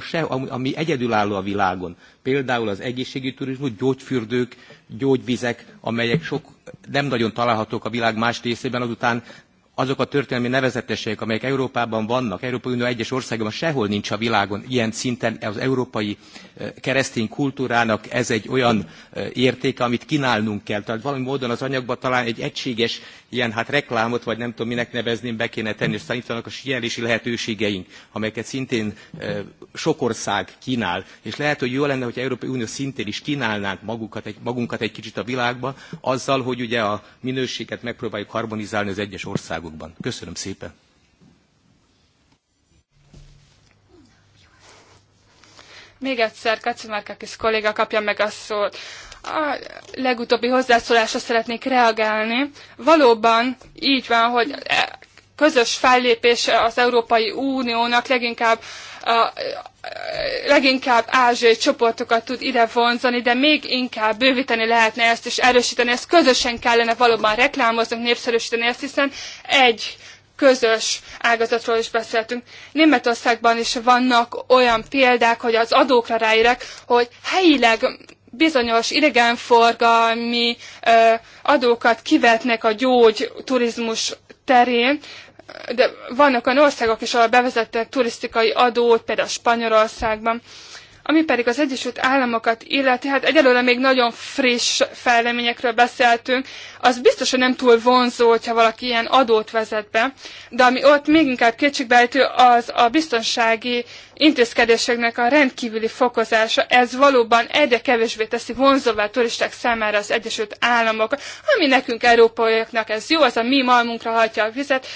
ami egyedülálló a világon. Például az egészségügyi turizmus, gyógyfürdők, gyógyvizek, amelyek sok nem nagyon találhatók a világ más részében, azután azok a történelmi nevezetességek, amelyek Európában vannak, Európai Unió egyes országban sehol nincs a világon ilyen szinten az európai keresztény kultúrának ez egy olyan értéke, amit kínálnunk kell. Tehát valami módon az anyagban talán egy egységes ilyen hát reklámot, vagy nem tudom minek nevezném, be kéne tenni, és aztán itt vannak a sijelési lehetőségeink, amelyeket szintén sok ország kínál. És lehet, hogy jó lenne, hogy Európai Unió szintén is kínálnánk magukat, egy, magunkat egy kicsit a világba, azzal, hogy ugye a minőséget megpróbáljuk harmonizálni az egyes országok országokban. Köszönöm szépen! Még egyszer Kacimarkakis kolléga kapja meg a szót. A legutóbbi hozzászólásra szeretnék reagálni. Valóban így van, hogy e- közös fellépés az Európai Uniónak leginkább a, leginkább ázsiai csoportokat tud ide vonzani, de még inkább bővíteni lehetne ezt és erősíteni ezt. Közösen kellene valóban reklámoznunk, népszerűsíteni ezt, hiszen egy közös ágazatról is beszéltünk. Németországban is vannak olyan példák, hogy az adókra ráérek, hogy helyileg bizonyos idegenforgalmi adókat kivetnek a gyógyturizmus turizmus terén, de vannak olyan országok is, ahol bevezettek turisztikai adót, például Spanyolországban, ami pedig az Egyesült Államokat illeti, hát egyelőre még nagyon friss fejleményekről beszéltünk, az biztos, hogy nem túl vonzó, hogyha valaki ilyen adót vezet be, de ami ott még inkább kétségbejtő, az a biztonsági intézkedéseknek a rendkívüli fokozása. Ez valóban egyre kevésbé teszi vonzóvá turisták számára az Egyesült Államok, ami nekünk európaiaknak ez jó, az a mi malmunkra hajtja a vizet.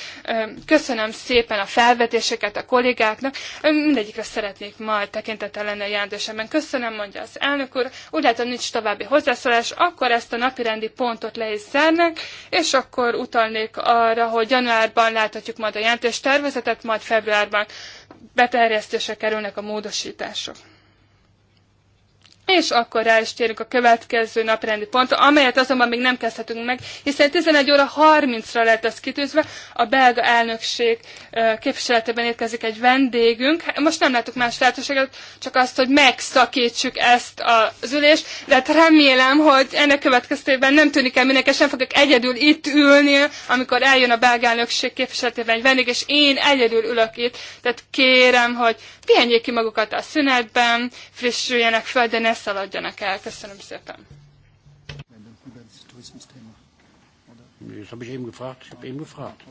Köszönöm szépen a felvetéseket a kollégáknak, mindegyikre szeretnék majd tekintettel lenni a jelentésemben. Köszönöm, mondja az elnök úr. Úgy látom, nincs további hozzászólás, akkor ezt a napirendi pontot le is járnak, és akkor utalnék arra, hogy januárban láthatjuk majd a jelentés tervezetet, majd februárban beterjesztése kerülnek a módosítások. És akkor rá is térünk a következő naprendi pontra, amelyet azonban még nem kezdhetünk meg, hiszen 11 óra 30-ra lett ez kitűzve, a belga elnökség képviseletében érkezik egy vendégünk. Hát most nem látok más lehetőséget, csak azt, hogy megszakítsuk ezt az ülést, de hát remélem, hogy ennek következtében nem tűnik el mindenki, és nem fogok egyedül itt ülni, amikor eljön a belga elnökség képviseletében egy vendég, és én egyedül ülök itt. Tehát kérem, hogy pihenjék ki magukat a szünetben, frissüljenek fel, de ne szaladjanak el. Köszönöm szépen. Das habe ich eben gefragt. Ich habe eben gefragt.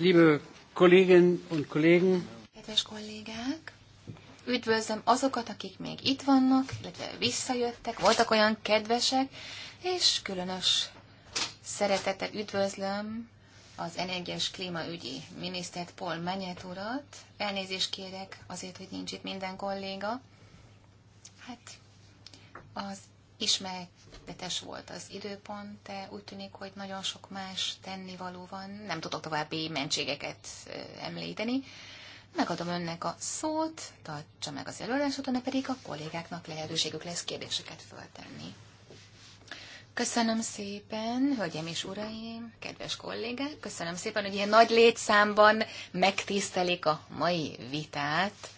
Liebe Kolleginnen und Kollegen! Kedves kollégák! Üdvözlöm azokat, akik még itt vannak, illetve visszajöttek, voltak olyan kedvesek, és különös szeretettel üdvözlöm az energiás klímaügyi minisztert Paul Menyet urat. Elnézést kérek azért, hogy nincs itt minden kolléga. Hát az ismert dicséretes volt az időpont, de úgy tűnik, hogy nagyon sok más tennivaló van. Nem tudok további mentségeket említeni. Megadom önnek a szót, tartsa meg az előadás utána pedig a kollégáknak lehetőségük lesz kérdéseket föltenni. Köszönöm szépen, hölgyem és uraim, kedves kollégák, köszönöm szépen, hogy ilyen nagy létszámban megtisztelik a mai vitát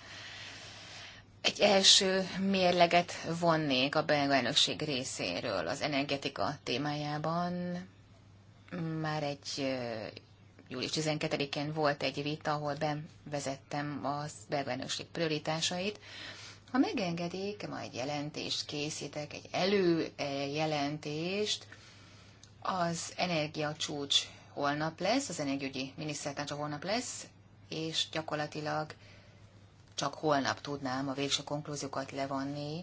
egy első mérleget vonnék a belga elnökség részéről az energetika témájában. Már egy július 12-én volt egy vita, ahol bevezettem az belga elnökség prioritásait. Ha megengedik, ma egy jelentést készítek, egy előjelentést, az energiacsúcs holnap lesz, az energiaügyi minisztertáncsa holnap lesz, és gyakorlatilag csak holnap tudnám a végső konklúziókat levonni.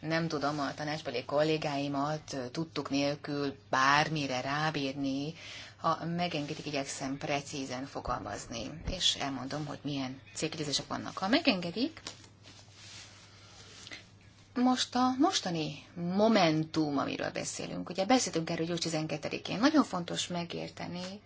Nem tudom a tanácsbeli kollégáimat tudtuk nélkül bármire rábírni, ha megengedik, igyekszem precízen fogalmazni, és elmondom, hogy milyen célkérdezések vannak. Ha megengedik, most a mostani momentum, amiről beszélünk, ugye beszéltünk erről hogy 12-én, nagyon fontos megérteni,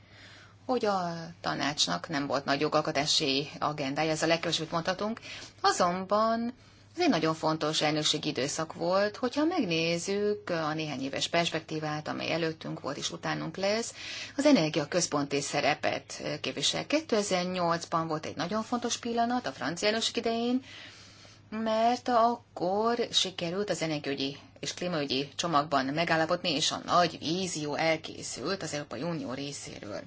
hogy a tanácsnak nem volt nagy jogakatási agendája, ez a legkevesebbet mondhatunk. Azonban ez egy nagyon fontos elnökségi időszak volt, hogyha megnézzük a néhány éves perspektívát, amely előttünk volt és utánunk lesz, az energia központi szerepet képvisel. 2008-ban volt egy nagyon fontos pillanat a francia elnökség idején, mert akkor sikerült az energiaügyi és klímaügyi csomagban megállapodni, és a nagy vízió elkészült az Európai Unió részéről.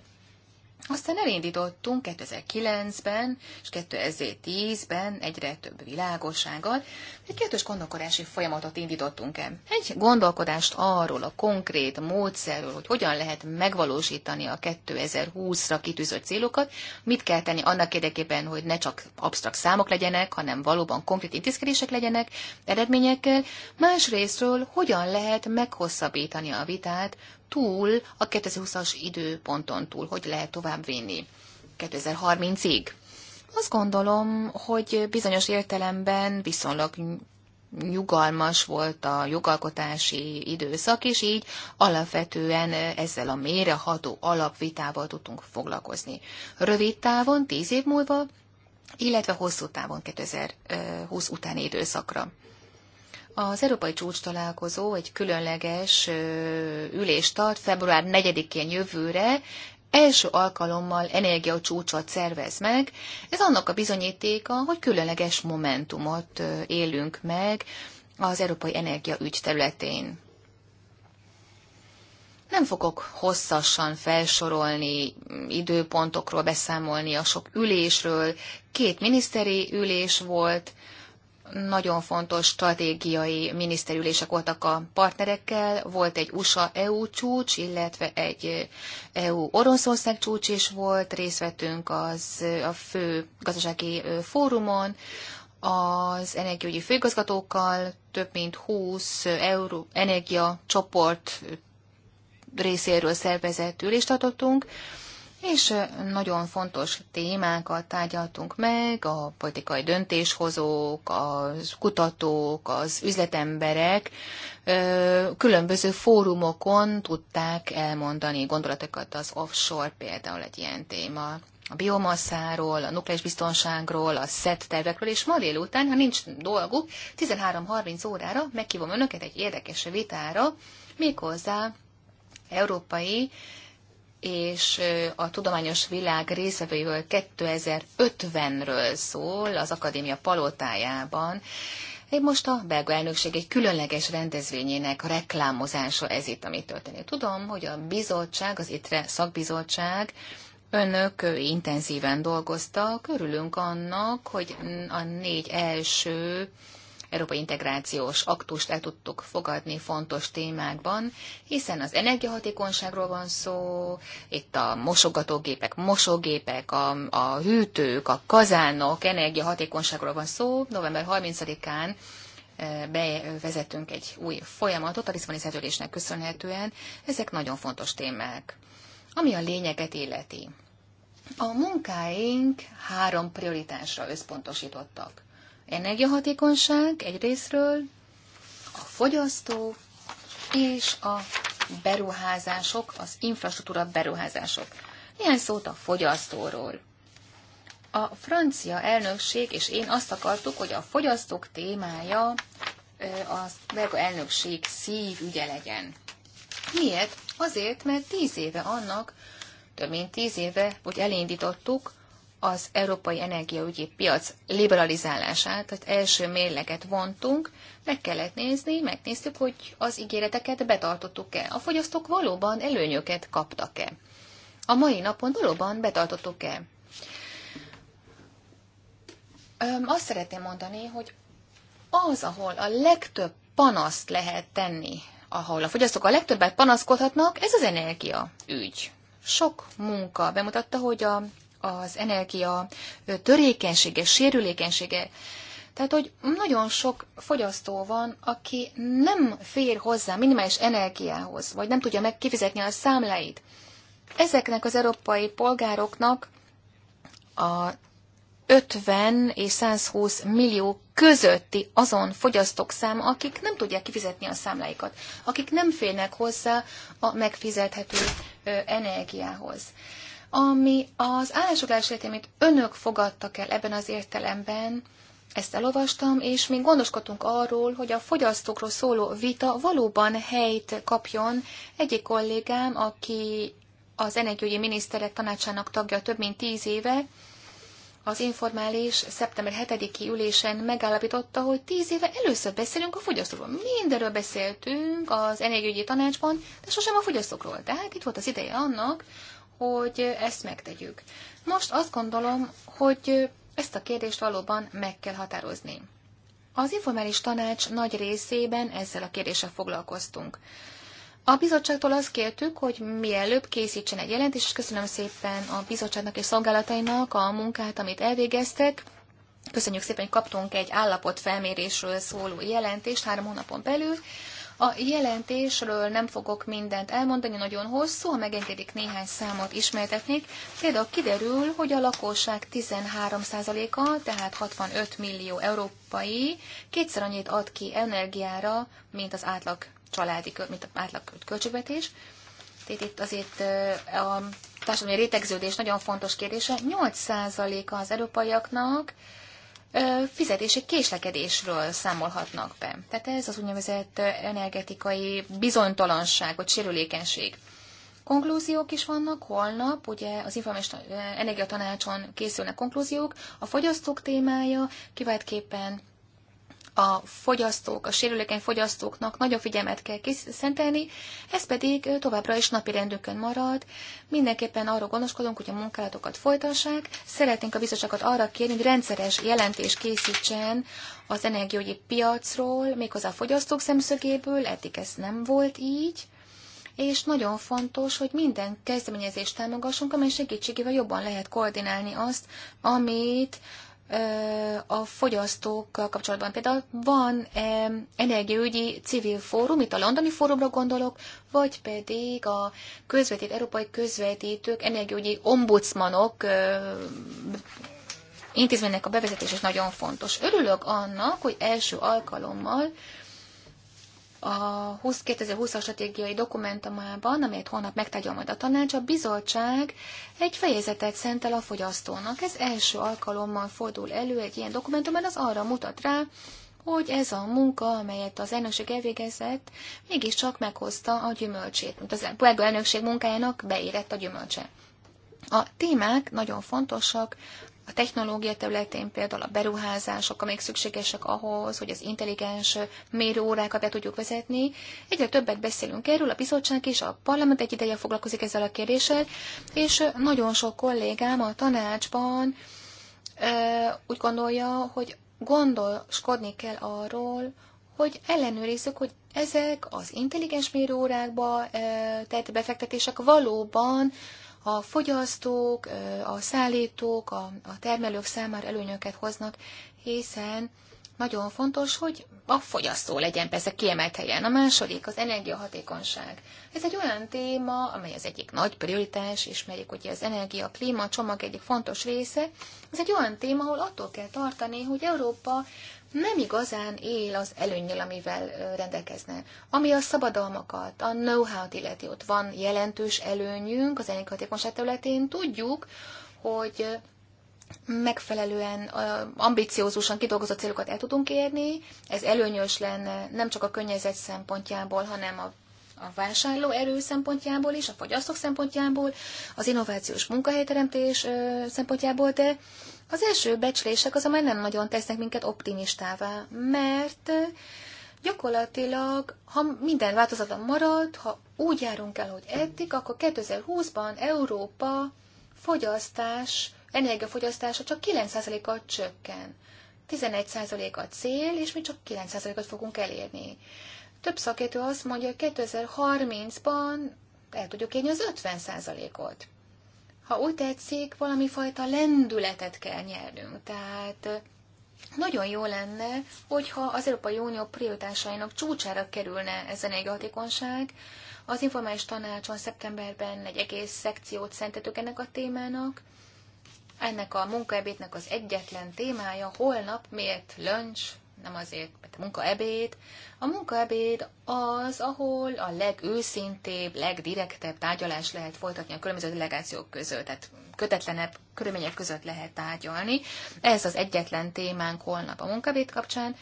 Aztán elindítottunk 2009-ben és 2010-ben egyre több világossággal egy kettős gondolkodási folyamatot indítottunk el. Egy gondolkodást arról a konkrét módszerről, hogy hogyan lehet megvalósítani a 2020-ra kitűzött célokat, mit kell tenni annak érdekében, hogy ne csak absztrakt számok legyenek, hanem valóban konkrét intézkedések legyenek eredményekkel, másrésztről hogyan lehet meghosszabbítani a vitát túl, a 2020-as időponton túl, hogy lehet tovább vinni 2030-ig. Azt gondolom, hogy bizonyos értelemben viszonylag nyugalmas volt a jogalkotási időszak, és így alapvetően ezzel a méreható alapvitával tudtunk foglalkozni. Rövid távon, tíz év múlva, illetve hosszú távon 2020 utáni időszakra. Az Európai Csúcs találkozó egy különleges ülést tart február 4-én jövőre, első alkalommal energiacsúcsot szervez meg. Ez annak a bizonyítéka, hogy különleges momentumot élünk meg az európai ügy területén. Nem fogok hosszasan felsorolni, időpontokról beszámolni a sok ülésről. Két miniszteri ülés volt, nagyon fontos stratégiai miniszterülések voltak a partnerekkel, volt egy USA-EU csúcs, illetve egy EU-Oroszország csúcs is volt, részt vettünk az, a fő gazdasági fórumon, az energiaügyi főigazgatókkal több mint 20 euró energia csoport részéről szervezett ülést tartottunk, és nagyon fontos témákat tárgyaltunk meg, a politikai döntéshozók, a kutatók, az üzletemberek különböző fórumokon tudták elmondani gondolatokat az offshore például egy ilyen téma a biomaszáról, a nukleáris biztonságról, a SZET tervekről, és ma délután, ha nincs dolguk, 13.30 órára meghívom önöket egy érdekes vitára, méghozzá európai és a tudományos világ részvevőiről 2050-ről szól az akadémia palotájában. Most a belga elnökség egy különleges rendezvényének reklámozása ez itt, ami történik. Tudom, hogy a bizottság, az ITRE szakbizottság, önök intenzíven dolgoztak. Örülünk annak, hogy a négy első európai integrációs aktust el tudtuk fogadni fontos témákban, hiszen az energiahatékonyságról van szó, itt a mosogatógépek, mosógépek, a, a hűtők, a kazánok energiahatékonyságról van szó. November 30-án eh, bevezetünk egy új folyamatot a Lisszaboni szerződésnek köszönhetően. Ezek nagyon fontos témák, ami a lényeget illeti. A munkáink három prioritásra összpontosítottak. Energiahatékonyság egyrésztről, a fogyasztó és a beruházások, az infrastruktúra beruházások. Néhány szót a fogyasztóról. A francia elnökség és én azt akartuk, hogy a fogyasztók témája a belga elnökség szívügye legyen. Miért? Azért, mert tíz éve annak, több mint tíz éve, hogy elindítottuk az európai energiaügyi piac liberalizálását, tehát első mérleget vontunk, meg kellett nézni, megnéztük, hogy az ígéreteket betartottuk-e, a fogyasztók valóban előnyöket kaptak-e. A mai napon valóban betartottuk-e. Azt szeretném mondani, hogy az, ahol a legtöbb panaszt lehet tenni, ahol a fogyasztók a legtöbbet panaszkodhatnak, ez az energia ügy. Sok munka bemutatta, hogy a az energia törékenysége, sérülékenysége. Tehát, hogy nagyon sok fogyasztó van, aki nem fér hozzá minimális energiához, vagy nem tudja meg kifizetni a számláit. Ezeknek az európai polgároknak a 50 és 120 millió közötti azon fogyasztók száma, akik nem tudják kifizetni a számláikat, akik nem férnek hozzá a megfizethető energiához. Ami az állásfoglalás amit önök fogadtak el ebben az értelemben, ezt elolvastam, és még gondoskodtunk arról, hogy a fogyasztókról szóló vita valóban helyt kapjon. Egyik kollégám, aki az energiaügyi miniszterek tanácsának tagja több mint tíz éve, az informális szeptember 7-i ülésen megállapította, hogy tíz éve először beszélünk a fogyasztókról. Mindenről beszéltünk az energiaügyi tanácsban, de sosem a fogyasztókról. Tehát itt volt az ideje annak, hogy ezt megtegyük. Most azt gondolom, hogy ezt a kérdést valóban meg kell határozni. Az informális tanács nagy részében ezzel a kérdéssel foglalkoztunk. A bizottságtól azt kértük, hogy mielőbb készítsen egy jelentést, és köszönöm szépen a bizottságnak és szolgálatainak a munkát, amit elvégeztek. Köszönjük szépen, hogy kaptunk egy állapotfelmérésről szóló jelentést három hónapon belül. A jelentésről nem fogok mindent elmondani, nagyon hosszú, ha megengedik néhány számot ismertetnék. Például kiderül, hogy a lakosság 13%-a, tehát 65 millió európai, kétszer annyit ad ki energiára, mint az átlag családi, mint az átlag költségvetés. Tehát itt azért a társadalmi rétegződés nagyon fontos kérdése. 8%-a az európaiaknak, fizetési késlekedésről számolhatnak be. Tehát ez az úgynevezett energetikai bizonytalanság, vagy sérülékenység. Konklúziók is vannak, holnap ugye az Informális eh, Energia Tanácson készülnek konklúziók, a fogyasztók témája kiváltképpen a fogyasztók, a sérülékeny fogyasztóknak nagyobb figyelmet kell szentelni, ez pedig továbbra is napi rendőkön marad. Mindenképpen arról gondoskodunk, hogy a munkálatokat folytassák. Szeretnénk a bizottságot arra kérni, hogy rendszeres jelentést készítsen az energiógyi piacról, méghozzá a fogyasztók szemszögéből, eddig ez nem volt így és nagyon fontos, hogy minden kezdeményezést támogassunk, amely segítségével jobban lehet koordinálni azt, amit a fogyasztókkal kapcsolatban. Például van energiaügyi civil fórum, itt a londoni fórumra gondolok, vagy pedig a közvetít, európai közvetítők, energiaügyi ombudsmanok intézménynek a bevezetés is nagyon fontos. Örülök annak, hogy első alkalommal a 2020-as stratégiai dokumentumában, amelyet holnap megtárgyal majd a tanács, a bizottság egy fejezetet szentel a fogyasztónak. Ez első alkalommal fordul elő egy ilyen dokumentum, mert az arra mutat rá, hogy ez a munka, amelyet az elnökség elvégezett, mégiscsak meghozta a gyümölcsét, mint az elnökség munkájának beérett a gyümölcse. A témák nagyon fontosak, a technológia területén például a beruházások, amelyek szükségesek ahhoz, hogy az intelligens mérőórákat be tudjuk vezetni. Egyre többet beszélünk erről, a bizottság is a parlament egy ideje foglalkozik ezzel a kérdéssel, és nagyon sok kollégám a tanácsban úgy gondolja, hogy gondoskodni kell arról, hogy ellenőrizzük, hogy ezek az intelligens mérőórákba tett befektetések valóban a fogyasztók, a szállítók, a, a termelők számára előnyöket hoznak, hiszen nagyon fontos, hogy a fogyasztó legyen persze kiemelt helyen. A második az energiahatékonyság. Ez egy olyan téma, amely az egyik nagy prioritás, és melyik ugye az energia, klíma csomag egyik fontos része. Ez egy olyan téma, ahol attól kell tartani, hogy Európa nem igazán él az előnyel, amivel rendelkezne. Ami a szabadalmakat, a know-how-t illeti, ott van jelentős előnyünk az energiahatékonyság területén. Tudjuk, hogy megfelelően ambiciózusan kidolgozott célokat el tudunk érni, ez előnyös lenne nem csak a környezet szempontjából, hanem a a erő szempontjából is, a fogyasztók szempontjából, az innovációs munkahelyteremtés szempontjából, de az első becslések az, amely nem nagyon tesznek minket optimistává, mert gyakorlatilag, ha minden változatlan marad, ha úgy járunk el, hogy eddig, akkor 2020-ban Európa fogyasztás, energiafogyasztása csak 9%-kal csökken. 11% a cél, és mi csak 9 ot fogunk elérni. Több szakértő azt mondja, hogy 2030-ban el tudjuk érni az 50%-ot. Ha úgy tetszik, valami fajta lendületet kell nyernünk. Tehát nagyon jó lenne, hogyha az Európai Unió prioritásainak csúcsára kerülne ez a energiahatékonyság. Az informális tanácson szeptemberben egy egész szekciót szentetük ennek a témának. Ennek a munkaebédnek az egyetlen témája holnap miért lunch, nem azért, mert a munkaebéd. A munkaebéd az, ahol a legőszintébb, legdirektebb tárgyalás lehet folytatni a különböző delegációk között, tehát kötetlenebb körülmények között lehet tárgyalni. Ez az egyetlen témánk holnap a munkaebéd kapcsán.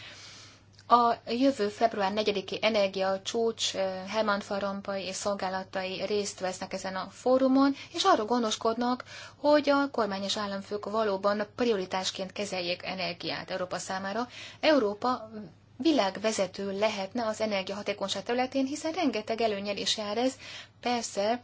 A jövő február 4-i energia csúcs eh, Herman Farompai és szolgálatai részt vesznek ezen a fórumon, és arról gondoskodnak, hogy a kormány és államfők valóban prioritásként kezeljék energiát Európa számára. Európa világvezető lehetne az energiahatékonyság területén, hiszen rengeteg előnyel is jár ez. Persze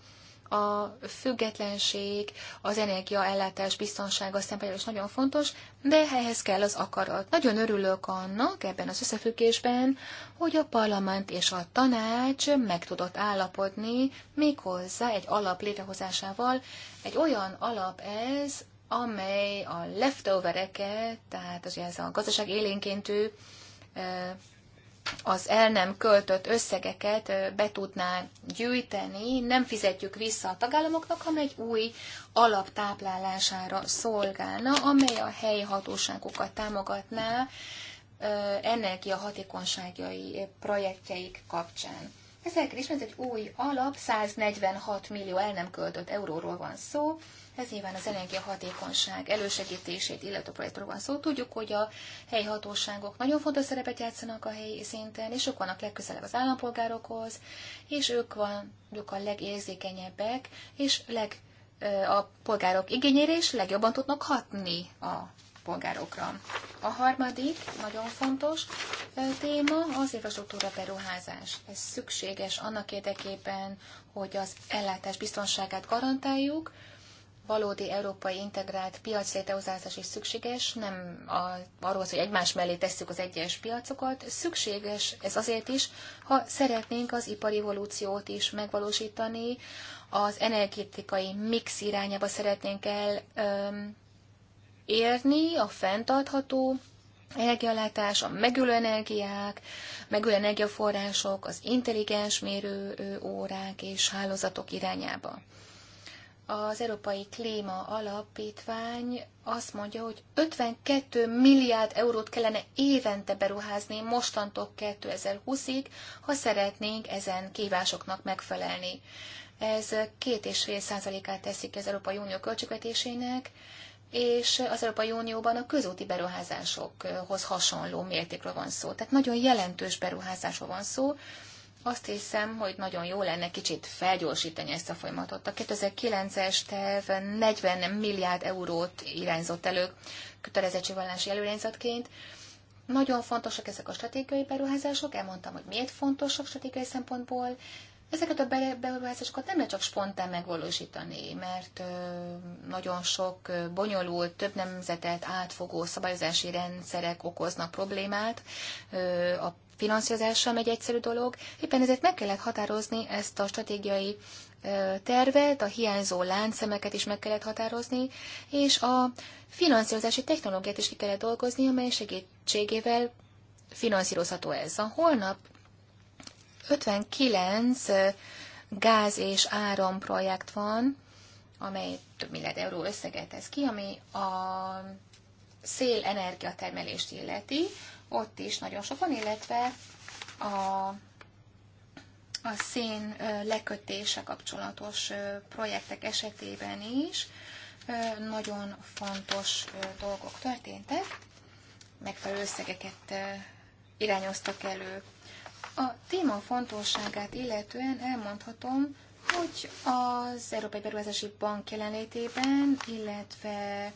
a függetlenség, az energiaellátás biztonsága szempontjából is nagyon fontos, de ehhez kell az akarat. Nagyon örülök annak ebben az összefüggésben, hogy a parlament és a tanács meg tudott állapodni méghozzá egy alap létrehozásával. Egy olyan alap ez, amely a leftovereket, tehát az, ez a gazdaság élénkéntű az el nem költött összegeket be tudná gyűjteni, nem fizetjük vissza a tagállamoknak, hanem egy új alaptáplálására szolgálna, amely a helyi hatóságokat támogatná energiahatékonysági projektjeik kapcsán. Ezek mert egy új alap, 146 millió el nem költött euróról van szó, ez nyilván az hatékonyság elősegítését, illetve projektről van szó. Tudjuk, hogy a helyi hatóságok nagyon fontos szerepet játszanak a helyi szinten, és ők vannak legközelebb az állampolgárokhoz, és ők vannak a legérzékenyebbek, és leg, a polgárok igényére is legjobban tudnak hatni a polgárokra. A harmadik nagyon fontos téma az infrastruktúra beruházás. Ez szükséges annak érdekében, hogy az ellátás biztonságát garantáljuk, valódi európai integrált piac létrehozása is szükséges, nem a, arról hogy egymás mellé tesszük az egyes piacokat. Szükséges ez azért is, ha szeretnénk az ipari evolúciót is megvalósítani, az energetikai mix irányába szeretnénk el öm, érni, a fenntartható energialátás, a megülő energiák, megülő energiaforrások, az intelligens mérő órák és hálózatok irányába az Európai Klíma Alapítvány azt mondja, hogy 52 milliárd eurót kellene évente beruházni mostantól 2020-ig, ha szeretnénk ezen kívásoknak megfelelni. Ez két és fél százalékát teszik az Európai Unió költségvetésének, és az Európai Unióban a közúti beruházásokhoz hasonló mértékről van szó. Tehát nagyon jelentős beruházásról van szó, azt hiszem, hogy nagyon jó lenne kicsit felgyorsítani ezt a folyamatot. A 2009-es terv 40 milliárd eurót irányzott elő kötelezettségvallási előirányzatként. Nagyon fontosak ezek a stratégiai beruházások, elmondtam, hogy miért fontosak stratégiai szempontból. Ezeket a beruházásokat nem lehet csak spontán megvalósítani, mert nagyon sok bonyolult, több nemzetet átfogó szabályozási rendszerek okoznak problémát. A finanszírozással megy egyszerű dolog. Éppen ezért meg kellett határozni ezt a stratégiai tervet, a hiányzó láncszemeket is meg kellett határozni, és a finanszírozási technológiát is ki kellett dolgozni, amely segítségével finanszírozható ez. A holnap 59 gáz és áram projekt van, amely több milliárd euró összeget tesz ki, ami a szélenergia termelést illeti ott is nagyon sok van, illetve a, a szén lekötése kapcsolatos projektek esetében is nagyon fontos dolgok történtek, megfelelő összegeket irányoztak elő. A téma fontosságát illetően elmondhatom, hogy az Európai Beruházási Bank jelenlétében, illetve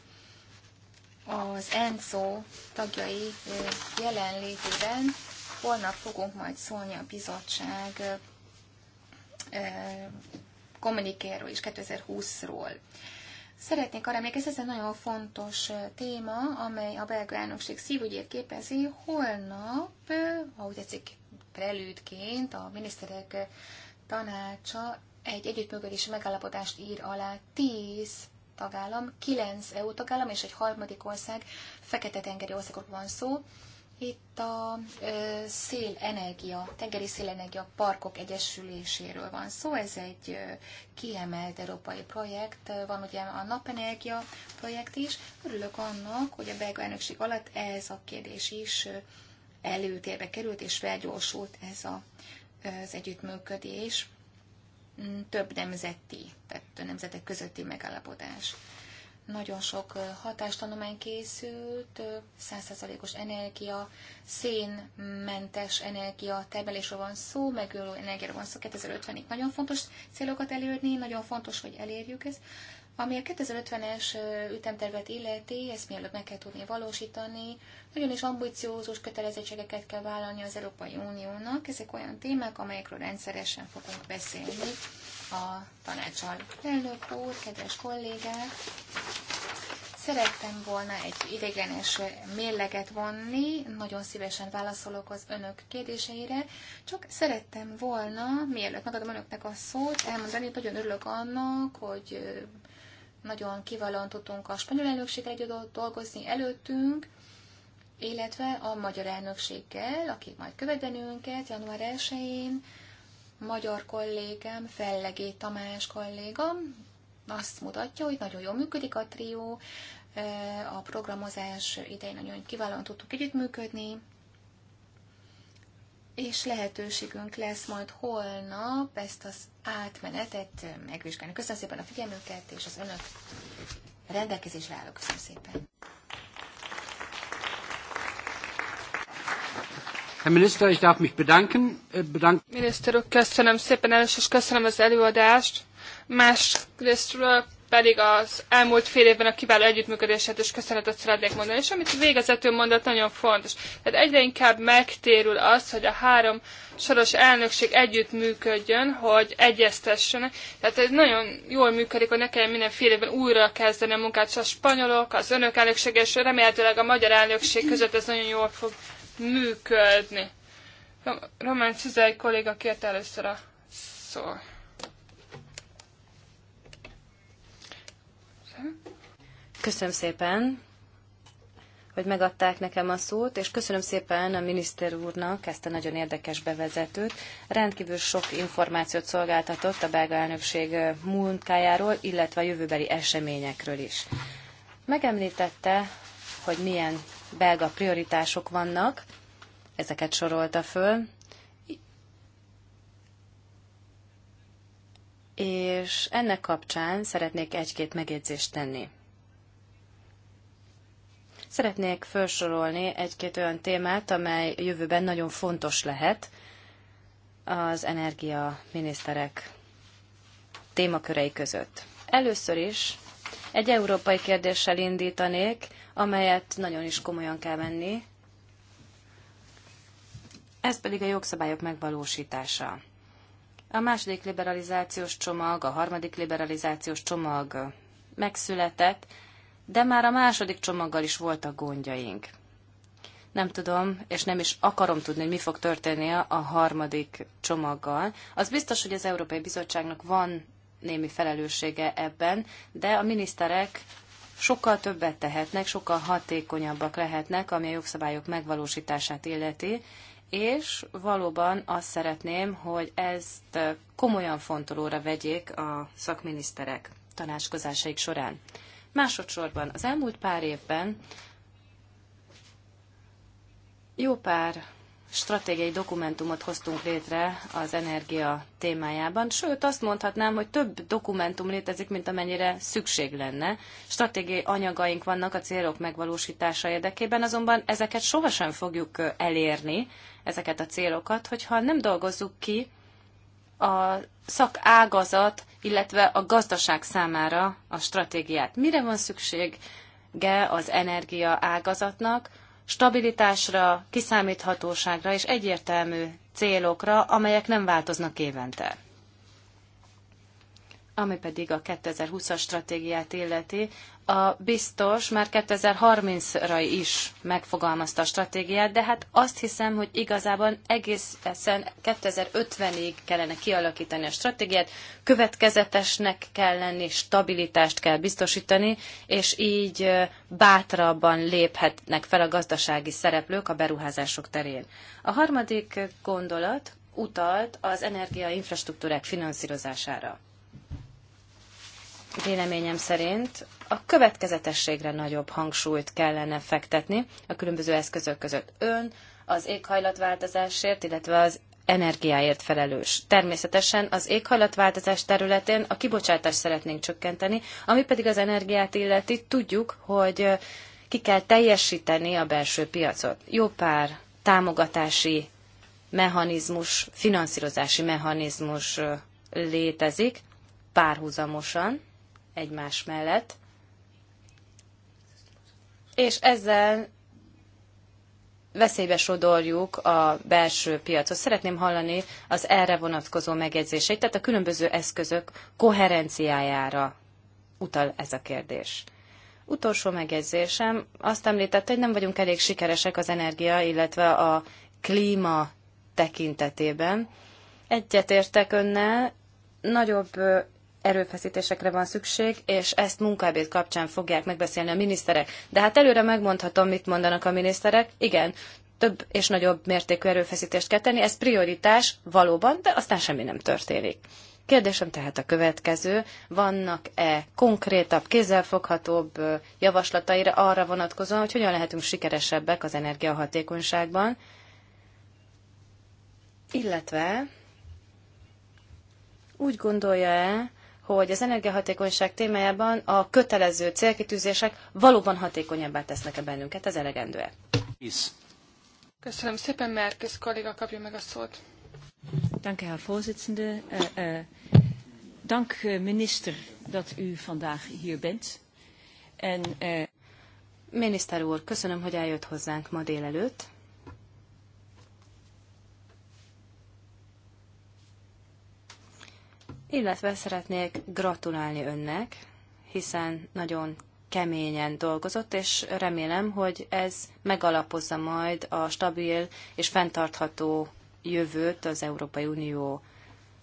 az ENCO tagjai jelenlétében holnap fogunk majd szólni a bizottság kommunikéről is, 2020-ról. Szeretnék arra emlékezni, ez egy nagyon fontos téma, amely a belga elnökség szívügyét képezi. Holnap, ahogy tetszik, prelűdként a miniszterek tanácsa egy együttműködési megállapodást ír alá tíz tagállam, kilenc EU tagállam és egy harmadik ország, fekete-tengeri országok van szó. Itt a ö, szélenergia, tengeri szélenergia parkok egyesüléséről van szó. Ez egy ö, kiemelt európai projekt. Van ugye a napenergia projekt is. Örülök annak, hogy a belga elnökség alatt ez a kérdés is előtérbe került, és felgyorsult ez a, az együttműködés több nemzeti, tehát több nemzetek közötti megállapodás. Nagyon sok hatástanulmány készült, 100%-os energia, szénmentes energia, termelésről van szó, megülő energiáról van szó, 2050-ig nagyon fontos célokat elérni, nagyon fontos, hogy elérjük ezt. Ami a 2050-es ütemtervet illeti, ezt mielőtt meg kell tudni valósítani, nagyon is ambiciózus kötelezettségeket kell vállalni az Európai Uniónak. Ezek olyan témák, amelyekről rendszeresen fogunk beszélni a tanácsal. Elnök úr, kedves kollégák, szerettem volna egy ideiglenes mérleget vonni, nagyon szívesen válaszolok az önök kérdéseire, csak szerettem volna, mielőtt megadom önöknek a szót, elmondani, hogy nagyon örülök annak, hogy nagyon kiválóan tudtunk a spanyol elnökséggel együtt dolgozni előttünk, illetve a magyar elnökséggel, akik majd követenünket január 1-én, magyar kollégám, Fellegé Tamás kollégám, azt mutatja, hogy nagyon jól működik a trió, eh, a programozás idején nagyon kiválóan tudtuk együttműködni, és lehetőségünk lesz majd holnap ezt az átmenetet megvizsgálni. Köszönöm szépen a figyelmüket, és az önök rendelkezésre állok. Köszönöm szépen. Herr Minister, ich darf mich bedanken. Äh, bedanken. Miniszter úr, köszönöm szépen először, és köszönöm az előadást. Másrésztről pedig az elmúlt fél évben a kiváló együttműködéset és köszönetet szeretnék mondani. És amit végezető mondat nagyon fontos. Tehát egyre inkább megtérül az, hogy a három soros elnökség együttműködjön, hogy egyeztessenek. Tehát ez nagyon jól működik, hogy ne kelljen minden fél évben újra kezdeni a munkát, a spanyolok, az önök elnökség, és remélhetőleg a magyar elnökség között ez nagyon jól fog működni. Román Cizely kolléga kért először a szól. Köszönöm szépen, hogy megadták nekem a szót, és köszönöm szépen a miniszter úrnak ezt a nagyon érdekes bevezetőt. Rendkívül sok információt szolgáltatott a belga elnökség munkájáról, illetve a jövőbeli eseményekről is. Megemlítette, hogy milyen belga prioritások vannak, ezeket sorolta föl, és ennek kapcsán szeretnék egy-két megjegyzést tenni. Szeretnék felsorolni egy-két olyan témát, amely jövőben nagyon fontos lehet az energiaminiszterek témakörei között. Először is egy európai kérdéssel indítanék, amelyet nagyon is komolyan kell venni. Ez pedig a jogszabályok megvalósítása. A második liberalizációs csomag, a harmadik liberalizációs csomag megszületett, de már a második csomaggal is voltak gondjaink. Nem tudom, és nem is akarom tudni, hogy mi fog történni a harmadik csomaggal. Az biztos, hogy az Európai Bizottságnak van némi felelőssége ebben, de a miniszterek sokkal többet tehetnek, sokkal hatékonyabbak lehetnek, ami a jogszabályok megvalósítását illeti, és valóban azt szeretném, hogy ezt komolyan fontolóra vegyék a szakminiszterek tanácskozásaik során. Másodszorban az elmúlt pár évben jó pár stratégiai dokumentumot hoztunk létre az energia témájában, sőt azt mondhatnám, hogy több dokumentum létezik, mint amennyire szükség lenne. Stratégiai anyagaink vannak a célok megvalósítása érdekében, azonban ezeket sohasem fogjuk elérni, ezeket a célokat, hogyha nem dolgozzuk ki a szakágazat, illetve a gazdaság számára a stratégiát. Mire van szüksége az energia ágazatnak? Stabilitásra, kiszámíthatóságra és egyértelmű célokra, amelyek nem változnak évente. Ami pedig a 2020-as stratégiát illeti, a biztos már 2030-ra is megfogalmazta a stratégiát, de hát azt hiszem, hogy igazából egészen 2050-ig kellene kialakítani a stratégiát, következetesnek kell lenni, stabilitást kell biztosítani, és így bátrabban léphetnek fel a gazdasági szereplők a beruházások terén. A harmadik gondolat utalt az energiainfrastruktúrák finanszírozására véleményem szerint a következetességre nagyobb hangsúlyt kellene fektetni a különböző eszközök között. Ön az éghajlatváltozásért, illetve az energiáért felelős. Természetesen az éghajlatváltozás területén a kibocsátást szeretnénk csökkenteni, ami pedig az energiát illeti, tudjuk, hogy ki kell teljesíteni a belső piacot. Jó pár támogatási mechanizmus, finanszírozási mechanizmus létezik párhuzamosan egymás mellett, és ezzel veszélybe sodorjuk a belső piacot. Szeretném hallani az erre vonatkozó megjegyzéseit, tehát a különböző eszközök koherenciájára utal ez a kérdés. Utolsó megjegyzésem, azt említette, hogy nem vagyunk elég sikeresek az energia, illetve a klíma tekintetében. Egyetértek önnel, nagyobb erőfeszítésekre van szükség, és ezt munkábét kapcsán fogják megbeszélni a miniszterek. De hát előre megmondhatom, mit mondanak a miniszterek. Igen, több és nagyobb mértékű erőfeszítést kell tenni, ez prioritás valóban, de aztán semmi nem történik. Kérdésem tehát a következő, vannak-e konkrétabb, kézzelfoghatóbb javaslataira arra vonatkozóan, hogy hogyan lehetünk sikeresebbek az energiahatékonyságban, illetve úgy gondolja-e, hogy az energiahatékonyság témájában a kötelező célkitűzések valóban hatékonyabbá tesznek-e bennünket, ez elegendő-e? Köszönöm szépen, Merkez kolléga kapja meg a szót. Dank, Herr Vorsitzende. Uh, uh, eh, dank, eh, minister, dat u vandaag hier bent. En, uh... Miniszter úr, köszönöm, hogy eljött hozzánk ma délelőtt. illetve szeretnék gratulálni önnek, hiszen nagyon keményen dolgozott, és remélem, hogy ez megalapozza majd a stabil és fenntartható jövőt az Európai Unió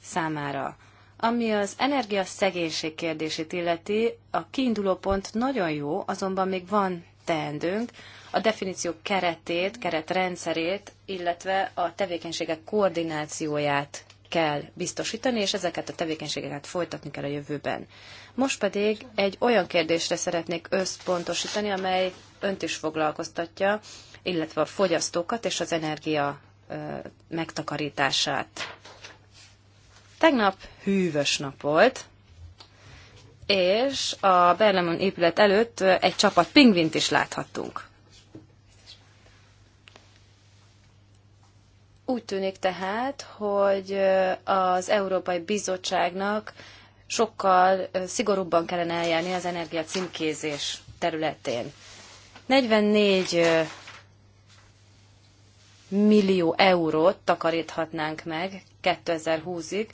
számára. Ami az energia szegénység kérdését illeti, a kiinduló pont nagyon jó, azonban még van teendőnk. A definíció keretét, keretrendszerét, illetve a tevékenységek koordinációját kell biztosítani, és ezeket a tevékenységeket folytatni kell a jövőben. Most pedig egy olyan kérdésre szeretnék összpontosítani, amely önt is foglalkoztatja, illetve a fogyasztókat és az energia megtakarítását. Tegnap hűvös nap volt, és a Berlemon épület előtt egy csapat pingvint is láthattunk. Úgy tűnik tehát, hogy az Európai Bizottságnak sokkal szigorúbban kellene eljárni az energia címkézés területén. 44 millió eurót takaríthatnánk meg 2020-ig,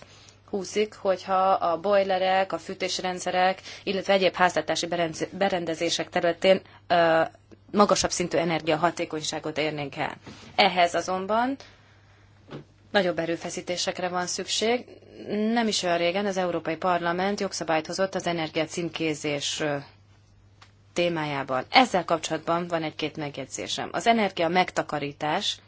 20-ig, hogyha a bojlerek, a fűtésrendszerek, illetve egyéb háztartási berendezések területén magasabb szintű energiahatékonyságot érnénk el. Ehhez azonban Nagyobb erőfeszítésekre van szükség. Nem is olyan régen az Európai Parlament jogszabályt hozott az energia címkézés témájában. Ezzel kapcsolatban van egy-két megjegyzésem. Az energia megtakarítás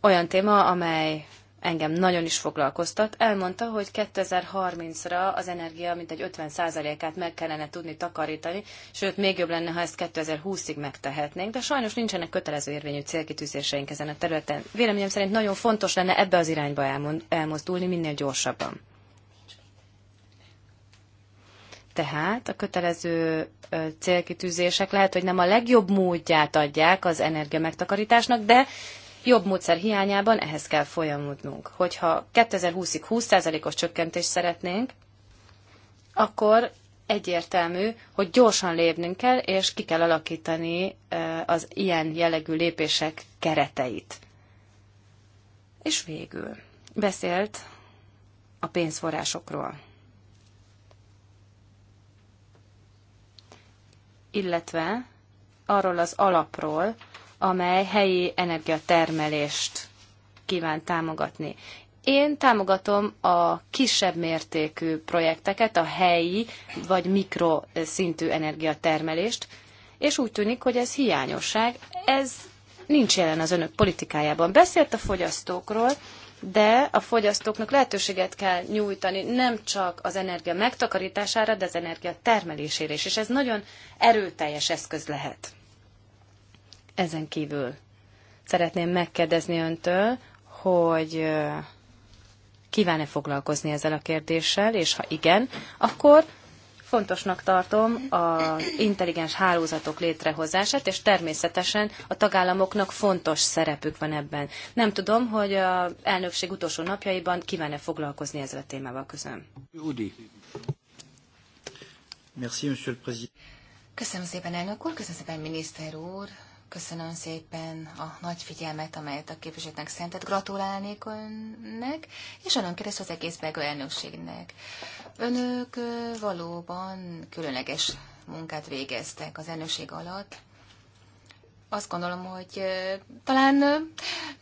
olyan téma, amely engem nagyon is foglalkoztat, elmondta, hogy 2030-ra az energia mintegy 50%-át meg kellene tudni takarítani, sőt, még jobb lenne, ha ezt 2020-ig megtehetnénk, de sajnos nincsenek kötelező érvényű célkitűzéseink ezen a területen. Véleményem szerint nagyon fontos lenne ebbe az irányba elmozdulni minél gyorsabban. Tehát a kötelező célkitűzések lehet, hogy nem a legjobb módját adják az energia megtakarításnak, de jobb módszer hiányában ehhez kell folyamodnunk. Hogyha 2020-ig 20%-os csökkentést szeretnénk, akkor egyértelmű, hogy gyorsan lépnünk kell, és ki kell alakítani az ilyen jellegű lépések kereteit. És végül beszélt a pénzforrásokról. Illetve arról az alapról, amely helyi energiatermelést kíván támogatni. Én támogatom a kisebb mértékű projekteket, a helyi vagy mikroszintű energiatermelést, és úgy tűnik, hogy ez hiányosság. Ez nincs jelen az önök politikájában. Beszélt a fogyasztókról, de a fogyasztóknak lehetőséget kell nyújtani nem csak az energia megtakarítására, de az energia termelésére is, és ez nagyon erőteljes eszköz lehet. Ezen kívül szeretném megkérdezni öntől, hogy kíván-e foglalkozni ezzel a kérdéssel, és ha igen, akkor fontosnak tartom az intelligens hálózatok létrehozását, és természetesen a tagállamoknak fontos szerepük van ebben. Nem tudom, hogy a elnökség utolsó napjaiban kíván-e foglalkozni ezzel a témával közön. Udi. Merci, monsieur le président. Köszönöm szépen, elnök úr, köszönöm szépen, miniszter úr, Köszönöm szépen a nagy figyelmet, amelyet a képviselőknek szentett. Gratulálnék önnek, és önön keresztül az egész belga elnökségnek. Önök valóban különleges munkát végeztek az elnökség alatt azt gondolom, hogy talán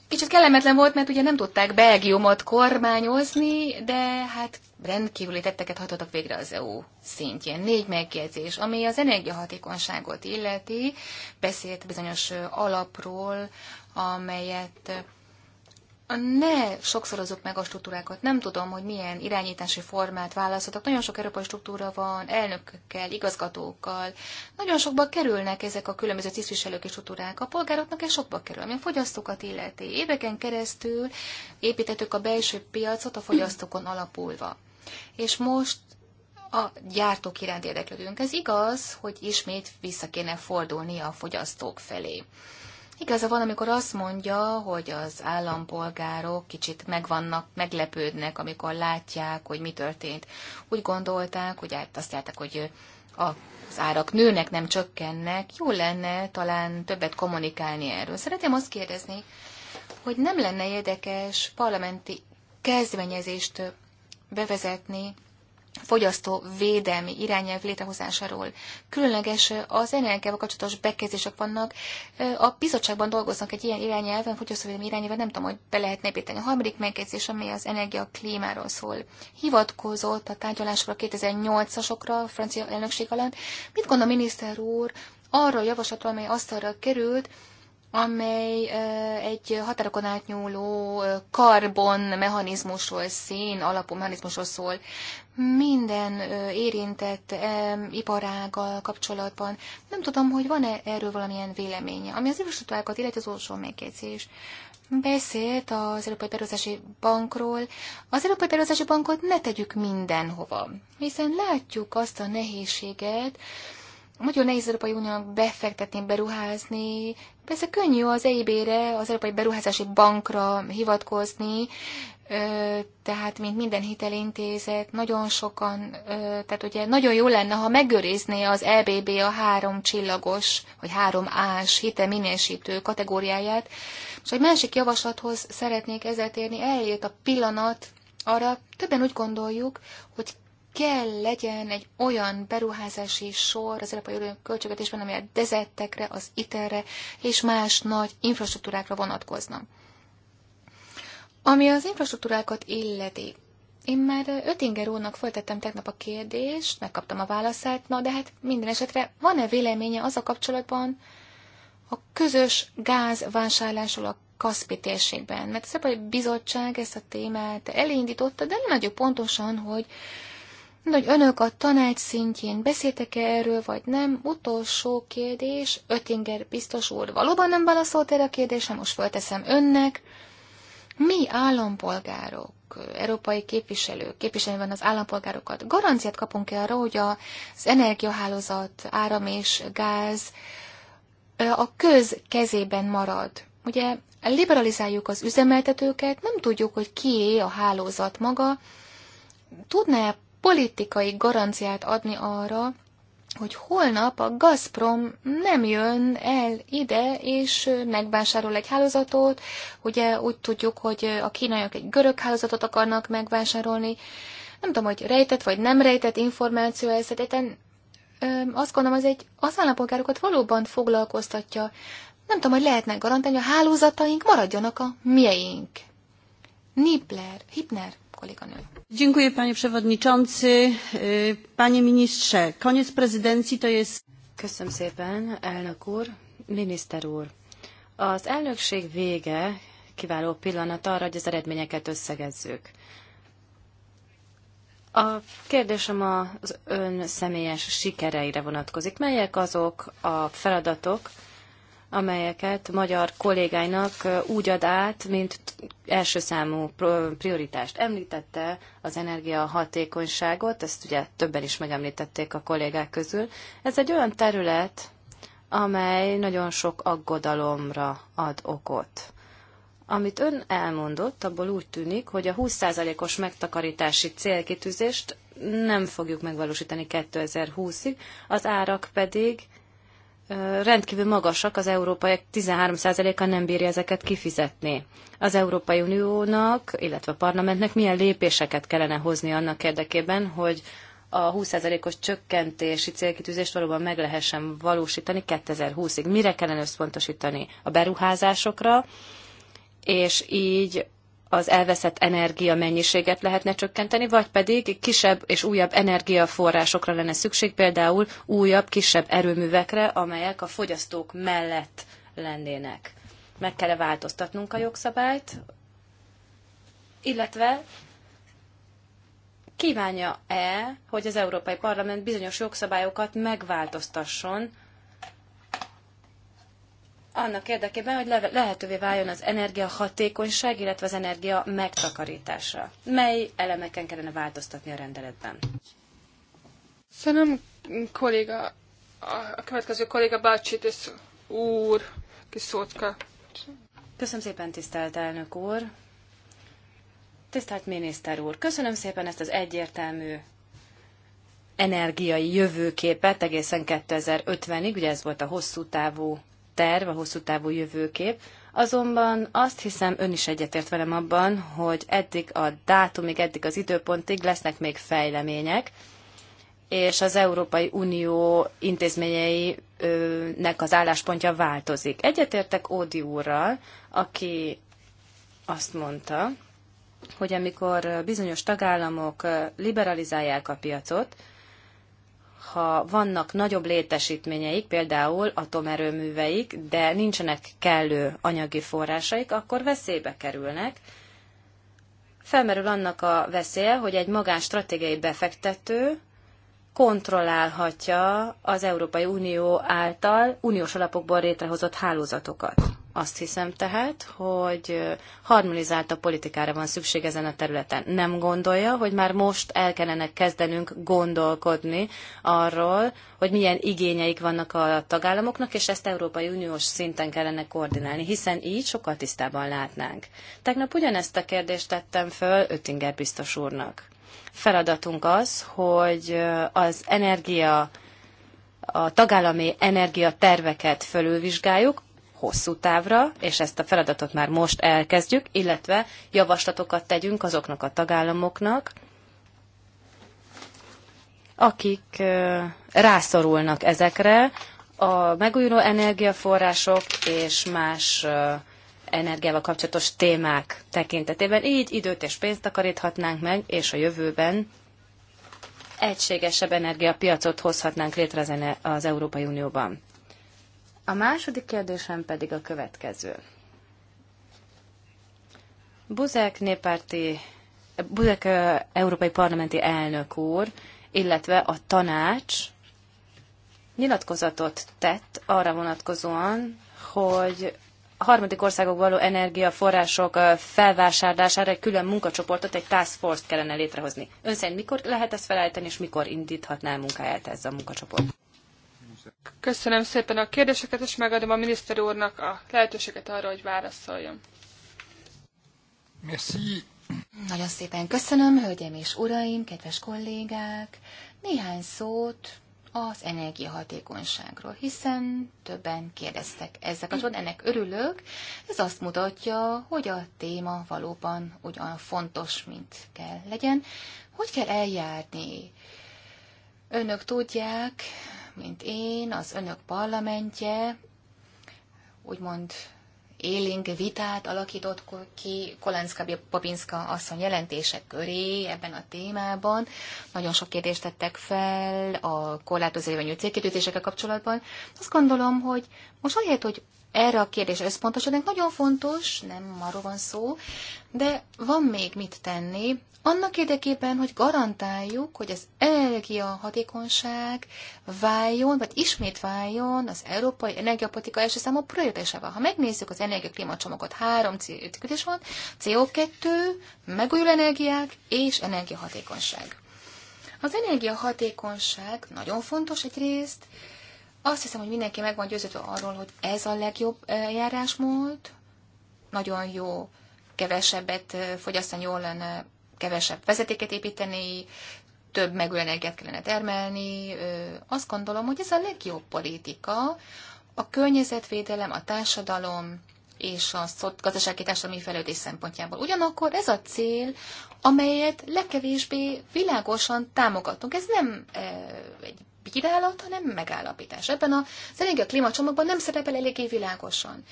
kicsit kellemetlen volt, mert ugye nem tudták Belgiumot kormányozni, de hát rendkívüli tetteket hatottak végre az EU szintjén. Négy megjegyzés, ami az energiahatékonyságot illeti, beszélt bizonyos alapról, amelyet ne sokszorozok meg a struktúrákat. Nem tudom, hogy milyen irányítási formát választhatok. Nagyon sok európai struktúra van, elnökökkel, igazgatókkal. Nagyon sokba kerülnek ezek a különböző tisztviselők és struktúrák. A polgároknak ez sokba kerül, ami a fogyasztókat illeti. Éveken keresztül építettük a belső piacot a fogyasztókon alapulva. És most a gyártók iránt érdeklődünk. Ez igaz, hogy ismét vissza kéne fordulni a fogyasztók felé. Igaza van, amikor azt mondja, hogy az állampolgárok kicsit megvannak, meglepődnek, amikor látják, hogy mi történt. Úgy gondolták, hogy hát azt látták, hogy az árak nőnek, nem csökkennek. Jó lenne talán többet kommunikálni erről. Szeretném azt kérdezni, hogy nem lenne érdekes parlamenti kezdeményezést bevezetni fogyasztó védelmi irányelv létrehozásáról. Különleges az energiával kapcsolatos bekezdések vannak. A bizottságban dolgoznak egy ilyen irányelven, fogyasztóvédelmi irányelven, nem tudom, hogy be lehet építeni. A harmadik megkezdés, amely az energia klímáról szól. Hivatkozott a tárgyalásokra 2008-asokra, francia elnökség alatt. Mit gondol a miniszter úr arról a javaslatról, amely asztalra került, amely egy határokon átnyúló karbon mechanizmusról, szén alapú mechanizmusról szól. Minden érintett iparággal kapcsolatban. Nem tudom, hogy van-e erről valamilyen véleménye. Ami az infrastruktúrákat illeti az olsó megjegyzés. Beszélt az Európai Beruházási Bankról. Az Európai Beruházási Bankot ne tegyük mindenhova, hiszen látjuk azt a nehézséget, nagyon nehéz Európai Uniónak befektetni, beruházni, Persze könnyű az EIB-re, az Európai Beruházási Bankra hivatkozni, tehát mint minden hitelintézet, nagyon sokan, tehát ugye nagyon jó lenne, ha megőrizné az EBB a három csillagos, vagy három ás hite minősítő kategóriáját. És egy másik javaslathoz szeretnék ezzel térni, eljött a pillanat, arra többen úgy gondoljuk, hogy kell legyen egy olyan beruházási sor az európai költségvetésben, ami a dezettekre, az iterre és más nagy infrastruktúrákra vonatkozna. Ami az infrastruktúrákat illeti, én már Ötinger úrnak föltettem tegnap a kérdést, megkaptam a válaszát, na de hát minden esetre van-e véleménye az a kapcsolatban a közös gázvásárlásról a Kaszpi térségben? Mert a Szabai Bizottság ezt a témát elindította, de nem nagyon pontosan, hogy nagy önök a tanács szintjén beszéltek-e erről, vagy nem? Utolsó kérdés, Ötinger biztos úr valóban nem válaszolt erre a kérdésre, most fölteszem önnek. Mi állampolgárok, európai képviselők, van az állampolgárokat, garanciát kapunk-e arra, hogy az energiahálózat, áram és gáz a köz kezében marad? Ugye liberalizáljuk az üzemeltetőket, nem tudjuk, hogy kié a hálózat maga, tudná -e politikai garanciát adni arra, hogy holnap a Gazprom nem jön el ide, és megvásárol egy hálózatot. Ugye úgy tudjuk, hogy a kínaiak egy görög hálózatot akarnak megvásárolni. Nem tudom, hogy rejtett vagy nem rejtett információ ez, egyetlen azt gondolom, az egy az állampolgárokat valóban foglalkoztatja. Nem tudom, hogy lehetnek garantálni, hogy a hálózataink maradjanak a mieink. Nibler, Hipner kolléganő panie przewodniczący, panie ministrze. Koniec prezydencji to jest... Köszönöm szépen, elnök úr, miniszter úr. Az elnökség vége kiváló pillanat arra, hogy az eredményeket összegezzük. A kérdésem az ön személyes sikereire vonatkozik. Melyek azok a feladatok, amelyeket magyar kollégáinak úgy ad át, mint első számú prioritást. Említette az energiahatékonyságot, ezt ugye többen is megemlítették a kollégák közül. Ez egy olyan terület, amely nagyon sok aggodalomra ad okot. Amit ön elmondott, abból úgy tűnik, hogy a 20%-os megtakarítási célkitűzést nem fogjuk megvalósítani 2020-ig, az árak pedig rendkívül magasak, az európaiak 13%-a nem bírja ezeket kifizetni. Az Európai Uniónak, illetve a parlamentnek milyen lépéseket kellene hozni annak érdekében, hogy a 20%-os csökkentési célkitűzést valóban meg lehessen valósítani 2020-ig. Mire kellene összpontosítani? A beruházásokra, és így az elveszett energia mennyiséget lehetne csökkenteni, vagy pedig kisebb és újabb energiaforrásokra lenne szükség, például újabb, kisebb erőművekre, amelyek a fogyasztók mellett lennének. Meg kell -e változtatnunk a jogszabályt, illetve kívánja-e, hogy az Európai Parlament bizonyos jogszabályokat megváltoztasson, annak érdekében, hogy lehetővé váljon az hatékonyság, illetve az energia megtakarítása. Mely elemeken kellene változtatni a rendeletben? Szerintem kolléga, a következő kolléga bácsi, és úr, kis szótka. Köszönöm szépen, tisztelt elnök úr. Tisztelt miniszter úr, köszönöm szépen ezt az egyértelmű energiai jövőképet egészen 2050-ig, ugye ez volt a hosszú távú terv, a hosszú távú jövőkép, azonban azt hiszem ön is egyetért velem abban, hogy eddig a dátumig, eddig az időpontig lesznek még fejlemények, és az Európai Unió intézményeinek az álláspontja változik. Egyetértek Ódi úrral, aki azt mondta, hogy amikor bizonyos tagállamok liberalizálják a piacot, ha vannak nagyobb létesítményeik, például atomerőműveik, de nincsenek kellő anyagi forrásaik, akkor veszélybe kerülnek. Felmerül annak a veszélye, hogy egy magán stratégiai befektető kontrollálhatja az Európai Unió által uniós alapokból létrehozott hálózatokat. Azt hiszem tehát, hogy harmonizált a politikára van szükség ezen a területen. Nem gondolja, hogy már most el kellene kezdenünk gondolkodni arról, hogy milyen igényeik vannak a tagállamoknak, és ezt Európai Uniós szinten kellene koordinálni, hiszen így sokkal tisztában látnánk. Tegnap ugyanezt a kérdést tettem föl Öttinger biztos úrnak. Feladatunk az, hogy az energia a tagállami energiaterveket fölülvizsgáljuk, hosszú távra, és ezt a feladatot már most elkezdjük, illetve javaslatokat tegyünk azoknak a tagállamoknak, akik rászorulnak ezekre a megújuló energiaforrások és más energiával kapcsolatos témák tekintetében. Így időt és pénzt takaríthatnánk meg, és a jövőben egységesebb energiapiacot hozhatnánk létre az, az Európai Unióban. A második kérdésem pedig a következő. Buzek néppárti, Buzek európai parlamenti elnök úr, illetve a tanács nyilatkozatot tett arra vonatkozóan, hogy a harmadik országok való energiaforrások felvásárlására egy külön munkacsoportot, egy task force-t kellene létrehozni. Ön szerint mikor lehet ezt felállítani, és mikor indíthatná a munkáját ez a munkacsoport? Köszönöm szépen a kérdéseket, és megadom a miniszter úrnak a lehetőséget arra, hogy válaszoljon. Merci. Nagyon szépen köszönöm, hölgyem és uraim, kedves kollégák. Néhány szót az energiahatékonyságról, hiszen többen kérdeztek ezzel kapcsolatban. Ennek örülök, ez azt mutatja, hogy a téma valóban ugyan fontos, mint kell legyen. Hogy kell eljárni? Önök tudják, mint én, az önök parlamentje úgymond élénk vitát alakított ki Kolenszka Popinska asszony jelentések köré ebben a témában. Nagyon sok kérdést tettek fel a korlátozó érvényű célkitűzésekkel kapcsolatban. Azt gondolom, hogy most ahelyett, hogy erre a kérdésre összpontosodunk. Nagyon fontos, nem arról van szó, de van még mit tenni, annak érdekében, hogy garantáljuk, hogy az energia hatékonyság váljon, vagy ismét váljon az európai energiapolitika első számú prioritásával. Ha megnézzük az energiaklímacsomagot, három célkötés van, CO2, megújuló energiák és energiahatékonyság. Az energiahatékonyság nagyon fontos egyrészt, azt hiszem, hogy mindenki meg van győződve arról, hogy ez a legjobb járásmód, nagyon jó, kevesebbet fogyasztani jól lenne, kevesebb vezetéket építeni, több megújuló kellene termelni. Azt gondolom, hogy ez a legjobb politika, a környezetvédelem, a társadalom és a gazdasági társadalmi fejlődés szempontjából. Ugyanakkor ez a cél, amelyet legkevésbé világosan támogatunk. Ez nem egy bírálat, hanem megállapítás. Ebben az energia klímacsomagban nem szerepel eléggé világosan.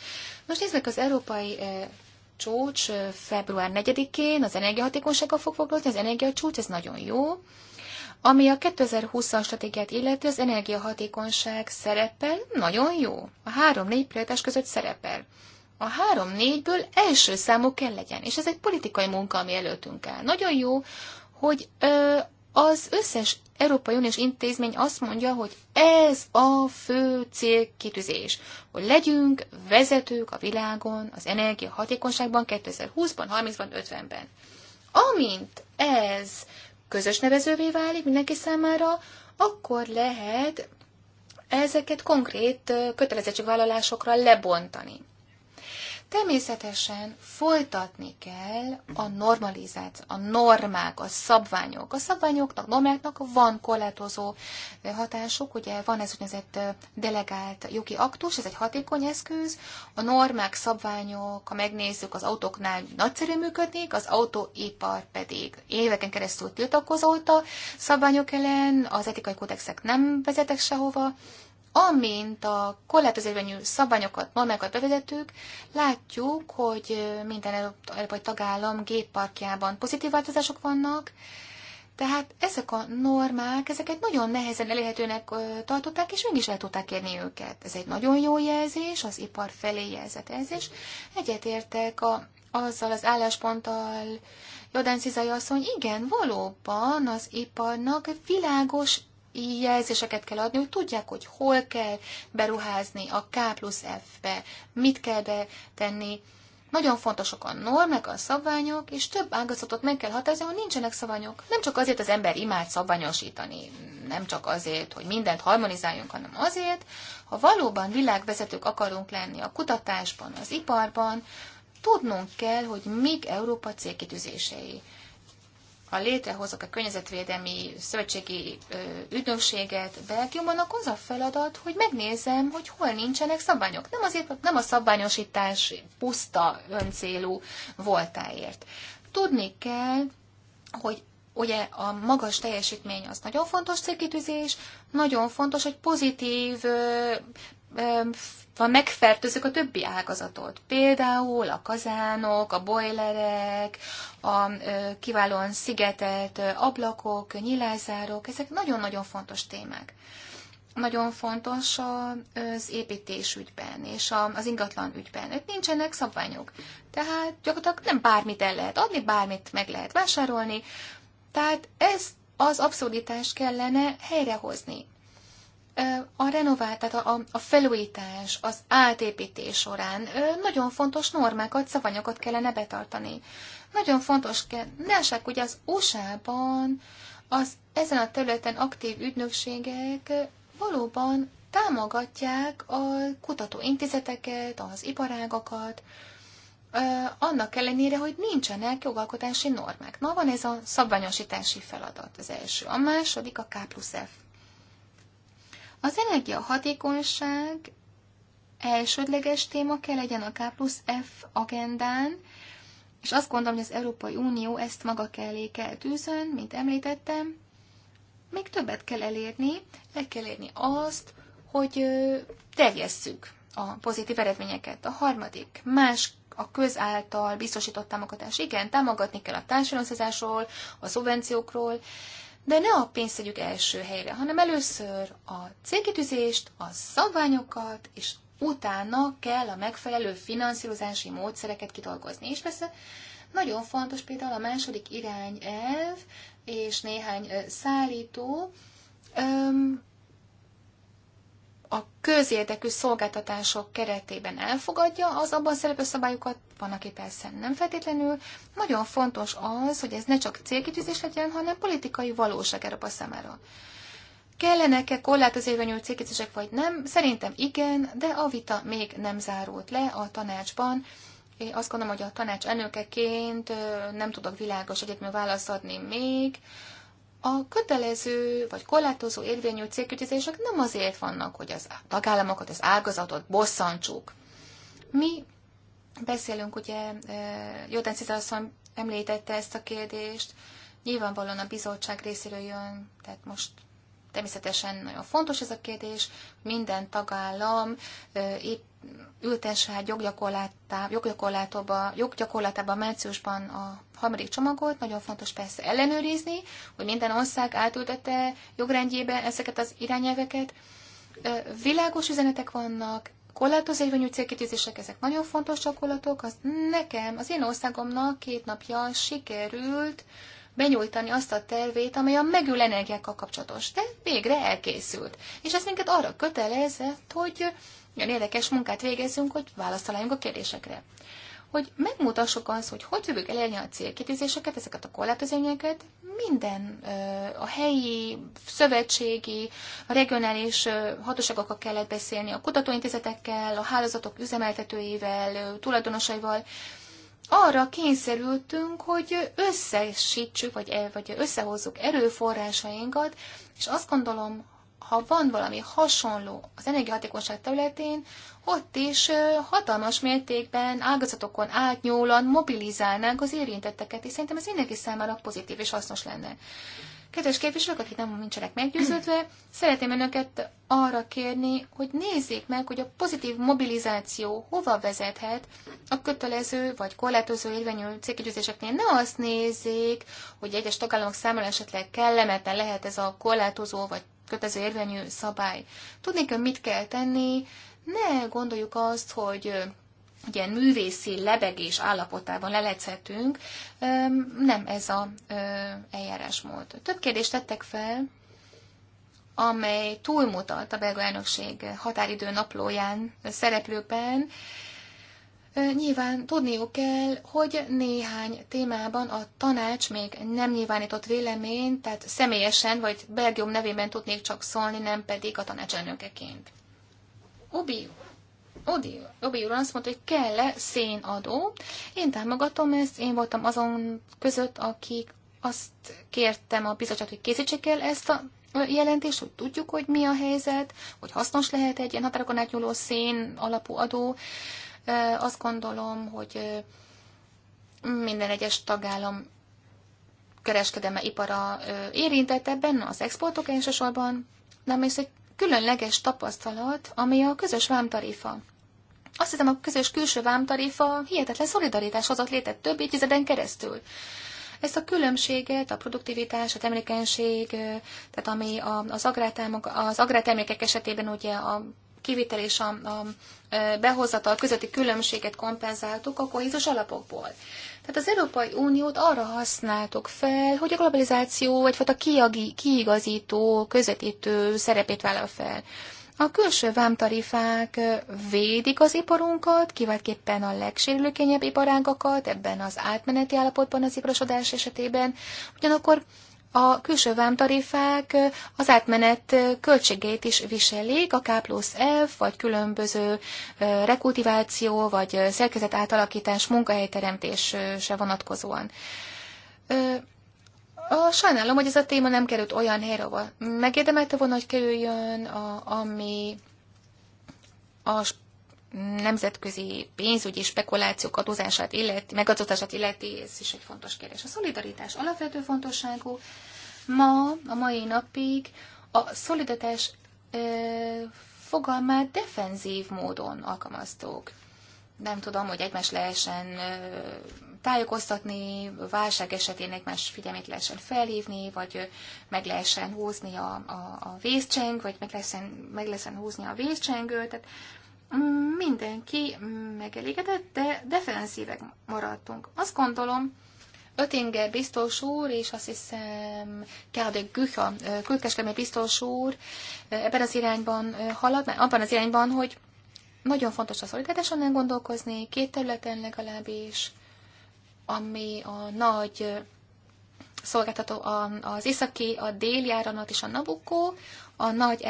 Most nézzük az európai csúcs február 4-én, az energiahatékonysággal fog foglalkozni, az energiacsúcs, ez nagyon jó. Ami a 2020-as stratégiát illeti, az energiahatékonyság szerepel, nagyon jó. A három-négy prioritás között szerepel. A három-négyből első számú kell legyen, és ez egy politikai munka, ami előttünk áll. Nagyon jó, hogy ö, az összes Európai Uniós intézmény azt mondja, hogy ez a fő célkitűzés, hogy legyünk vezetők a világon az energia hatékonyságban 2020-ban, 30-ban, 50-ben. Amint ez közös nevezővé válik mindenki számára, akkor lehet ezeket konkrét kötelezettségvállalásokra lebontani. Természetesen folytatni kell a normalizáció, a normák, a szabványok. A szabványoknak, normáknak van korlátozó hatásuk, ugye van ez úgynevezett delegált jogi aktus, ez egy hatékony eszköz. A normák, szabványok, ha megnézzük, az autóknál nagyszerű működnék, az autóipar pedig éveken keresztül tiltakozott a szabványok ellen, az etikai kódexek nem vezetek sehova, amint a korlátozásbeni szabványokat, a bevezetők, látjuk, hogy minden európai tagállam gépparkjában pozitív változások vannak, tehát ezek a normák, ezeket nagyon nehezen elérhetőnek tartották, és mégis el tudták érni őket. Ez egy nagyon jó jelzés, az ipar felé jelzett jelzés. Egyetértek a, azzal az állásponttal, Jodán Cizai asszony, igen, valóban az iparnak világos jelzéseket kell adni, hogy tudják, hogy hol kell beruházni a K plusz F-be, mit kell betenni. Nagyon fontosak a normák, a szabványok, és több ágazatot meg kell határozni, hogy nincsenek szabványok. Nem csak azért az ember imád szabványosítani, nem csak azért, hogy mindent harmonizáljunk, hanem azért, ha valóban világvezetők akarunk lenni a kutatásban, az iparban, tudnunk kell, hogy mik Európa célkitűzései ha létrehozok a környezetvédelmi szövetségi ügynökséget Belgiumban, akkor az a feladat, hogy megnézem, hogy hol nincsenek szabályok. Nem, azért, nem a szabványosítás puszta öncélú voltáért. Tudni kell, hogy ugye a magas teljesítmény az nagyon fontos célkitűzés, nagyon fontos, hogy pozitív van megfertőzök a többi ágazatot, például a kazánok, a bojlerek, a kiválóan szigetelt ablakok, nyilázárok, ezek nagyon-nagyon fontos témák. Nagyon fontos az építés ügyben és az ingatlan ügyben. Itt nincsenek szabványok. Tehát gyakorlatilag nem bármit el lehet adni, bármit meg lehet vásárolni. Tehát ez az abszurditást kellene helyrehozni a renovált, tehát a, a felújítás, az átépítés során nagyon fontos normákat, szavanyagot kellene betartani. Nagyon fontos kell, esek, hogy az USA-ban az ezen a területen aktív ügynökségek valóban támogatják a kutatóintézeteket, az iparágakat, annak ellenére, hogy nincsenek jogalkotási normák. Na, van ez a szabványosítási feladat az első. A második a K plusz F az hatékonyság elsődleges téma kell legyen a K plusz F agendán, és azt gondolom, hogy az Európai Unió ezt maga kellé kell tűzön, mint említettem. Még többet kell elérni, le kell érni azt, hogy terjesszük a pozitív eredményeket. A harmadik, más a közáltal biztosított támogatás. Igen, támogatni kell a társadalmazásról, a szubvenciókról, de ne a pénzt tegyük első helyre, hanem először a célkitűzést, a szabványokat, és utána kell a megfelelő finanszírozási módszereket kidolgozni. És persze nagyon fontos például a második irányelv és néhány szállító, a közérdekű szolgáltatások keretében elfogadja, az abban szereplő szabályokat, van, aki persze nem feltétlenül. Nagyon fontos az, hogy ez ne csak célkitűzés legyen, hanem politikai valóság Európa számára. Kellenek-e érvényű célkitűzések, vagy nem? Szerintem igen, de a vita még nem zárult le a tanácsban. Én azt gondolom, hogy a tanács elnökeként nem tudok világos egyetmű választ adni még. A kötelező vagy korlátozó érvényű célkütőzések nem azért vannak, hogy az tagállamokat, az ágazatot bosszantsuk. Mi beszélünk, ugye e, Jordan Cizalaszon említette ezt a kérdést, nyilvánvalóan a bizottság részéről jön, tehát most természetesen nagyon fontos ez a kérdés, minden tagállam e, épp ültesse joggyakorlatába, joggyakorlatába márciusban a harmadik csomagot. Nagyon fontos persze ellenőrizni, hogy minden ország átültette jogrendjébe ezeket az irányelveket. Világos üzenetek vannak, korlátozó érvényű célkitűzések, ezek nagyon fontos gyakorlatok. Az nekem, az én országomnak két napja sikerült benyújtani azt a tervét, amely a megül energiákkal kapcsolatos, de végre elkészült. És ez minket arra kötelezett, hogy Ilyen érdekes munkát végezzünk, hogy válaszoljunk a kérdésekre. Hogy megmutassuk azt, hogy hogy tudjuk elérni a célkitűzéseket, ezeket a korlátozényeket, minden a helyi, szövetségi, a regionális hatóságokkal kellett beszélni, a kutatóintézetekkel, a hálózatok üzemeltetőivel, tulajdonosaival, arra kényszerültünk, hogy összesítsük, vagy, e, vagy összehozzuk erőforrásainkat, és azt gondolom, ha van valami hasonló az energiahatékonyság területén, ott is hatalmas mértékben, ágazatokon átnyúlan mobilizálnánk az érintetteket, és szerintem ez mindenki számára pozitív és hasznos lenne. Kedves képviselők, akik nem nincsenek meggyőződve, szeretném önöket arra kérni, hogy nézzék meg, hogy a pozitív mobilizáció hova vezethet a kötelező vagy korlátozó érvényű cégkigyőzéseknél. Ne azt nézzék, hogy egyes tagállamok számára esetleg kellemetlen lehet ez a korlátozó vagy kötelező érvényű szabály. Tudnék, hogy mit kell tenni, ne gondoljuk azt, hogy ilyen művészi lebegés állapotában lelecetünk, nem ez a eljárásmód. Több kérdést tettek fel, amely túlmutat a belga elnökség határidő naplóján szereplőben, Nyilván tudniuk kell, hogy néhány témában a tanács még nem nyilvánított véleményt, tehát személyesen vagy Belgium nevében tudnék csak szólni, nem pedig a tanács elnökeként. Obi, Odi, Obi úr azt mondta, hogy kell-e szénadó. Én támogatom ezt, én voltam azon között, akik azt kértem a bizottságot, hogy készítsék el ezt a jelentés, hogy tudjuk, hogy mi a helyzet, hogy hasznos lehet egy ilyen határokon átnyúló szén alapú adó. Azt gondolom, hogy minden egyes tagállam kereskedelme ipara érintett ebben, az exportok elsősorban, de ez egy különleges tapasztalat, ami a közös vámtarifa. Azt hiszem, a közös külső vámtarifa hihetetlen szolidaritás hozott létet több évtizeden keresztül. Ezt a különbséget, a produktivitás, a termékenység, tehát ami az, agrátermékek az esetében ugye a kivitel és a, a e, behozatal közötti különbséget kompenzáltuk a kohézus alapokból. Tehát az Európai Uniót arra használtuk fel, hogy a globalizáció egyfajta kiigazító, közvetítő szerepét vállal fel. A külső vámtarifák védik az iparunkat, kiváltképpen a legsérülőkenyebb iparágakat, ebben az átmeneti állapotban az iparosodás esetében, ugyanakkor a külső vámtarifák az átmenet költségét is viselik, a K plusz F, vagy különböző rekultiváció, vagy szerkezet átalakítás, munkahelyteremtésre vonatkozóan. A, sajnálom, hogy ez a téma nem került olyan helyre, ahol megérdemelte volna, hogy kerüljön, a, ami a nemzetközi pénzügyi spekulációk adózását illeti, megadózását illeti, ez is egy fontos kérdés. A szolidaritás alapvető fontosságú. Ma, a mai napig a szolidaritás ö, fogalmát defenzív módon alkalmaztuk. Nem tudom, hogy egymás lehessen ö, tájékoztatni, válság esetén egymás figyelmét lehessen felhívni, vagy meg lehessen húzni a, a, a vészcseng, vagy meg lehessen, meg lehessen húzni a vészcsengőt. Tehát mindenki megelégedett, de defenszívek maradtunk. Azt gondolom, Ötinger biztos úr, és azt hiszem Kárdő Güha, külkeskemény biztos úr ebben az irányban halad, abban az irányban, hogy nagyon fontos a nem gondolkozni, két területen legalábbis, ami a nagy szolgáltató az északi, a déli áramlat és a Nabukó, a nagy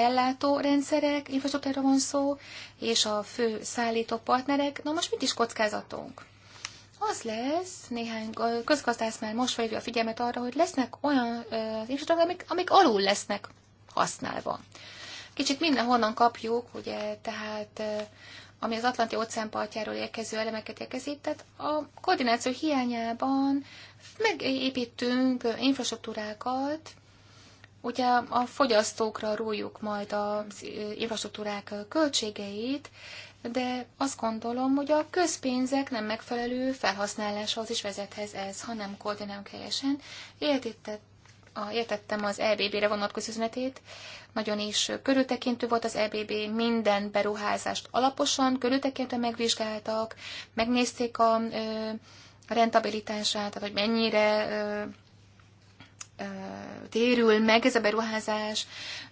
rendszerek, infrastruktúra van szó, és a fő szállító partnerek. Na most mit is kockázatunk? Az lesz, néhány közgazdász már most felhívja a figyelmet arra, hogy lesznek olyan infrastruktúrák, amik, amik alul lesznek használva. Kicsit mindenhonnan kapjuk, ugye, tehát ami az Atlanti óceán partjáról érkező elemeket érkezik, tehát a koordináció hiányában megépítünk infrastruktúrákat, Ugye a fogyasztókra rójuk majd az infrastruktúrák költségeit, de azt gondolom, hogy a közpénzek nem megfelelő felhasználáshoz is vezethez ez, ha nem koordinálunk helyesen. értettem az EBB-re vonatkozó üzenetét, nagyon is körültekintő volt az EBB, minden beruházást alaposan, körültekintően megvizsgáltak, megnézték a rentabilitását, tehát hogy mennyire térül meg ez a beruházás.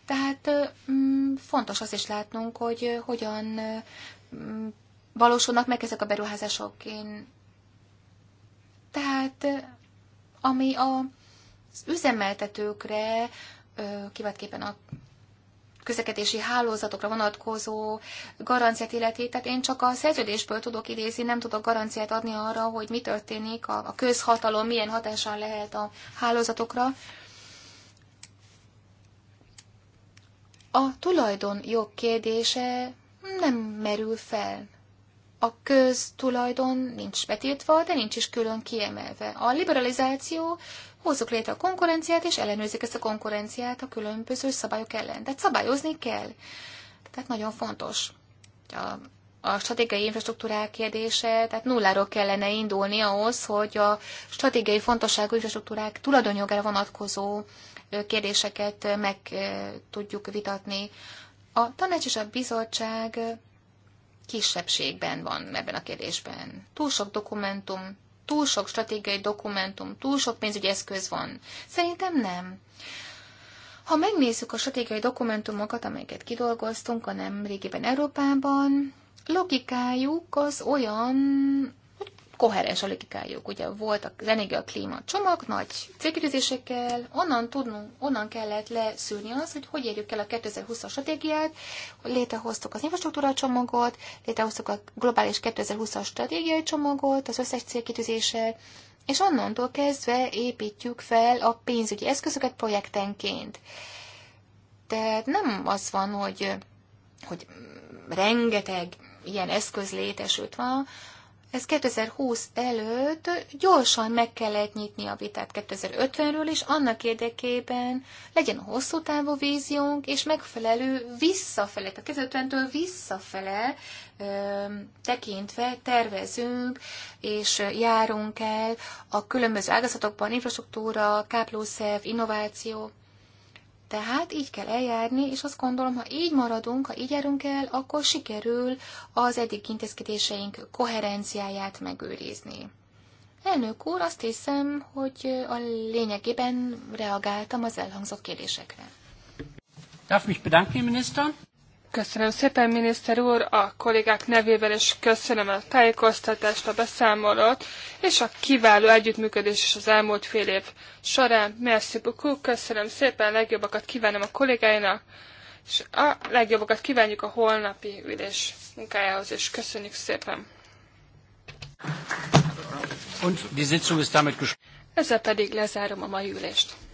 Tehát mm, fontos az is látnunk, hogy hogyan mm, valósulnak meg ezek a beruházások. Én... Tehát ami a, az üzemeltetőkre, kivetképpen a közlekedési hálózatokra vonatkozó garanciát illeti, tehát én csak a szerződésből tudok idézni, nem tudok garanciát adni arra, hogy mi történik, a, a közhatalom milyen hatással lehet a hálózatokra. A tulajdon jog kérdése nem merül fel. A köztulajdon nincs betiltva, de nincs is külön kiemelve. A liberalizáció hozzuk létre a konkurenciát, és ellenőrzik ezt a konkurenciát a különböző szabályok ellen. Tehát szabályozni kell. Tehát nagyon fontos. A, a stratégiai infrastruktúrák kérdése, tehát nulláról kellene indulni ahhoz, hogy a stratégiai fontosságú infrastruktúrák tulajdonjogára vonatkozó kérdéseket meg tudjuk vitatni. A tanács és a bizottság kisebbségben van ebben a kérdésben. Túl sok dokumentum, túl sok stratégiai dokumentum, túl sok pénzügyi eszköz van. Szerintem nem. Ha megnézzük a stratégiai dokumentumokat, amelyeket kidolgoztunk a nem régiben Európában, logikájuk az olyan, koherens a Ugye volt az energia klíma csomag nagy célkitűzésekkel, onnan tudnunk, onnan kellett leszűrni az, hogy hogy érjük el a 2020-as stratégiát, hogy létrehoztuk az infrastruktúra csomagot, létrehoztuk a globális 2020-as stratégiai csomagot, az összes célkitűzéssel, és onnantól kezdve építjük fel a pénzügyi eszközöket projektenként. Tehát nem az van, hogy, hogy rengeteg ilyen eszköz létesült van, ez 2020 előtt gyorsan meg kellett nyitni a vitát 2050-ről, és annak érdekében legyen a hosszú távú víziónk, és megfelelő visszafele, tehát 2050-től visszafele ö, tekintve tervezünk, és járunk el a különböző ágazatokban, infrastruktúra, káplószerv, innováció, tehát így kell eljárni, és azt gondolom, ha így maradunk, ha így járunk el, akkor sikerül az eddig intézkedéseink koherenciáját megőrizni. Elnök úr, azt hiszem, hogy a lényegében reagáltam az elhangzott kérdésekre. Darf mich bedanken, Minister? Köszönöm szépen, miniszter úr, a kollégák nevében is köszönöm a tájékoztatást, a beszámolót, és a kiváló együttműködés is az elmúlt fél év során. Merci beaucoup, köszönöm szépen, legjobbakat kívánom a kollégáinak, és a legjobbakat kívánjuk a holnapi ülés munkájához, és köszönjük szépen. Ezzel pedig lezárom a mai ülést.